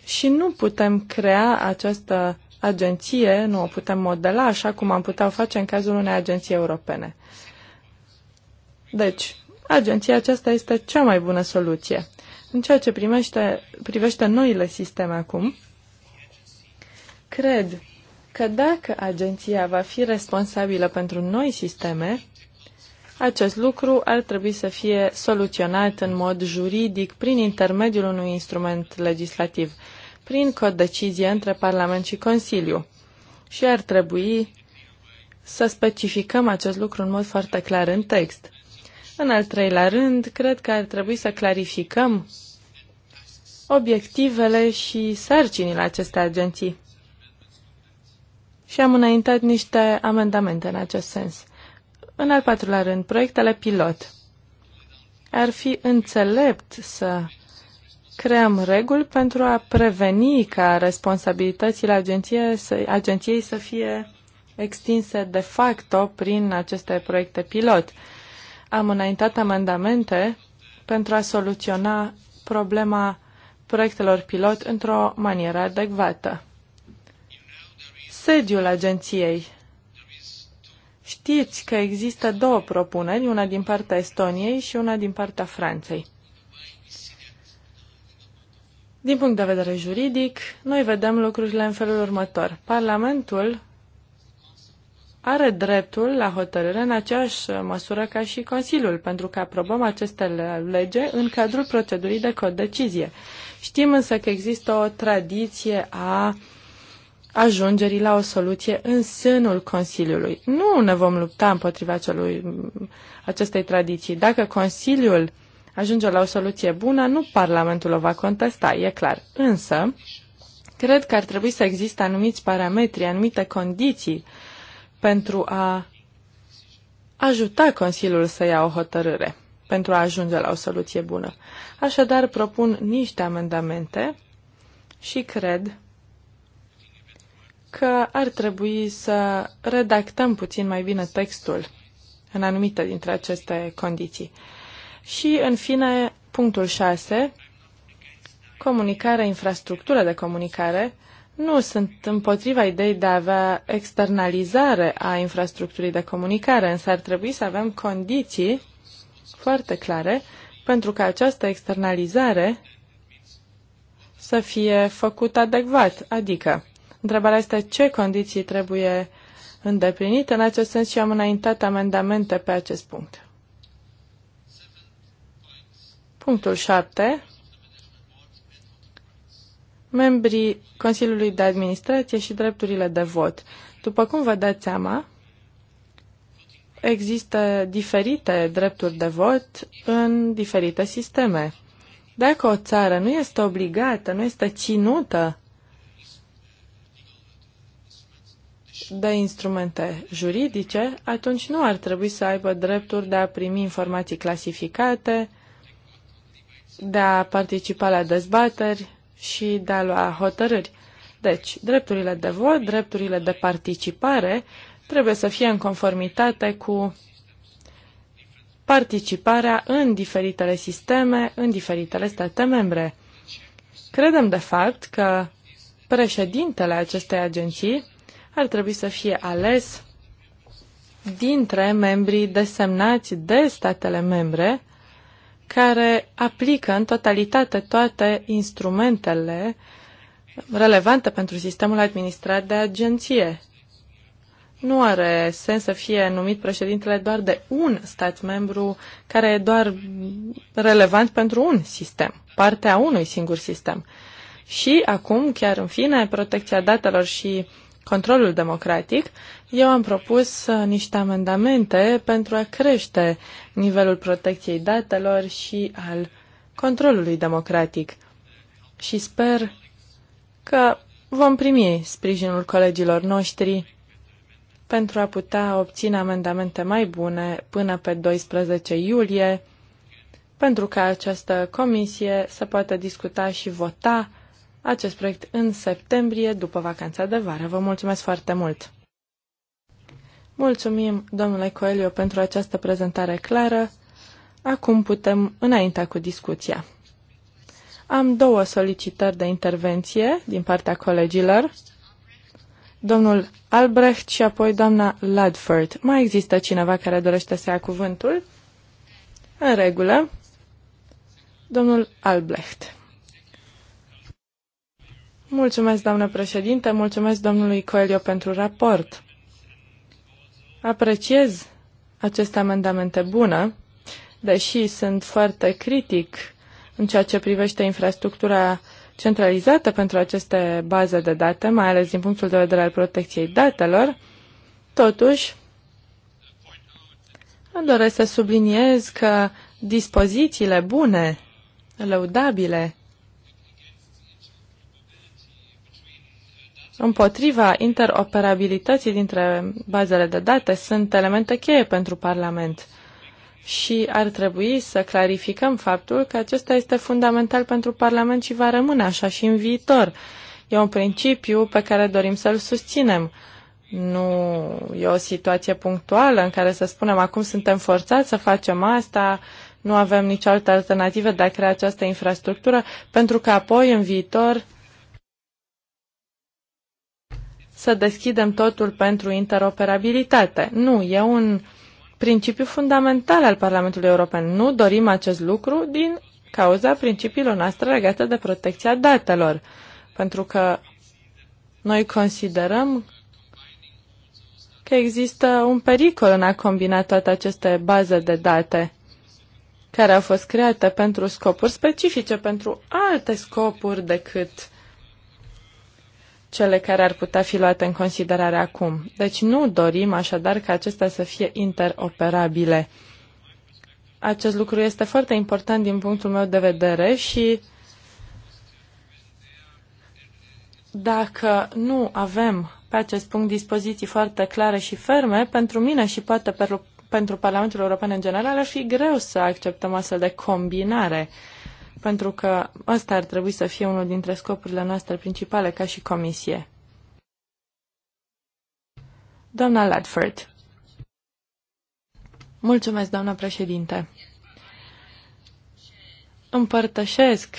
și nu putem crea această agenție nu o putem modela așa cum am putea face în cazul unei agenții europene. Deci, agenția aceasta este cea mai bună soluție. În ceea ce primește, privește noile sisteme acum, cred că dacă agenția va fi responsabilă pentru noi sisteme, acest lucru ar trebui să fie soluționat în mod juridic prin intermediul unui instrument legislativ prin codecizie între Parlament și Consiliu. Și ar trebui să specificăm acest lucru în mod foarte clar în text. În al treilea rând, cred că ar trebui să clarificăm obiectivele și sarcinile acestei agenții. Și am înaintat niște amendamente în acest sens. În al patrulea rând, proiectele pilot. Ar fi înțelept să creăm reguli pentru a preveni ca responsabilitățile agenției să, agenției să fie extinse de facto prin aceste proiecte pilot. Am înaintat amendamente pentru a soluționa problema proiectelor pilot într-o manieră adecvată. Sediul agenției. Știți că există două propuneri, una din partea Estoniei și una din partea Franței. Din punct de vedere juridic, noi vedem lucrurile în felul următor. Parlamentul are dreptul la hotărâre în aceeași măsură ca și Consiliul, pentru că aprobăm aceste lege în cadrul procedurii de codecizie. Știm însă că există o tradiție a ajungerii la o soluție în sânul Consiliului. Nu ne vom lupta împotriva acelui, acestei tradiții. Dacă Consiliul uh, ajunge la o soluție bună, nu Parlamentul o va contesta, e clar. Însă, cred că ar trebui să existe anumiți parametri, anumite condiții pentru a ajuta Consiliul să ia o hotărâre pentru a ajunge la o soluție bună. Așadar, propun niște amendamente și cred că ar trebui să redactăm puțin mai bine textul în anumite dintre aceste condiții. Și, în fine, punctul 6, comunicare, infrastructură de comunicare. Nu sunt împotriva ideii de a avea externalizare a infrastructurii de comunicare, însă ar trebui să avem condiții foarte clare pentru ca această externalizare să fie făcută adecvat. Adică, întrebarea este ce condiții trebuie îndeplinite. În acest sens și am înaintat amendamente pe acest punct. Punctul 7. Membrii Consiliului de Administrație și drepturile de vot. După cum vă dați seama, există diferite drepturi de vot în diferite sisteme. Dacă o țară nu este obligată, nu este ținută de instrumente juridice, atunci nu ar trebui să aibă drepturi de a primi informații clasificate de a participa la dezbateri și de a lua hotărâri. Deci, drepturile de vot, drepturile de participare trebuie să fie în conformitate cu participarea în diferitele sisteme, în diferitele state membre. Credem, de fapt, că președintele acestei agenții ar trebui să fie ales dintre membrii desemnați de statele membre care aplică în totalitate toate instrumentele relevante pentru sistemul administrat de agenție. Nu are sens să fie numit președintele doar de un stat membru care e doar relevant pentru un sistem, partea unui singur sistem. Și acum, chiar în fine, protecția datelor și controlul democratic eu am propus uh, niște amendamente pentru a crește nivelul protecției datelor și al controlului democratic și sper că vom primi sprijinul colegilor noștri pentru a putea obține amendamente mai bune până pe 12 iulie, pentru ca această comisie să poată discuta și vota acest proiect în septembrie, după vacanța de vară. Vă mulțumesc foarte mult! Mulțumim, domnule Coelho, pentru această prezentare clară. Acum putem înainta cu discuția. Am două solicitări de intervenție din partea colegilor, domnul Albrecht și apoi doamna Ladford. Mai există cineva care dorește să ia cuvântul? În regulă, domnul Albrecht. Mulțumesc, doamnă președinte, mulțumesc domnului Coelho pentru raport. Apreciez aceste amendamente bune, deși sunt foarte critic în ceea ce privește infrastructura centralizată pentru aceste baze de date, mai ales din punctul de vedere al protecției datelor, totuși îmi doresc să subliniez că dispozițiile bune, lăudabile, împotriva interoperabilității dintre bazele de date sunt elemente cheie pentru Parlament și ar trebui să clarificăm faptul că acesta este fundamental pentru Parlament și va rămâne așa și în viitor. E un principiu pe care dorim să-l susținem. Nu e o situație punctuală în care să spunem acum suntem forțați să facem asta, nu avem nicio altă alternativă de a crea această infrastructură, pentru că apoi în viitor să deschidem totul pentru interoperabilitate. Nu, e un principiu fundamental al Parlamentului European. Nu dorim acest lucru din cauza principiilor noastre legate de protecția datelor. Pentru că noi considerăm că există un pericol în a combina toate aceste baze de date care au fost create pentru scopuri specifice, pentru alte scopuri decât cele care ar putea fi luate în considerare acum. Deci nu dorim așadar ca acestea să fie interoperabile. Acest lucru este foarte important din punctul meu de vedere și dacă nu avem pe acest punct dispoziții foarte clare și ferme, pentru mine și poate pentru Parlamentul European în general ar fi greu să acceptăm astfel de combinare. Uh, pentru că ăsta ar trebui să fie unul dintre scopurile noastre principale ca și comisie. Doamna Ladford. Mulțumesc, doamna președinte. Împărtășesc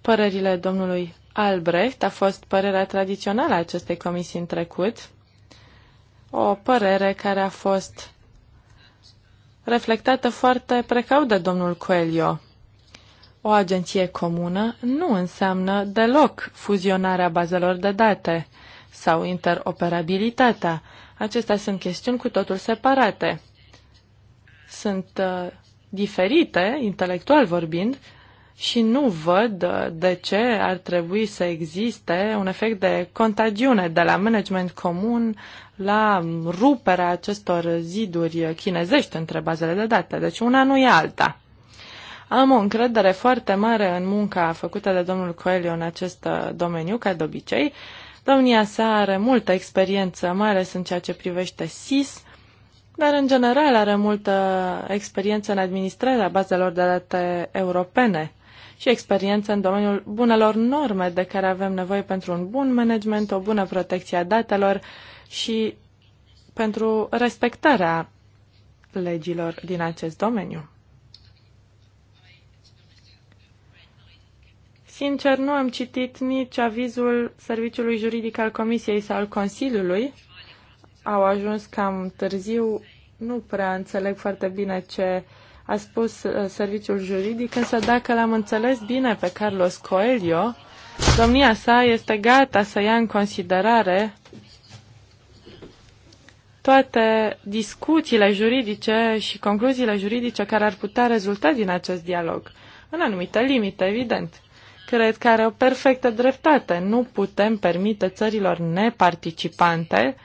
părerile domnului Albrecht. A fost părerea tradițională a acestei comisii în trecut. O părere care a fost reflectată foarte precaut de domnul Coelho. O agenție comună nu înseamnă deloc fuzionarea bazelor de date sau interoperabilitatea. Acestea sunt chestiuni cu totul separate. Sunt uh, diferite, intelectual vorbind, și nu văd uh, de ce ar trebui să existe un efect de contagiune de la management comun la ruperea acestor ziduri chinezești între bazele de date. Deci una nu e alta. Am o încredere foarte mare în munca făcută de domnul Coelho în acest uh, domeniu, ca de obicei. Domnia sa are multă experiență, mai ales în ceea ce privește SIS, dar în general are multă experiență în administrarea bazelor de date europene și experiență în domeniul bunelor norme de care avem nevoie pentru un bun management, o bună protecție a datelor și pentru respectarea legilor din acest domeniu. Sincer, nu am citit nici avizul Serviciului Juridic al Comisiei sau al Consiliului. Au ajuns cam târziu. Nu prea înțeleg foarte bine ce a spus uh, Serviciul Juridic, însă dacă l-am înțeles bine pe Carlos Coelho, domnia sa este gata să ia în considerare toate discuțiile juridice și concluziile juridice care ar putea rezulta din acest dialog, în anumite limite, evident cred că are o perfectă dreptate. Nu putem permite țărilor neparticipante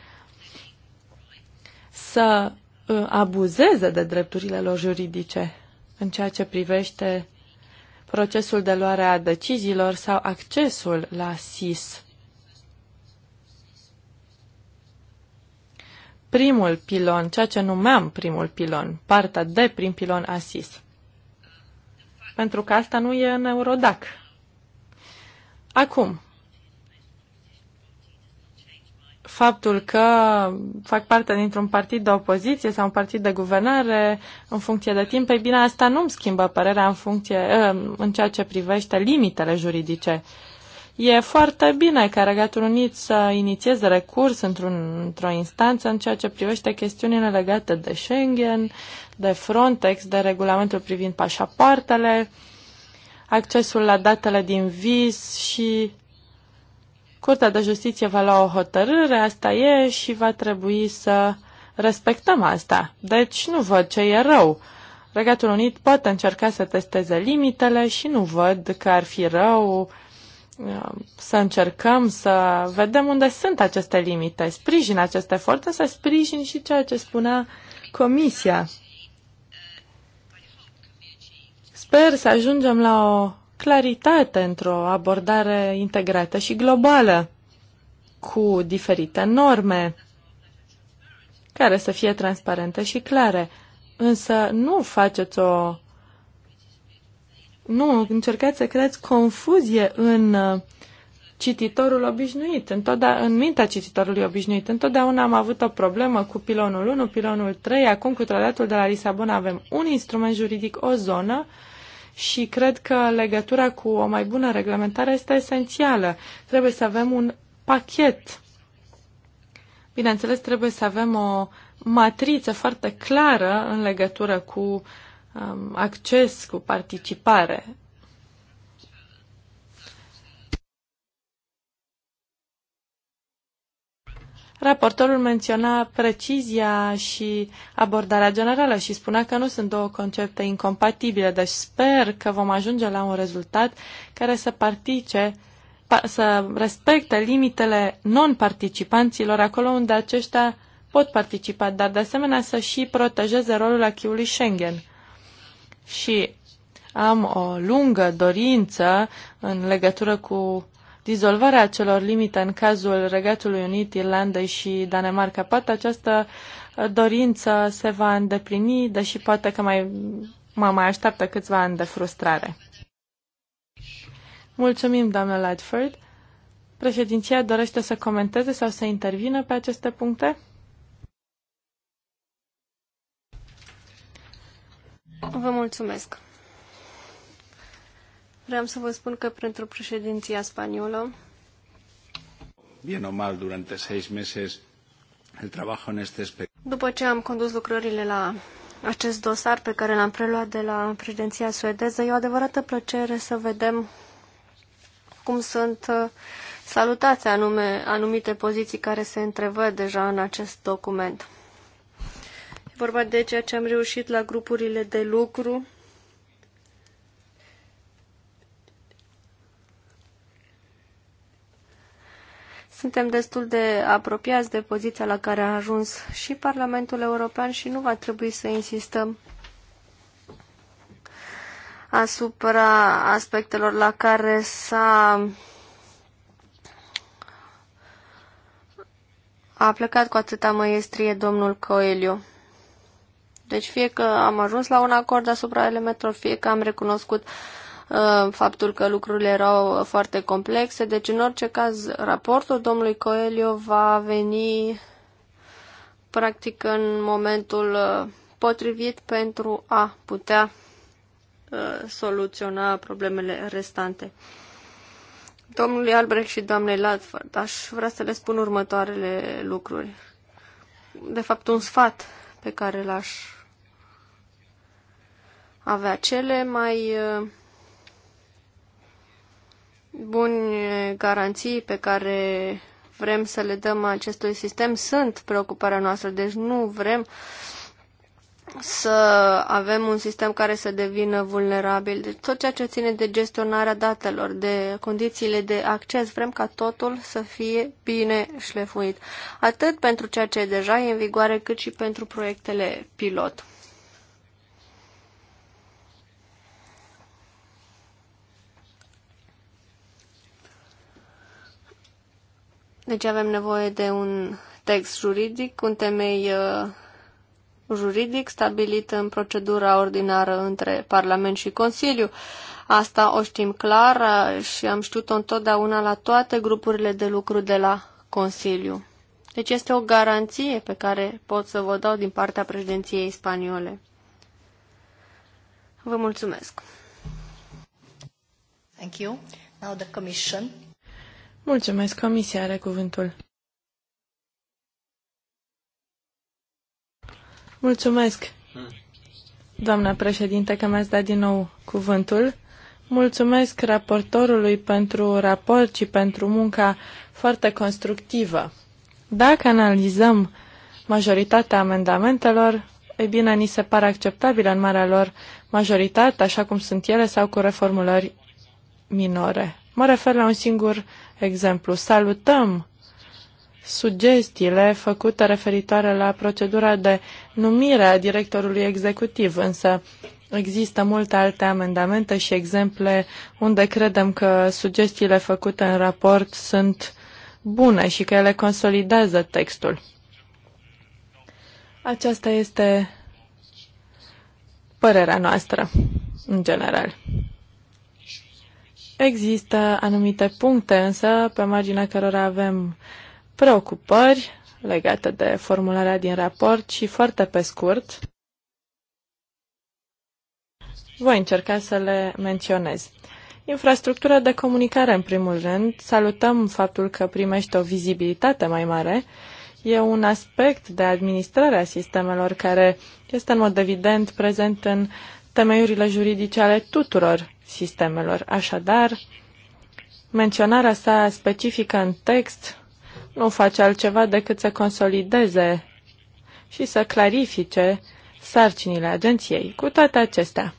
să uh, abuzeze de drepturile lor juridice în ceea ce privește procesul de luare a deciziilor sau accesul la SIS. Primul pilon, ceea ce numeam primul pilon, partea de prim pilon a SIS. Pentru că asta nu e în Eurodac. Acum, faptul că fac parte dintr-un partid de opoziție sau un partid de guvernare în funcție de timp, ei bine, asta nu îmi schimbă părerea în, funcție, ă, în ceea ce privește limitele juridice. E foarte bine ca Regatul Unit să inițieze recurs într o într-o instanță în ceea ce privește chestiunile legate de Schengen, de Frontex, de regulamentul privind pașapoartele, uh, accesul la datele din vis și Curtea de Justiție va lua o hotărâre, asta e, și va trebui să respectăm asta. Deci nu văd ce e rău. Regatul Unit poate încerca să testeze limitele și nu văd că ar fi rău uh, să încercăm să vedem unde sunt aceste limite. Sprijin aceste forțe, să sprijin și ceea ce spunea Comisia. Sper să ajungem la o claritate într-o abordare integrată și globală cu diferite norme care să fie transparente și clare. Însă nu faceți o... Nu încercați să creați confuzie în uh, cititorul obișnuit, în toda, în mintea cititorului obișnuit. Întotdeauna am avut o problemă cu pilonul 1, pilonul 3, acum cu tratatul de la Lisabona avem un instrument juridic, o zonă, și cred că legătura cu o mai bună reglementare este esențială. Trebuie să avem un pachet. Bineînțeles, trebuie să avem o matriță foarte clară în legătură cu um, acces, cu participare. Raportorul menționa precizia și abordarea generală și spunea că nu sunt două concepte incompatibile, deci sper că vom ajunge la un rezultat care să partice să respecte limitele non-participanților acolo unde aceștia pot participa, dar de asemenea să și protejeze rolul achiului Schengen. Și am o lungă dorință în legătură cu dizolvarea celor limite în cazul Regatului Unit, Irlandei și Danemarca. Poate această uh, dorință se va îndeplini, deși poate că mai, mă mai așteaptă câțiva ani de frustrare. Mulțumim, doamnă Ledford. Președinția dorește să comenteze sau să intervină pe aceste puncte? Vă mulțumesc. Vreau să vă spun că pentru președinția spaniolă bien o mal durante seis meses el trabajo en este După ce am condus lucrările la acest dosar pe care l-am preluat de la președinția suedeză, e o adevărată plăcere să vedem cum sunt uh, salutați anume, anumite poziții care se întrevăd deja în acest document. E vorba de ceea ce am reușit la grupurile de lucru Suntem destul de apropiați de poziția la care a ajuns și Parlamentul European și nu va trebui să insistăm asupra aspectelor la care s-a a plecat cu atâta măiestrie domnul Coelho. Deci fie că am ajuns la un acord asupra elementelor, fie că am recunoscut Uh, faptul că lucrurile erau foarte complexe. Deci, în orice caz, raportul domnului Coelho va veni practic în momentul uh, potrivit pentru a putea uh, soluționa problemele restante. Domnului Albrecht și doamnei Latford, aș vrea să le spun următoarele lucruri. De fapt, un sfat pe care l-aș avea. Cele mai uh, buni garanții pe care vrem să le dăm acestui sistem sunt preocuparea noastră, deci nu vrem să avem un sistem care să devină vulnerabil. Deci tot ceea ce ține de gestionarea datelor, de condițiile de acces, vrem ca totul să fie bine șlefuit. Atât pentru ceea ce deja e în vigoare, cât și pentru proiectele pilot. Deci avem nevoie de un text juridic, un temei uh, juridic stabilit în procedura ordinară între Parlament și Consiliu. Asta o știm clar uh, și am știut-o întotdeauna la toate grupurile de lucru de la Consiliu. Deci este o garanție pe care pot să vă dau din partea președinției spaniole. Vă mulțumesc. Thank you. Now the commission. Mulțumesc, comisia are cuvântul. Mulțumesc, doamna președinte, că mi-ați dat din nou cuvântul. Mulțumesc raportorului pentru raport și pentru munca foarte constructivă. Dacă analizăm majoritatea amendamentelor, ei bine, ni se pare acceptabilă în marea lor majoritate, așa cum sunt ele, sau cu reformulări minore. Mă refer la un singur exemplu. Salutăm sugestiile făcute referitoare la procedura de numire a directorului executiv, însă există multe alte amendamente și exemple unde credem că sugestiile făcute în raport sunt bune și că ele consolidează textul. Aceasta este părerea noastră, în general. Există anumite puncte, însă, pe marginea cărora avem preocupări legate de formularea din raport și foarte pe scurt voi încerca să le menționez. Infrastructura de comunicare, în primul rând, salutăm faptul că primește o vizibilitate mai mare. E un aspect de administrare a sistemelor care este în mod evident prezent în temeiurile juridice ale tuturor sistemelor. Așadar, menționarea sa specifică în text nu face altceva decât să consolideze și să clarifice sarcinile agenției. Cu toate acestea,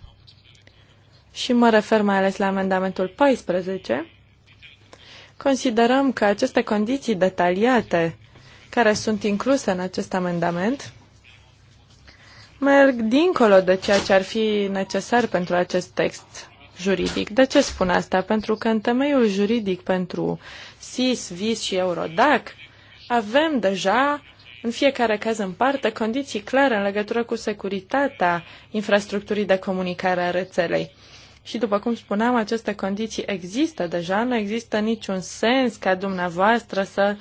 și mă refer mai ales la amendamentul 14, considerăm că aceste condiții detaliate care sunt incluse în acest amendament merg dincolo de ceea ce ar fi necesar pentru acest text juridic. De ce spun asta? Pentru că în temeiul juridic pentru SIS, VIS și Eurodac avem deja în fiecare caz în parte condiții clare în legătură cu securitatea infrastructurii de comunicare a rețelei. Și după cum spuneam, aceste condiții există deja, nu există niciun sens ca dumneavoastră să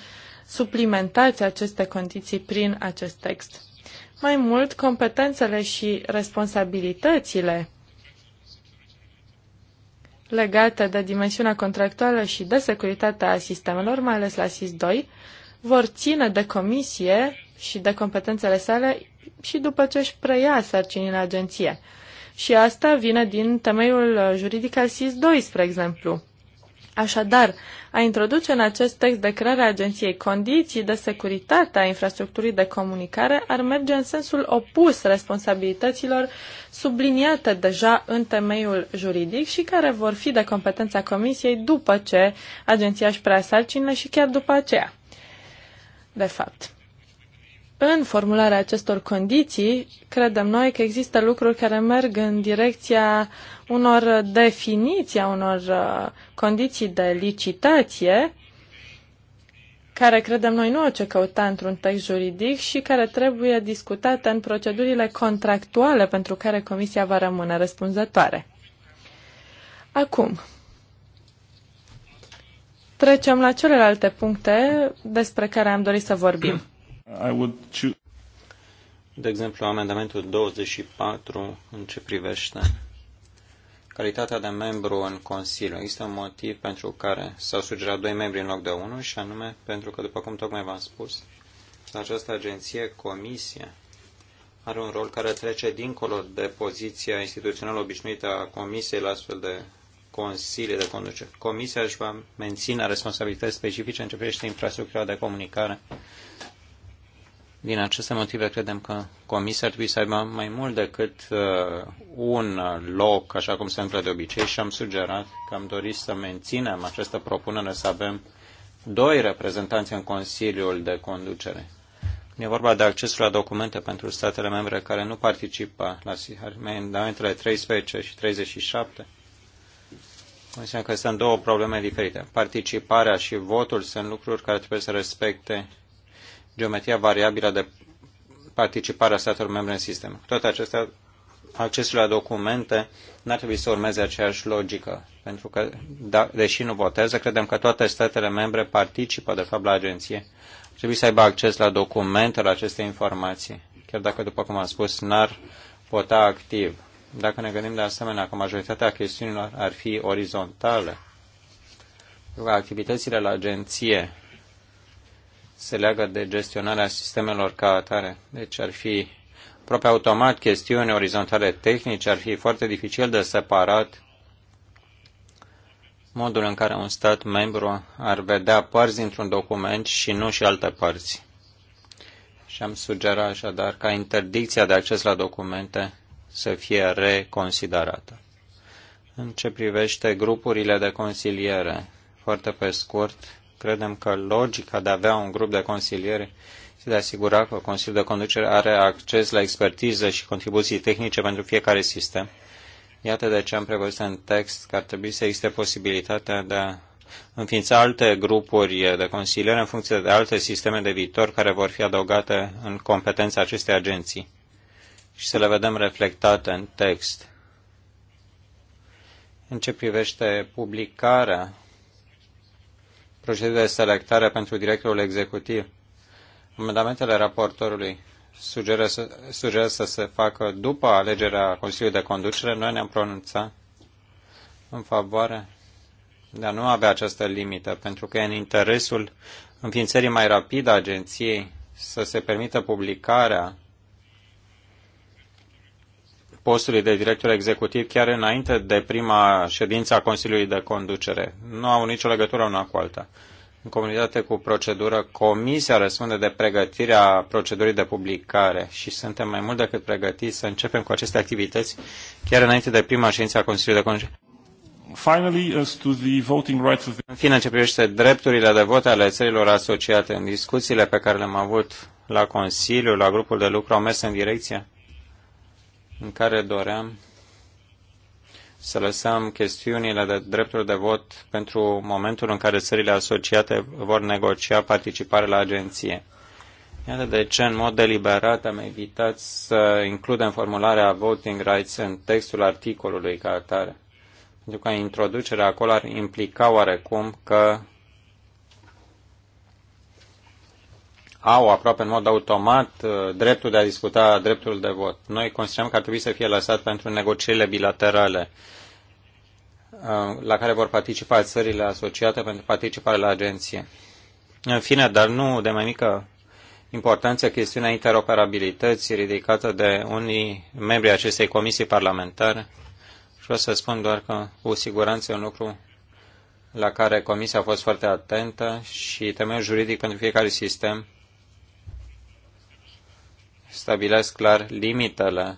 suplimentați aceste condiții prin acest text. Mai mult, competențele și responsabilitățile legate de dimensiunea contractuală și de securitatea sistemelor, mai ales la SIS-2, vor ține de comisie și de competențele sale și după ce își preia sarcinii în agenție. Și asta vine din temeiul juridic al SIS-2, spre exemplu. Așadar, a introduce în acest text de creare a agenției condiții de securitate a infrastructurii de comunicare ar merge în sensul opus responsabilităților subliniate deja în temeiul juridic și care vor fi de competența Comisiei după ce agenția își prea sarcinile și chiar după aceea. De fapt, în formularea acestor condiții, credem noi că există lucruri care merg în direcția unor definiții, a unor uh, condiții de licitație, care credem noi nu au ce căuta într-un text juridic și care trebuie discutate în procedurile contractuale pentru care Comisia va rămâne răspunzătoare. Acum, trecem la celelalte puncte despre care am dorit să vorbim. De exemplu, amendamentul 24 în ce privește calitatea de membru în Consiliu. Există un motiv pentru care s-au sugerat doi membri în loc de unul și anume pentru că, după cum tocmai v-am spus, această agenție, comisie, are un rol care trece dincolo de poziția instituțională obișnuită a comisiei la astfel de consilii de conducere. Comisia își va menține responsabilități specifice în ce privește infrastructura de comunicare din aceste motive, credem că comisia ar trebui să aibă mai mult decât uh, un loc, așa cum se întâmplă de obicei, și am sugerat că am dorit să menținem această propunere, să avem doi reprezentanți în Consiliul de Conducere. Când e vorba de accesul la documente pentru statele membre care nu participă la amendamentele 13 și 37, consider că sunt două probleme diferite. Participarea și votul sunt lucruri care trebuie să respecte geometria variabilă de participare a statelor membre în sistem. Cu toate acestea, accesul la documente n-ar trebui să urmeze aceeași logică, pentru că, da, deși nu votează, credem că toate statele membre participă, de fapt, la agenție. Trebuie să aibă acces la documente, la aceste informații, chiar dacă, după cum am spus, n-ar vota activ. Dacă ne gândim de asemenea că majoritatea chestiunilor ar fi orizontale, activitățile la agenție se leagă de gestionarea sistemelor ca atare. Deci ar fi aproape automat chestiuni orizontale tehnice, ar fi foarte dificil de separat modul în care un stat membru ar vedea părți dintr-un document și nu și alte părți. Și am sugerat așadar ca interdicția de acces la documente să fie reconsiderată. În ce privește grupurile de consiliere, foarte pe scurt, Credem că logica de a avea un grup de consiliere și de a asigura că Consiliul de Conducere are acces la expertiză și contribuții tehnice pentru fiecare sistem. Iată de ce am prevăzut în text că ar trebui să existe posibilitatea de a înființa alte grupuri de consiliere în funcție de alte sisteme de viitor care vor fi adăugate în competența acestei agenții și să le vedem reflectate în text. În ce privește publicarea procedură de selectare pentru directorul executiv. Amendamentele raportorului sugeră să, sugeră să se facă după alegerea Consiliului de Conducere. Noi ne-am pronunțat în favoare de a nu avea această limită, pentru că e în interesul înființării mai rapide a agenției să se permită publicarea postului de director executiv chiar înainte de prima ședință a Consiliului de Conducere. Nu au nicio legătură una cu alta. În comunitate cu procedură, comisia răspunde de pregătirea procedurii de publicare și suntem mai mult decât pregătiți să începem cu aceste activități chiar înainte de prima ședință a Consiliului de Conducere. Finally, as to the voting rights of the... În fine, ce privește drepturile de vot ale țărilor asociate, în discuțiile pe care le-am avut la Consiliu, la grupul de lucru, au mers în direcția în care doream să lăsăm chestiunile de drepturi de vot pentru momentul în care țările asociate vor negocia participare la agenție. Iată de ce, în mod deliberat, am evitat să includem formularea voting rights în textul articolului ca atare. Pentru că introducerea acolo ar implica oarecum că au aproape în mod automat uh, dreptul de a discuta dreptul de vot. Noi considerăm că ar trebui să fie lăsat pentru negocierile bilaterale uh, la care vor participa țările asociate pentru participare la agenție. În fine, dar nu de mai mică importanță, chestiunea interoperabilității ridicată de unii membri acestei comisii parlamentare. Și o să spun doar că, cu siguranță, e un lucru la care comisia a fost foarte atentă și temeiul juridic pentru fiecare sistem stabilesc clar limitele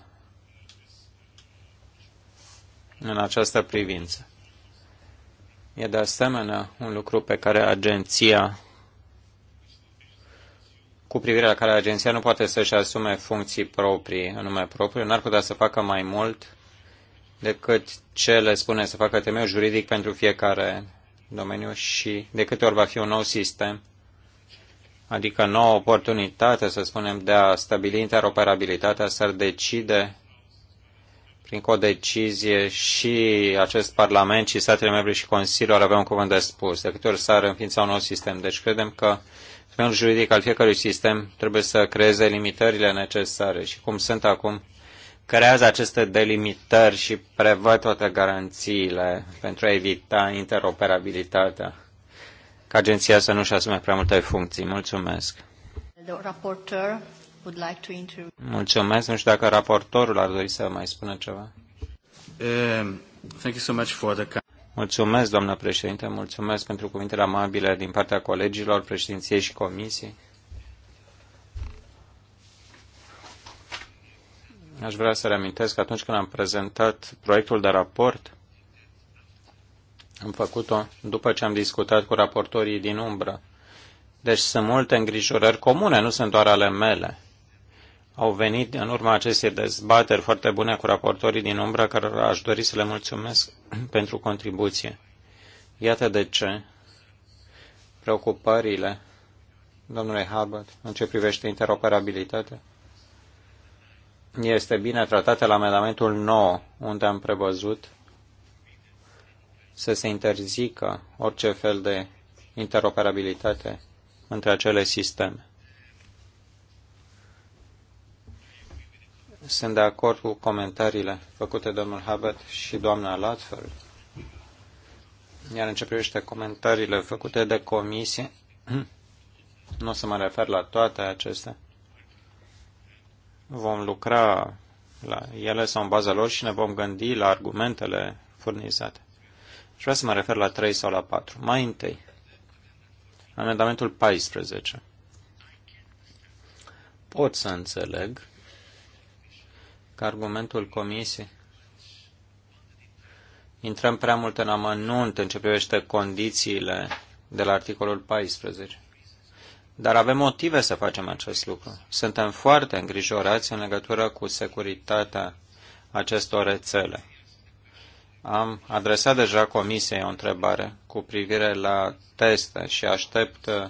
în această privință. E de asemenea un lucru pe care agenția, cu privire la care agenția nu poate să-și asume funcții proprii, în nume propriu, n-ar putea să facă mai mult decât ce le spune să facă temeiul juridic pentru fiecare domeniu și de câte ori va fi un nou sistem, adică nouă oportunitate, să spunem, de a stabili interoperabilitatea, să l decide prin codecizie și acest Parlament și statele membre și Consiliul ar avea un cuvânt de spus. De câte ori s-ar înființa un nou sistem? Deci credem că temeiul juridic al fiecărui sistem trebuie să creeze limitările necesare și cum sunt acum, creează aceste delimitări și prevăd toate garanțiile pentru a evita interoperabilitatea ca agenția să nu-și asume prea multe funcții. Mulțumesc. Mulțumesc. Nu știu dacă raportorul ar dori să mai spună ceva. Um, mulțumesc, doamnă președinte, mulțumesc pentru cuvintele amabile din partea colegilor, președinției și comisiei. Aș vrea să reamintesc că atunci când am prezentat proiectul de raport, am făcut-o după ce am discutat cu raportorii din umbră. Deci sunt multe îngrijorări comune, nu sunt doar ale mele. Au venit în urma acestei dezbateri foarte bune cu raportorii din umbră, care aș dori să le mulțumesc pentru contribuție. Iată de ce preocupările domnului Harbert în ce privește interoperabilitatea este bine tratate la amendamentul 9, unde am prevăzut să se interzică orice fel de interoperabilitate între acele sisteme. Sunt de acord cu comentariile făcute de domnul Habet și doamna Latfel. Iar în ce privește comentariile făcute de comisie, nu o să mă refer la toate acestea. Vom lucra la ele sau în baza lor și ne vom gândi la argumentele furnizate. Și vreau să mă refer la 3 sau la 4. Mai întâi, amendamentul 14. Pot să înțeleg că argumentul comisiei intrăm prea mult în amănunt în ce privește condițiile de la articolul 14. Dar avem motive să facem acest lucru. Suntem foarte îngrijorați în legătură cu securitatea acestor rețele. Am adresat deja Comisiei o întrebare cu privire la teste și aștept uh,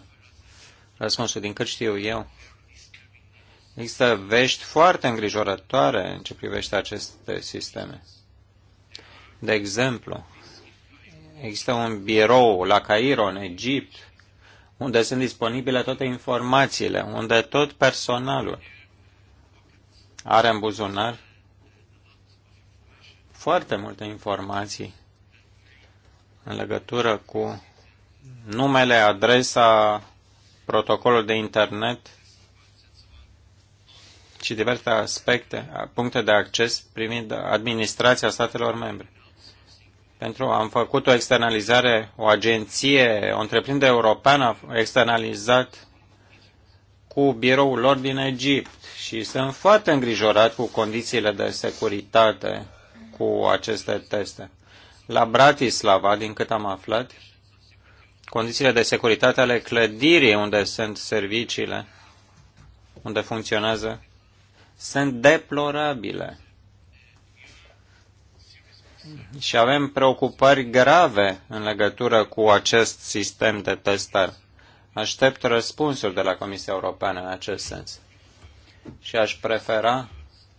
răspunsul din cât știu eu. Există vești foarte îngrijorătoare în ce privește aceste sisteme. De exemplu, există un birou la Cairo, în Egipt, unde sunt disponibile toate informațiile, unde tot personalul are în buzunar foarte multe informații în legătură cu numele, adresa, protocolul de internet și diverse aspecte, puncte de acces privind administrația statelor membre. Pentru am făcut o externalizare, o agenție, o întreprindere europeană a externalizat cu biroul lor din Egipt și sunt foarte îngrijorat cu condițiile de securitate cu aceste teste. La Bratislava, din cât am aflat, condițiile de securitate ale clădirii unde sunt serviciile, unde funcționează, sunt deplorabile. Și avem preocupări grave în legătură cu acest sistem de testare. Aștept răspunsuri de la Comisia Europeană în acest sens. Și aș prefera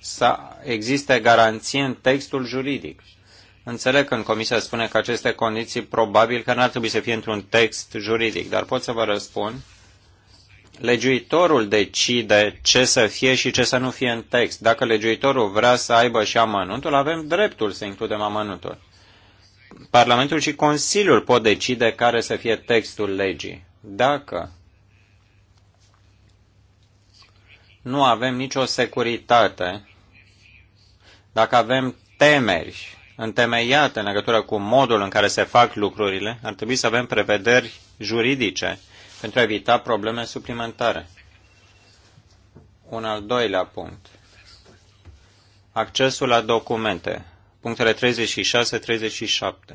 să existe garanții în textul juridic. Înțeleg când Comisia spune că aceste condiții probabil că n-ar trebui să fie într-un text juridic, dar pot să vă răspund. Legiuitorul decide ce să fie și ce să nu fie în text. Dacă legiuitorul vrea să aibă și amănuntul, avem dreptul să includem amănuntul. Parlamentul și Consiliul pot decide care să fie textul legii. Dacă nu avem nicio securitate dacă avem temeri întemeiate în legătură cu modul în care se fac lucrurile, ar trebui să avem prevederi juridice pentru a evita probleme suplimentare. Un al doilea punct. Accesul la documente. Punctele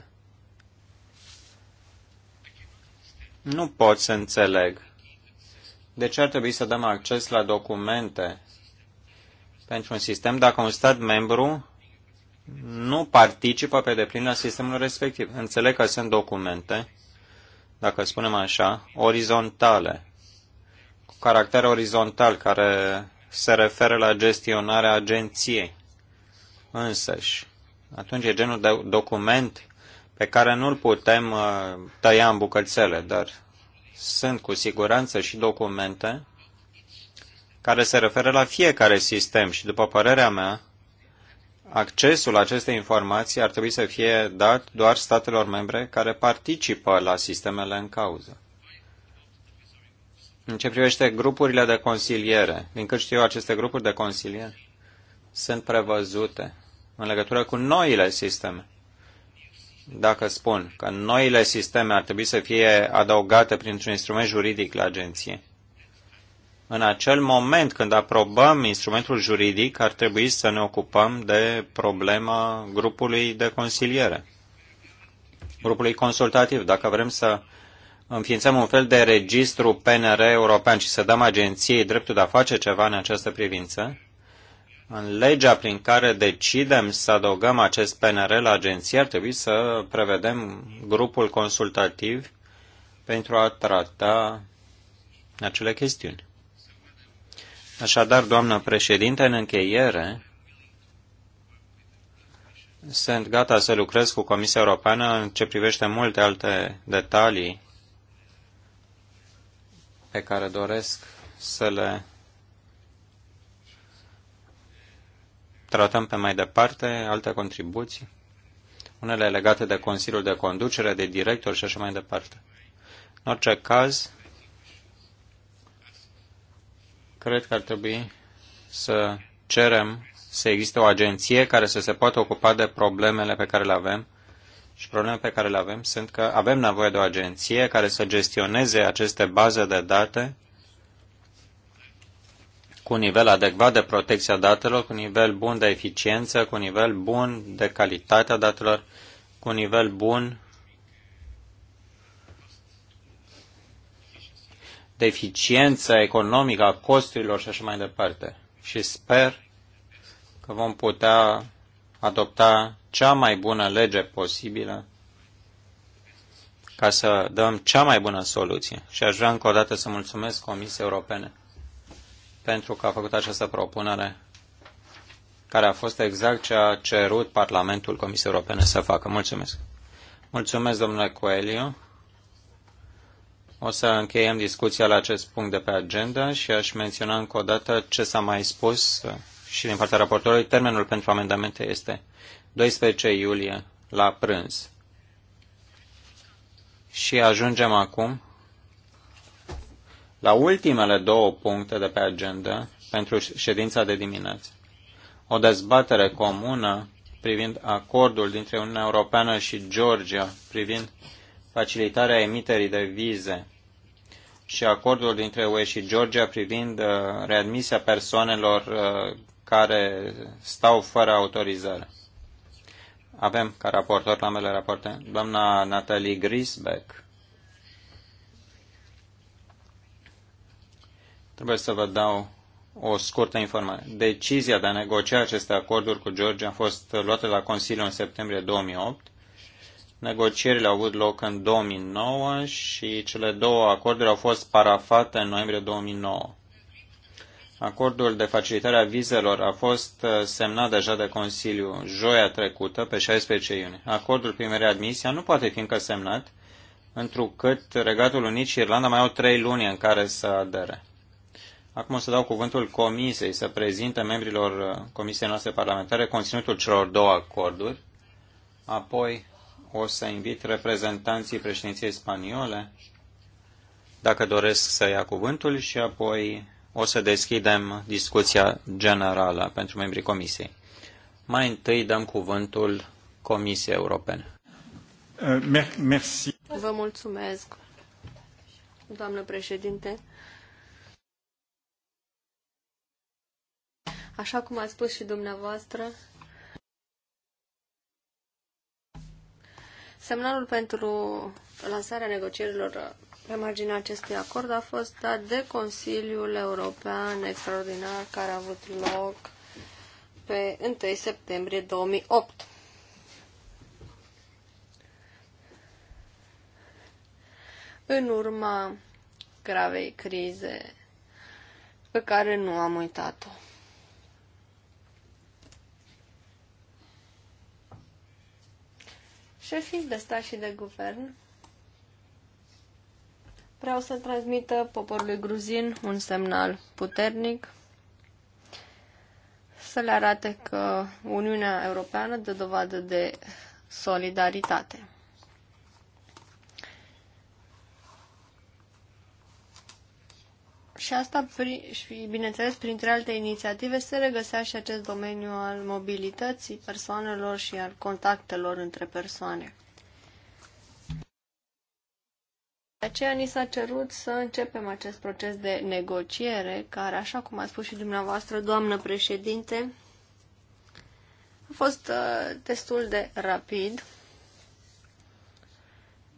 36-37. Nu pot să înțeleg de ce ar trebui să dăm acces la documente pentru un sistem dacă un stat membru nu participă pe deplin la sistemul respectiv. Înțeleg că sunt documente, dacă spunem așa, orizontale, cu caracter orizontal, care se referă la gestionarea agenției însăși. Atunci e genul de document pe care nu-l putem uh, tăia în bucățele, dar sunt cu siguranță și documente care se referă la fiecare sistem și, după părerea mea, accesul acestei informații ar trebui să fie dat doar statelor membre care participă la sistemele în cauză. În ce privește grupurile de consiliere, din cât știu eu, aceste grupuri de consiliere sunt prevăzute în legătură cu noile sisteme. Dacă spun că noile sisteme ar trebui să fie adăugate printr-un instrument juridic la agenție, în acel moment când aprobăm instrumentul juridic, ar trebui să ne ocupăm de problema grupului de consiliere, grupului consultativ. Dacă vrem să înființăm un fel de registru PNR european și să dăm agenției dreptul de a face ceva în această privință, în legea prin care decidem să adăugăm acest PNR la agenție, ar trebui să prevedem grupul consultativ pentru a trata acele chestiuni. Așadar, doamnă președinte, în încheiere, sunt gata să lucrez cu Comisia Europeană în ce privește multe alte detalii pe care doresc să le tratăm pe mai departe, alte contribuții, unele legate de Consiliul de Conducere, de Director și așa mai departe. În orice caz, cred că ar trebui să cerem să existe o agenție care să se poată ocupa de problemele pe care le avem și problemele pe care le avem sunt că avem nevoie de o agenție care să gestioneze aceste baze de date cu un nivel adecvat de protecție a datelor, cu un nivel bun de eficiență, cu un nivel bun de calitatea datelor, cu un nivel bun deficiența economică a costurilor și așa mai departe. Și sper că vom putea adopta cea mai bună lege posibilă ca să dăm cea mai bună soluție. Și aș vrea încă o dată să mulțumesc Comisiei Europene pentru că a făcut această propunere care a fost exact ce a cerut Parlamentul Comisiei Europene să facă. Mulțumesc! Mulțumesc, domnule Coelio! O să încheiem discuția la acest punct de pe agenda și aș menționa încă o dată ce s-a mai spus și din partea raportorului. Termenul pentru amendamente este 12 iulie la prânz. Și ajungem acum la ultimele două puncte de pe agenda pentru ședința de dimineață. O dezbatere comună privind acordul dintre Uniunea Europeană și Georgia privind facilitarea emiterii de vize și acordul dintre UE și Georgia privind uh, readmisia persoanelor uh, care stau fără autorizare. Avem ca raportor la mele raporte doamna Natalie Grisbeck. Trebuie să vă dau o scurtă informare. Decizia de a negocia aceste acorduri cu Georgia a fost luată la Consiliu în septembrie 2008 Negocierile au avut loc în 2009 și cele două acorduri au fost parafate în noiembrie 2009. Acordul de facilitare a vizelor a fost uh, semnat deja de Consiliu joia trecută, pe 16 iunie. Acordul primei admisia nu poate fi încă semnat, întrucât Regatul Unit și Irlanda mai au trei luni în care să adere. Acum o să dau cuvântul Comisiei să prezinte membrilor uh, Comisiei noastre parlamentare conținutul celor două acorduri, apoi o să invit reprezentanții președinției spaniole, dacă doresc să ia cuvântul, și apoi o să deschidem discuția generală pentru membrii Comisiei. Mai întâi dăm cuvântul Comisiei Europene. Uh, merci. Vă mulțumesc, doamnă președinte. Așa cum a spus și dumneavoastră, Semnalul pentru lansarea negocierilor pe marginea acestui acord a fost dat de Consiliul European Extraordinar care a avut loc pe 1 septembrie 2008. În urma gravei crize pe care nu am uitat-o. Șefii de stat și de guvern vreau să transmită poporului gruzin un semnal puternic, să le arate că Uniunea Europeană dă dovadă de solidaritate. Și asta, și bineînțeles, printre alte inițiative, se regăsea și acest domeniu al mobilității persoanelor și al contactelor între persoane. De aceea ni s-a cerut să începem acest proces de negociere, care, așa cum a spus și dumneavoastră, doamnă președinte, a fost uh, destul de rapid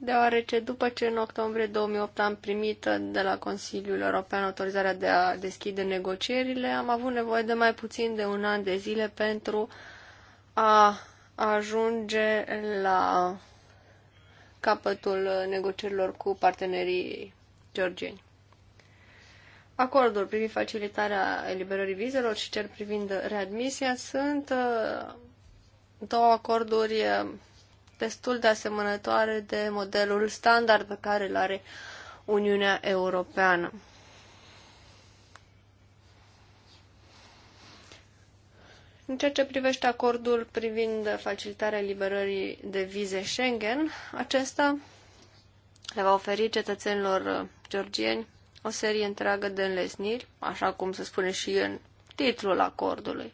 deoarece după ce în octombrie 2008 am primit de la Consiliul European autorizarea de a deschide negocierile, am avut nevoie de mai puțin de un an de zile pentru a ajunge la capătul negocierilor cu partenerii georgieni. Acordul privind facilitarea eliberării vizelor și cel privind readmisia sunt uh, două acorduri uh, destul de asemănătoare de modelul standard pe care îl are Uniunea Europeană. În ceea ce privește acordul privind facilitarea liberării de vize Schengen, acesta le va oferi cetățenilor georgieni o serie întreagă de înlesniri, așa cum se spune și în titlul acordului.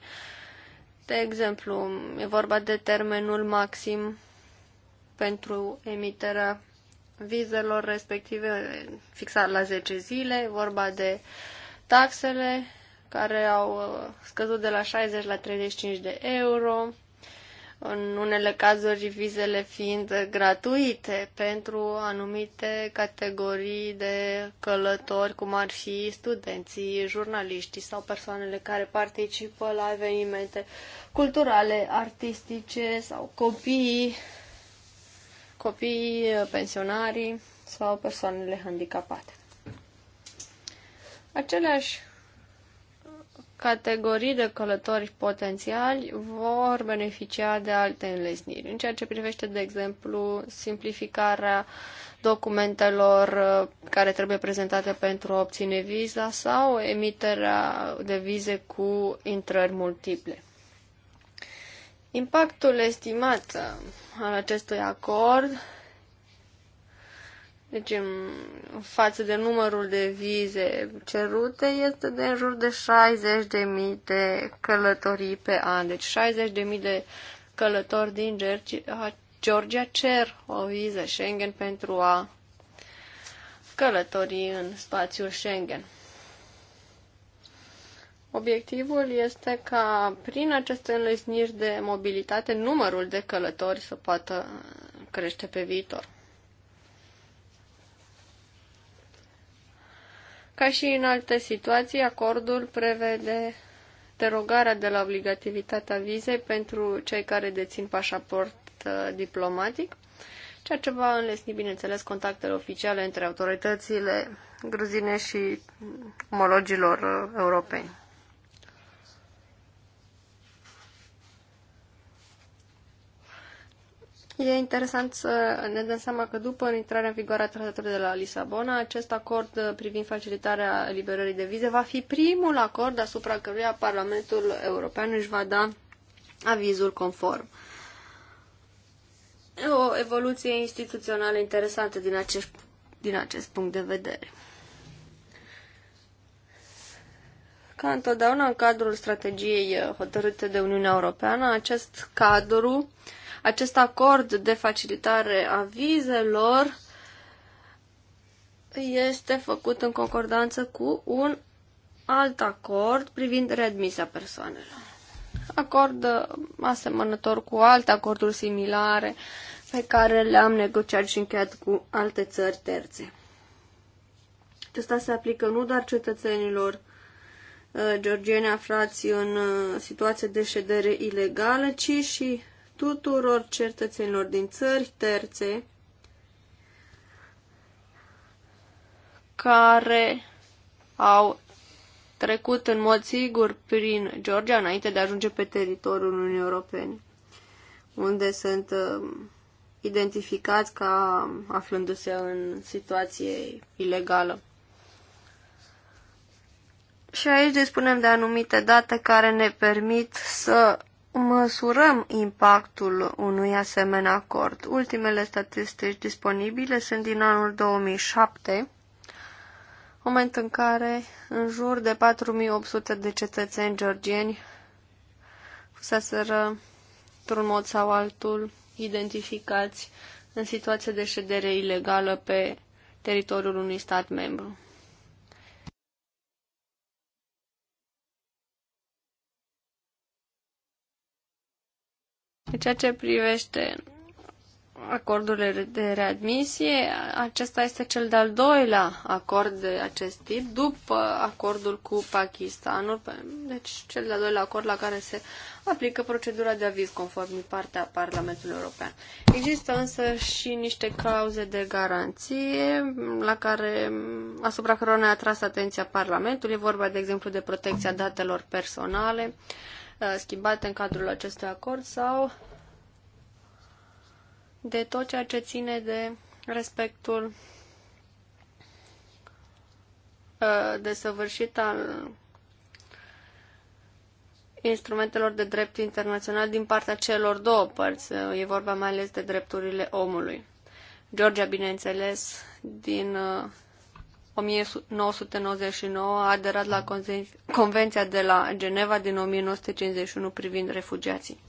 De exemplu, e vorba de termenul maxim pentru emiterea vizelor respective fixat la 10 zile, vorba de taxele care au uh, scăzut de la 60 la 35 de euro, în unele cazuri vizele fiind gratuite pentru anumite categorii de călători, cum ar fi studenții, jurnaliștii sau persoanele care participă la evenimente culturale, artistice sau copiii copiii, pensionarii sau persoanele handicapate. Aceleași categorii de călători potențiali vor beneficia de alte înlesniri. În ceea ce privește, de exemplu, simplificarea documentelor uh, care trebuie prezentate pentru a obține viza sau emiterea de vize cu intrări multiple. Impactul estimat uh, al acestui acord, deci în față de numărul de vize cerute, este de în jur de 60.000 de călătorii pe an. Deci 60.000 de călători din Georgia cer o viză Schengen pentru a călători în spațiul Schengen. Obiectivul este ca prin aceste înlesniri de mobilitate numărul de călători să poată crește pe viitor. Ca și în alte situații, acordul prevede derogarea de la obligativitatea vizei pentru cei care dețin pașaport uh, diplomatic, ceea ce va înlesni, bineînțeles, contactele oficiale între autoritățile gruzine și omologilor uh, europeni. E interesant să ne dăm seama că după intrarea în vigoare a tratatului de la Lisabona, acest acord privind facilitarea liberării de vize va fi primul acord asupra căruia Parlamentul European își va da avizul conform. O evoluție instituțională interesantă din acest, din acest punct de vedere. Ca întotdeauna în cadrul strategiei hotărâte de Uniunea Europeană, acest cadru uh, acest acord de facilitare a vizelor este făcut în concordanță cu un alt acord privind readmisia persoanelor. Acord asemănător cu alte acorduri similare pe care le-am negociat și încheiat cu alte țări terțe. Acesta se aplică nu doar cetățenilor uh, georgieni aflați în uh, situație de ședere ilegală, ci și tuturor cetățenilor din țări terțe care au trecut în mod sigur prin Georgia înainte de a ajunge pe teritoriul Uniunii Europene, unde sunt uh, identificați ca aflându-se în situație ilegală. Și aici despunem de anumite date care ne permit să măsurăm impactul unui asemenea acord. Ultimele statistici disponibile sunt din anul 2007, moment în care în jur de 4800 de cetățeni georgieni fuseseră într-un mod sau altul identificați în situație de ședere ilegală pe teritoriul unui stat membru. În ceea ce privește acordurile de readmisie, acesta este cel de-al doilea acord de acest tip, după acordul cu Pakistanul, deci cel de-al doilea acord la care se aplică procedura de aviz conform din partea Parlamentului European. Există însă și niște clauze de garanție la care, asupra cărora ne-a atras atenția Parlamentului, e vorba de exemplu de protecția datelor personale, Uh, schimbate în cadrul acestui acord sau de tot ceea ce ține de respectul uh, desăvârșit al instrumentelor de drept internațional din partea celor două părți. Uh, e vorba mai ales de drepturile omului. Georgia, bineînțeles, din 1999 a aderat la Convenția de la Geneva din 1951 privind refugiații.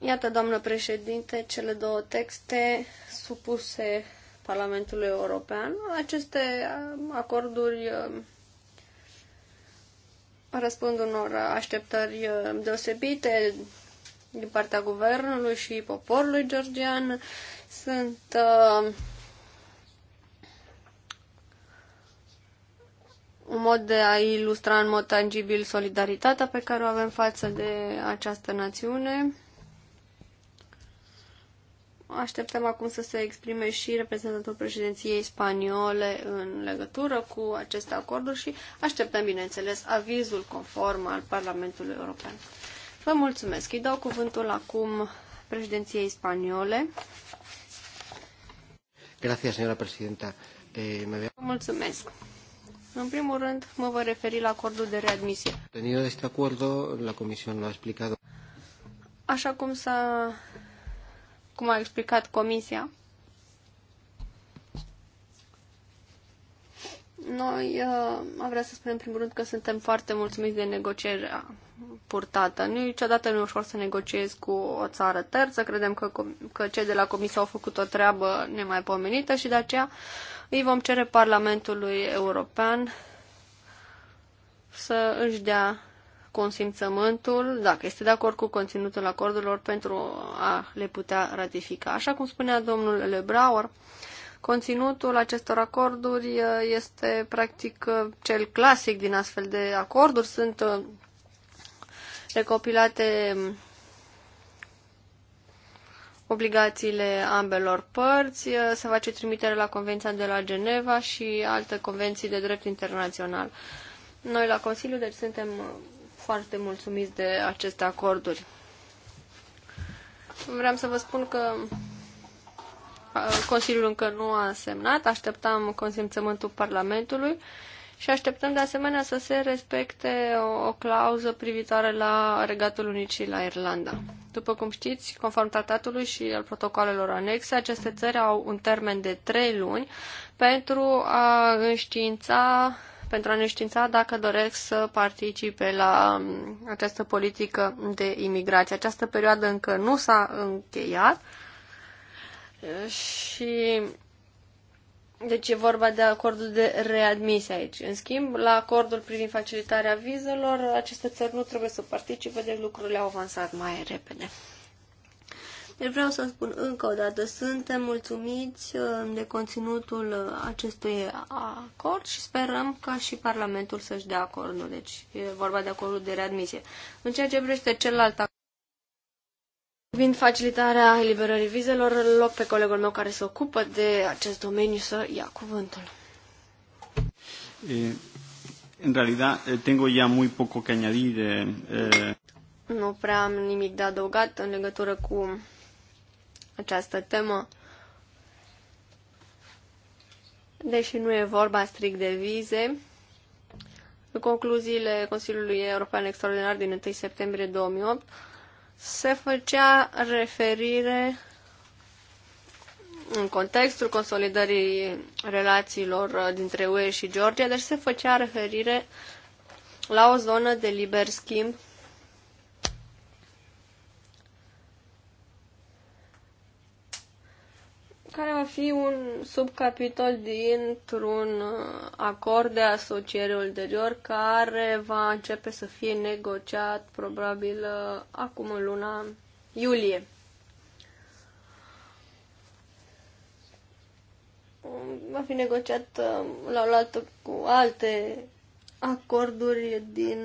Iată, doamnă președinte, cele două texte supuse Parlamentului European. Aceste acorduri um, răspund unor așteptări um, deosebite din partea guvernului și poporului georgian. Sunt uh, un mod de a ilustra în mod tangibil solidaritatea pe care o avem față de această națiune. Așteptăm acum să se exprime și reprezentantul președinției spaniole în legătură cu aceste acorduri și așteptăm, bineînțeles, avizul conform al Parlamentului European. Vă mulțumesc. Îi dau cuvântul acum președinției spaniole. Gracias, señora presidenta. Eh, me... Mulțumesc. În primul rând, mă voi referi la acordul de readmisie. Tenido este acord, la comisie lo a explicat. Așa cum s-a cum a explicat comisia, noi uh, am vrea să spunem în primul rând că suntem foarte mulțumiți de negocierea purtată. Nu niciodată nu e ușor să negociezi cu o țară terță. Credem că, că cei de la Comisie au făcut o treabă nemaipomenită și de aceea îi vom cere Parlamentului European să își dea consimțământul, dacă este de acord cu conținutul acordurilor, pentru a le putea ratifica. Așa cum spunea domnul Lebrauer, conținutul acestor acorduri uh, este practic uh, cel clasic din astfel de acorduri. Sunt uh, recopilate um, obligațiile ambelor părți, eh, se face trimitere la Convenția de la Geneva și alte convenții de drept internațional. Noi la Consiliu, deci, suntem eh, foarte mulțumiți de aceste acorduri. Vreau să vă spun că eh, Consiliul încă nu a semnat, așteptam consimțământul Parlamentului și așteptăm de asemenea să se respecte o, o clauză privitoare la Regatul Unicii la Irlanda. După cum știți, conform tratatului și al protocolelor anexe, aceste țări au un termen de trei luni pentru a înștiința pentru a ne știința dacă doresc să participe la um, această politică de imigrație. Această perioadă încă nu s-a încheiat și deci e vorba de acordul de readmisie aici. În schimb, la acordul privind facilitarea vizelor, aceste țări nu trebuie să participe, deci lucrurile au avansat mai repede. Deci vreau să spun încă o dată, suntem mulțumiți uh, de conținutul uh, acestui acord și sperăm ca și Parlamentul să-și dea acordul. Deci e vorba de acordul de readmisie. În ceea ce privește celălalt Privind facilitarea eliberării vizelor, loc pe colegul meu care se ocupă de acest domeniu să ia cuvântul. în eh, realitate, eh, tengo ya muy poco que añadir. E... Eh, nu prea am nimic de adăugat în legătură cu această temă. Deși nu e vorba strict de vize, în concluziile Consiliului European Extraordinar din 1 septembrie 2008, se făcea referire în contextul consolidării relațiilor uh, dintre UE și Georgia, deci se făcea referire la o zonă de liber schimb care va fi un subcapitol dintr-un uh, acord de asociere ulterior care va începe să fie negociat probabil uh, acum în luna iulie. Va fi negociat uh, la oaltă cu alte acorduri din,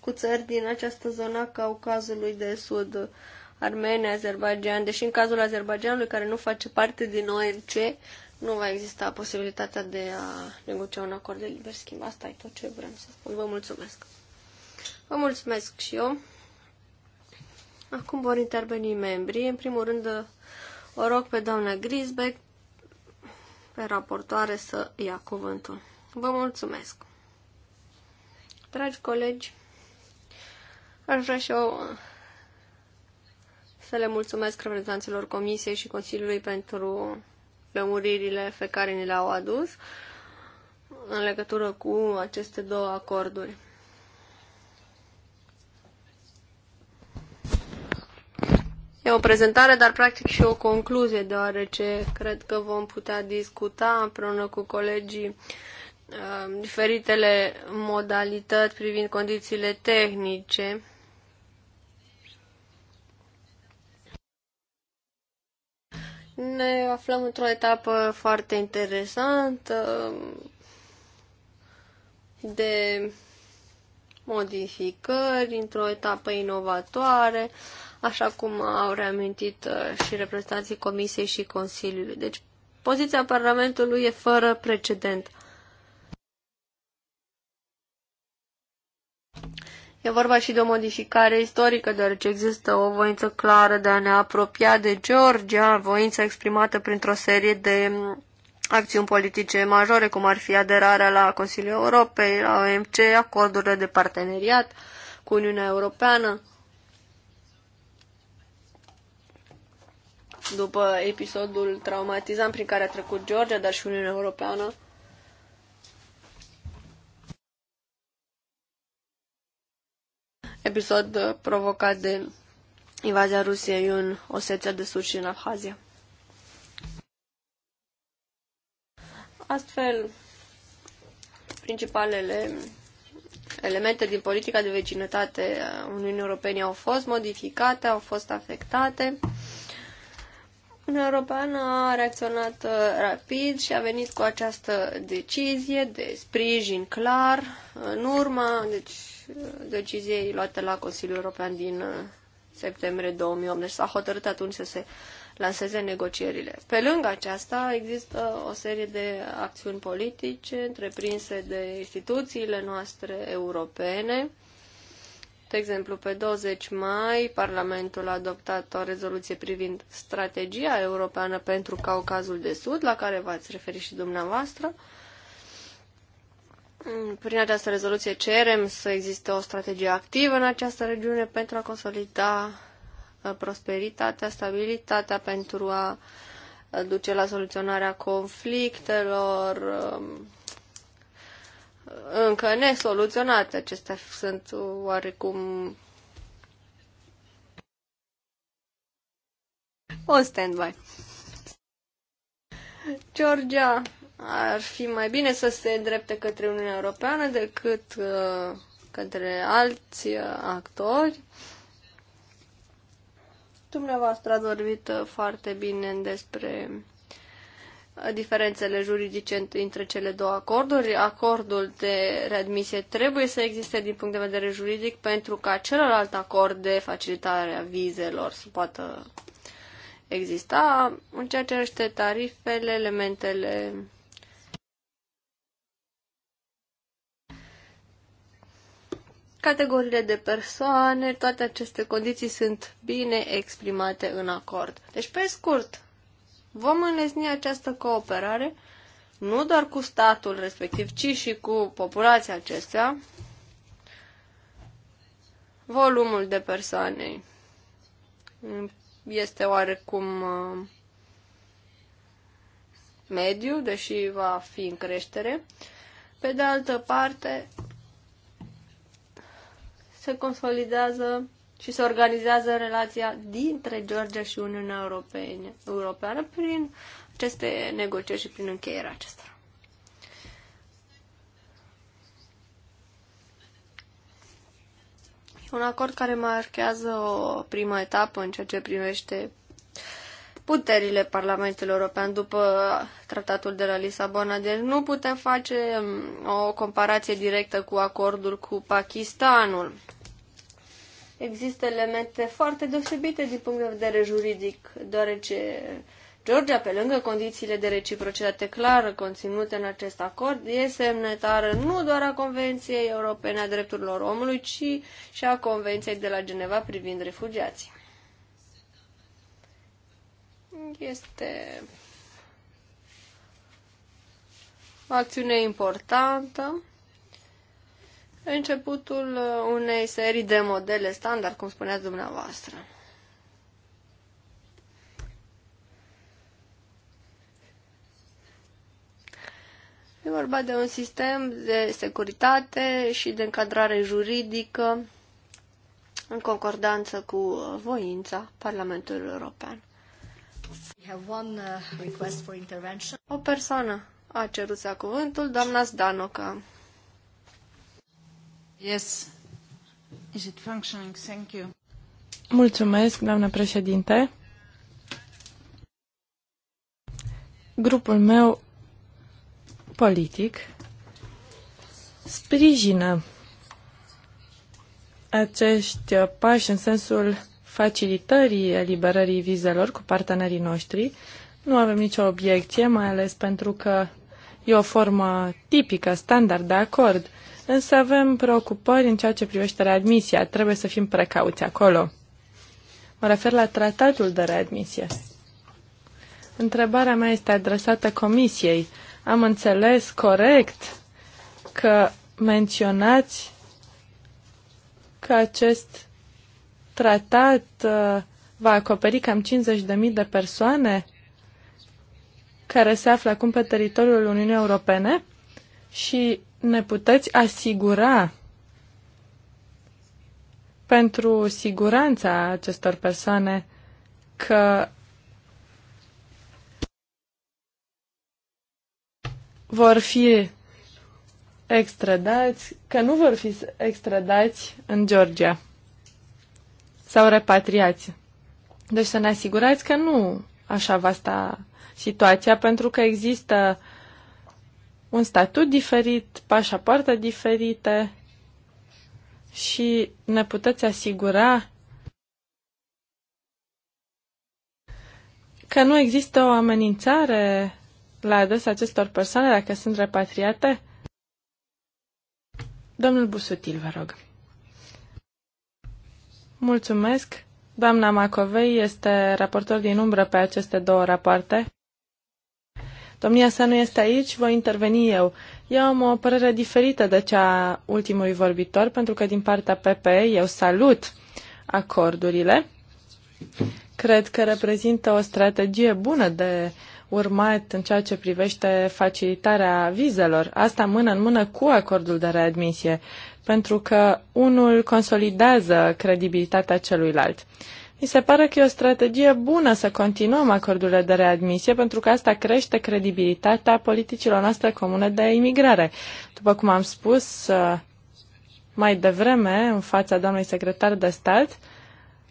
cu țări din această zonă Caucazului de Sud Armenia, Azerbaijan, deși în cazul Azerbaijanului, care nu face parte din OMC, nu va exista posibilitatea de a negocia un acord de liber schimb. Asta e tot ce vrem să spun. Vă mulțumesc. Vă mulțumesc și eu. Acum vor interveni membrii. În primul rând, o rog pe doamna Grisbeck, pe raportoare, să ia cuvântul. Vă mulțumesc. Dragi colegi, aș vrea și eu să le mulțumesc reprezentanților Comisiei și Consiliului pentru lămuririle pe care ni le-au adus în legătură cu aceste două acorduri. E o prezentare, dar practic și o concluzie, deoarece cred că vom putea discuta împreună cu colegii uh, diferitele modalități privind condițiile tehnice Ne aflăm într-o etapă foarte interesantă de modificări, într-o etapă inovatoare, așa cum au reamintit uh, și reprezentanții Comisiei și Consiliului. Deci, poziția Parlamentului e fără precedent. E vorba și de o modificare istorică, deoarece există o voință clară de a ne apropia de Georgia, voință exprimată printr-o serie de acțiuni politice majore, cum ar fi aderarea la Consiliul Europei, la OMC, acordurile de parteneriat cu Uniunea Europeană. După episodul traumatizant prin care a trecut Georgia, dar și Uniunea Europeană, episod uh, provocat de invazia Rusiei în Osetia de Sud și în Abhazia. Astfel, principalele elemente din politica de vecinătate a Uniunii Europene au fost modificate, au fost afectate Uniunea Europeană a reacționat uh, rapid și a venit cu această decizie de sprijin clar uh, în urma deci, uh, deciziei luate la Consiliul European din septembrie 2008. s-a hotărât atunci să se lanseze negocierile. Pe lângă aceasta există o serie de acțiuni politice întreprinse de instituțiile noastre europene, de exemplu, pe 20 mai, Parlamentul a adoptat o rezoluție privind strategia europeană pentru Caucazul de Sud, la care v-ați referit și dumneavoastră. Prin această rezoluție cerem să existe o strategie activă în această regiune pentru a consolida uh, prosperitatea, stabilitatea, pentru a uh, duce la soluționarea conflictelor, um, încă nesoluționate. Acestea sunt oarecum o stand-by. Georgia ar fi mai bine să se îndrepte către Uniunea Europeană decât uh, către alți uh, actori. Dumneavoastră ați vorbit uh, foarte bine despre diferențele juridice între cele două acorduri. Acordul de readmisie trebuie să existe din punct de vedere juridic pentru ca celălalt acord de facilitare a vizelor să poată exista. În ceea ce este tarifele, elementele categoriile de persoane, toate aceste condiții sunt bine exprimate în acord. Deci, pe scurt, Vom înlesni această cooperare nu doar cu statul respectiv, ci și cu populația acestea, volumul de persoane este oarecum uh, mediu, deși va fi în creștere. Pe de altă parte, se consolidează și se organizează relația dintre Georgia și Uniunea Europeană prin aceste negocieri și prin încheierea acestor. un acord care marchează o primă etapă în ceea ce privește puterile Parlamentului European după tratatul de la Lisabona. Deci nu putem face um, o comparație directă cu acordul cu Pakistanul, există elemente foarte deosebite din punct de vedere juridic, deoarece Georgia, pe lângă condițiile de reciprocitate clară conținute în acest acord, e semnătară nu doar a Convenției Europene a Drepturilor Omului, ci și a Convenției de la Geneva privind refugiații. Este o acțiune importantă începutul uh, unei serii de modele standard, cum spuneați dumneavoastră. E vorba de un sistem de securitate și de încadrare juridică în concordanță cu uh, voința Parlamentului European. Uh, o persoană a cerut să cuvântul, doamna Zdanoca doamnă președinte. Grupul meu politic sprijină acești pași în sensul facilitării eliberării vizelor cu partenerii noștri. Nu avem nicio obiecție, mai ales pentru că e o formă tipică, standard de acord însă avem preocupări în ceea ce privește readmisia. Trebuie să fim precauți acolo. Mă refer la tratatul de readmisie. Întrebarea mea este adresată Comisiei. Am înțeles corect că menționați că acest tratat uh, va acoperi cam 50.000 de persoane care se află acum pe teritoriul Uniunii Europene și ne puteți asigura pentru siguranța acestor persoane că vor fi extradați, că nu vor fi extradați în Georgia sau repatriați. Deci să ne asigurați că nu așa va sta situația, pentru că există un statut diferit, pașapoarte diferite și ne puteți asigura că nu există o amenințare la adresa acestor persoane dacă sunt repatriate? Domnul Busutil, vă rog. Mulțumesc. Doamna Macovei este raportor din umbră pe aceste două rapoarte. Domnia sa nu este aici, voi interveni eu. Eu am o părere diferită de cea ultimului vorbitor, pentru că din partea PPE eu salut acordurile. Cred că reprezintă o strategie bună de urmat în ceea ce privește facilitarea vizelor. Asta mână în mână cu acordul de readmisie, pentru că unul consolidează credibilitatea celuilalt. Mi se pare că e o strategie bună să continuăm acordurile de readmisie, pentru că asta crește credibilitatea politicilor noastre comune de imigrare. După cum am spus uh, mai devreme, în fața doamnei secretar de stat,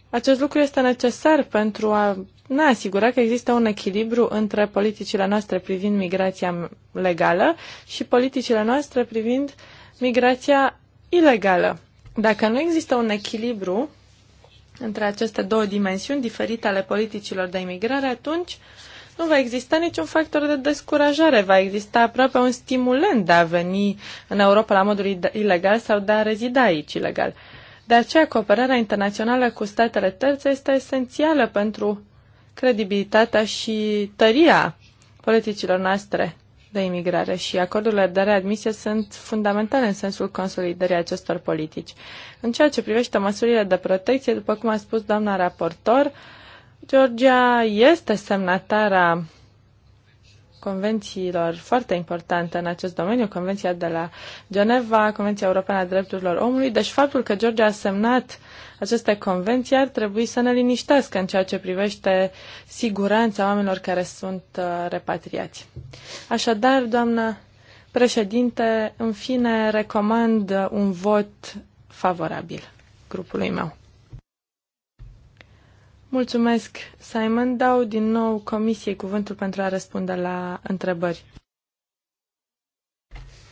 acest lucru este necesar pentru a ne asigura că există un echilibru între politicile noastre privind migrația legală și politicile noastre privind migrația ilegală. Dacă nu există un echilibru, între aceste două dimensiuni diferite ale politicilor de imigrare, atunci nu va exista niciun factor de descurajare, va exista aproape un stimulent de a veni în Europa la modul ilegal sau de a rezida aici ilegal. De aceea, cooperarea internațională cu statele terțe este esențială pentru credibilitatea și tăria politicilor noastre de imigrare și acordurile de readmisie sunt fundamentale în sensul consolidării acestor politici. În ceea ce privește măsurile de protecție, după cum a spus doamna raportor, Georgia este semnatara convențiilor foarte importante în acest domeniu, Convenția de la Geneva, Convenția Europeană a Drepturilor Omului, deci faptul că Georgia a semnat aceste convenții ar trebui să ne liniștească în ceea ce privește siguranța oamenilor care sunt uh, repatriați. Așadar, doamnă președinte, în fine, recomand un vot favorabil grupului meu. Mulțumesc, Simon. Dau din nou Comisiei cuvântul pentru a răspunde la întrebări.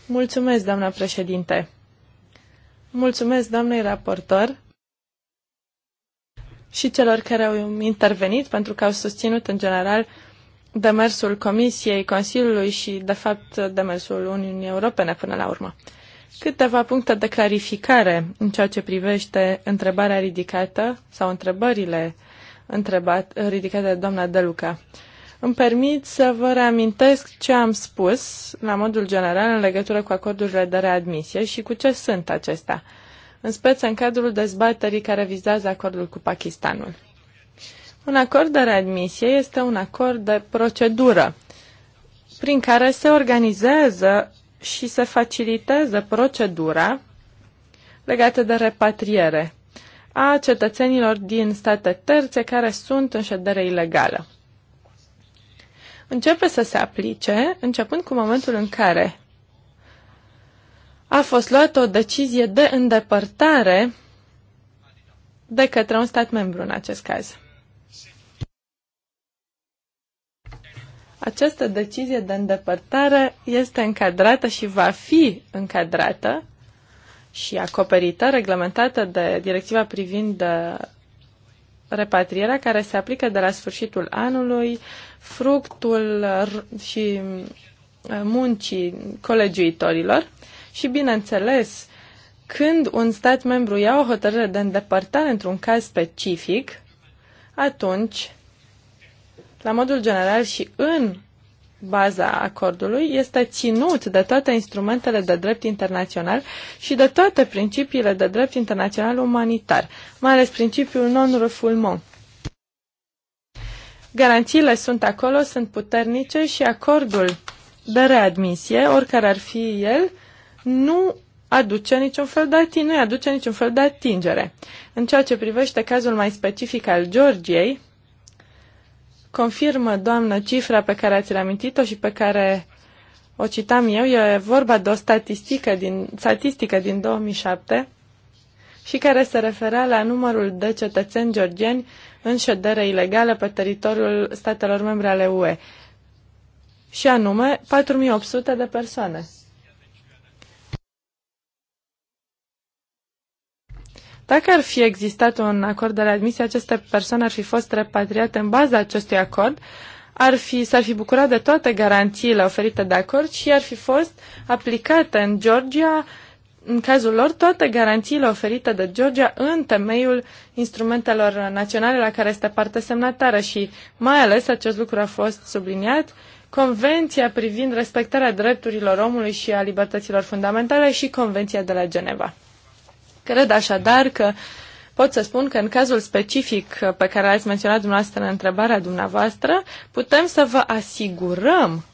Mulțumesc, doamna președinte. Mulțumesc, doamnei raportor și celor care au intervenit pentru că au susținut în general demersul Comisiei, Consiliului și, de fapt, demersul Uniunii Europene până la urmă. Câteva puncte de clarificare în ceea ce privește întrebarea ridicată sau întrebările întrebat, ridicat de doamna Deluca. Îmi permit să vă reamintesc ce am spus, la modul general, în legătură cu acordurile de readmisie și cu ce sunt acestea, în speță în cadrul dezbaterii care vizează acordul cu Pakistanul. Un acord de readmisie este un acord de procedură prin care se organizează și se facilitează procedura legată de repatriere a cetățenilor din state terțe care sunt în ședere ilegală. Începe să se aplice începând cu momentul în care a fost luată o decizie de îndepărtare de către un stat membru în acest caz. Această decizie de îndepărtare este încadrată și va fi încadrată și acoperită, reglementată de directiva privind de uh, repatrierea, care se aplică de la sfârșitul anului, fructul și uh, muncii colegiuitorilor și, bineînțeles, când un stat membru ia o hotărâre de îndepărtare într-un caz specific, atunci, la modul general și în baza acordului este ținut de toate instrumentele de drept internațional și de toate principiile de drept internațional umanitar, mai ales principiul non-refoulement. Garanțiile sunt acolo, sunt puternice și acordul de readmisie, oricare ar fi el, nu aduce niciun fel de atingere, nu aduce niciun fel de atingere. În ceea ce privește cazul mai specific al Georgiei, confirmă, doamnă, cifra pe care ați reamintit-o și pe care o citam eu. E vorba de o statistică din, statistică din 2007 și care se referea la numărul de cetățeni georgieni în ședere ilegală pe teritoriul statelor membre ale UE, și anume 4800 de persoane. Dacă ar fi existat un acord de readmisie, aceste persoane ar fi fost repatriate în baza acestui acord, ar fi, s-ar fi bucurat de toate garanțiile oferite de acord și ar fi fost aplicate în Georgia, în cazul lor, toate garanțiile oferite de Georgia în temeiul instrumentelor naționale la care este parte semnatară și mai ales acest lucru a fost subliniat Convenția privind respectarea drepturilor omului și a libertăților fundamentale și Convenția de la Geneva. Cred așadar că pot să spun că în cazul specific pe care l-ați menționat dumneavoastră în întrebarea dumneavoastră, putem să vă asigurăm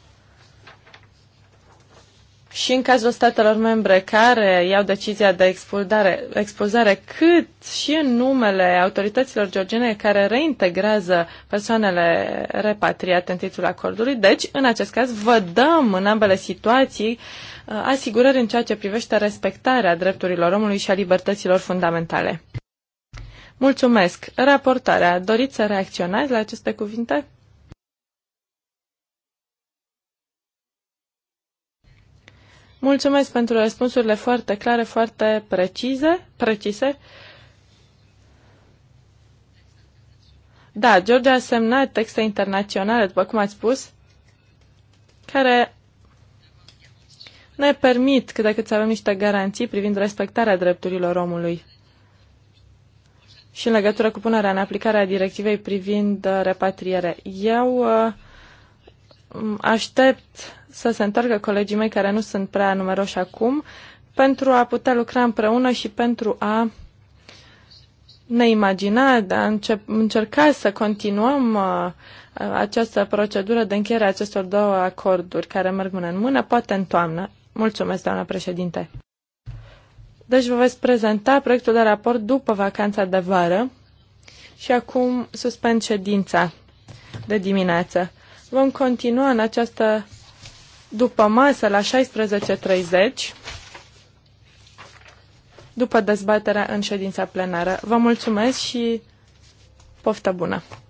și în cazul statelor membre care iau decizia de expulzare, expulzare cât și în numele autorităților georgiene care reintegrează persoanele repatriate în titlul acordului. Deci, în acest caz, vă dăm în ambele situații uh, Uh, asigurări în ceea ce privește respectarea drepturilor omului și a libertăților fundamentale. Mulțumesc. Raportarea. Doriți să reacționați la aceste cuvinte? Mulțumesc pentru răspunsurile foarte clare, foarte precise. precise. Da, Georgia a semnat texte internaționale, după cum ați spus, care ne permit cât de cât să avem niște garanții privind respectarea drepturilor omului. Și în legătură cu punerea în aplicare a directivei privind uh, repatriere. Eu uh, aștept să se întoarcă colegii mei care nu sunt prea numeroși acum pentru a putea lucra împreună și pentru a ne imagina, de a încerca să continuăm uh, această procedură de încheiere a acestor două acorduri care merg mână în mână, poate în toamnă. Mulțumesc, doamna președinte. Deci vă veți prezenta proiectul de raport după vacanța de vară și acum suspend ședința de dimineață. Vom continua în această după masă la 16.30 după dezbaterea în ședința plenară. Vă mulțumesc și poftă bună!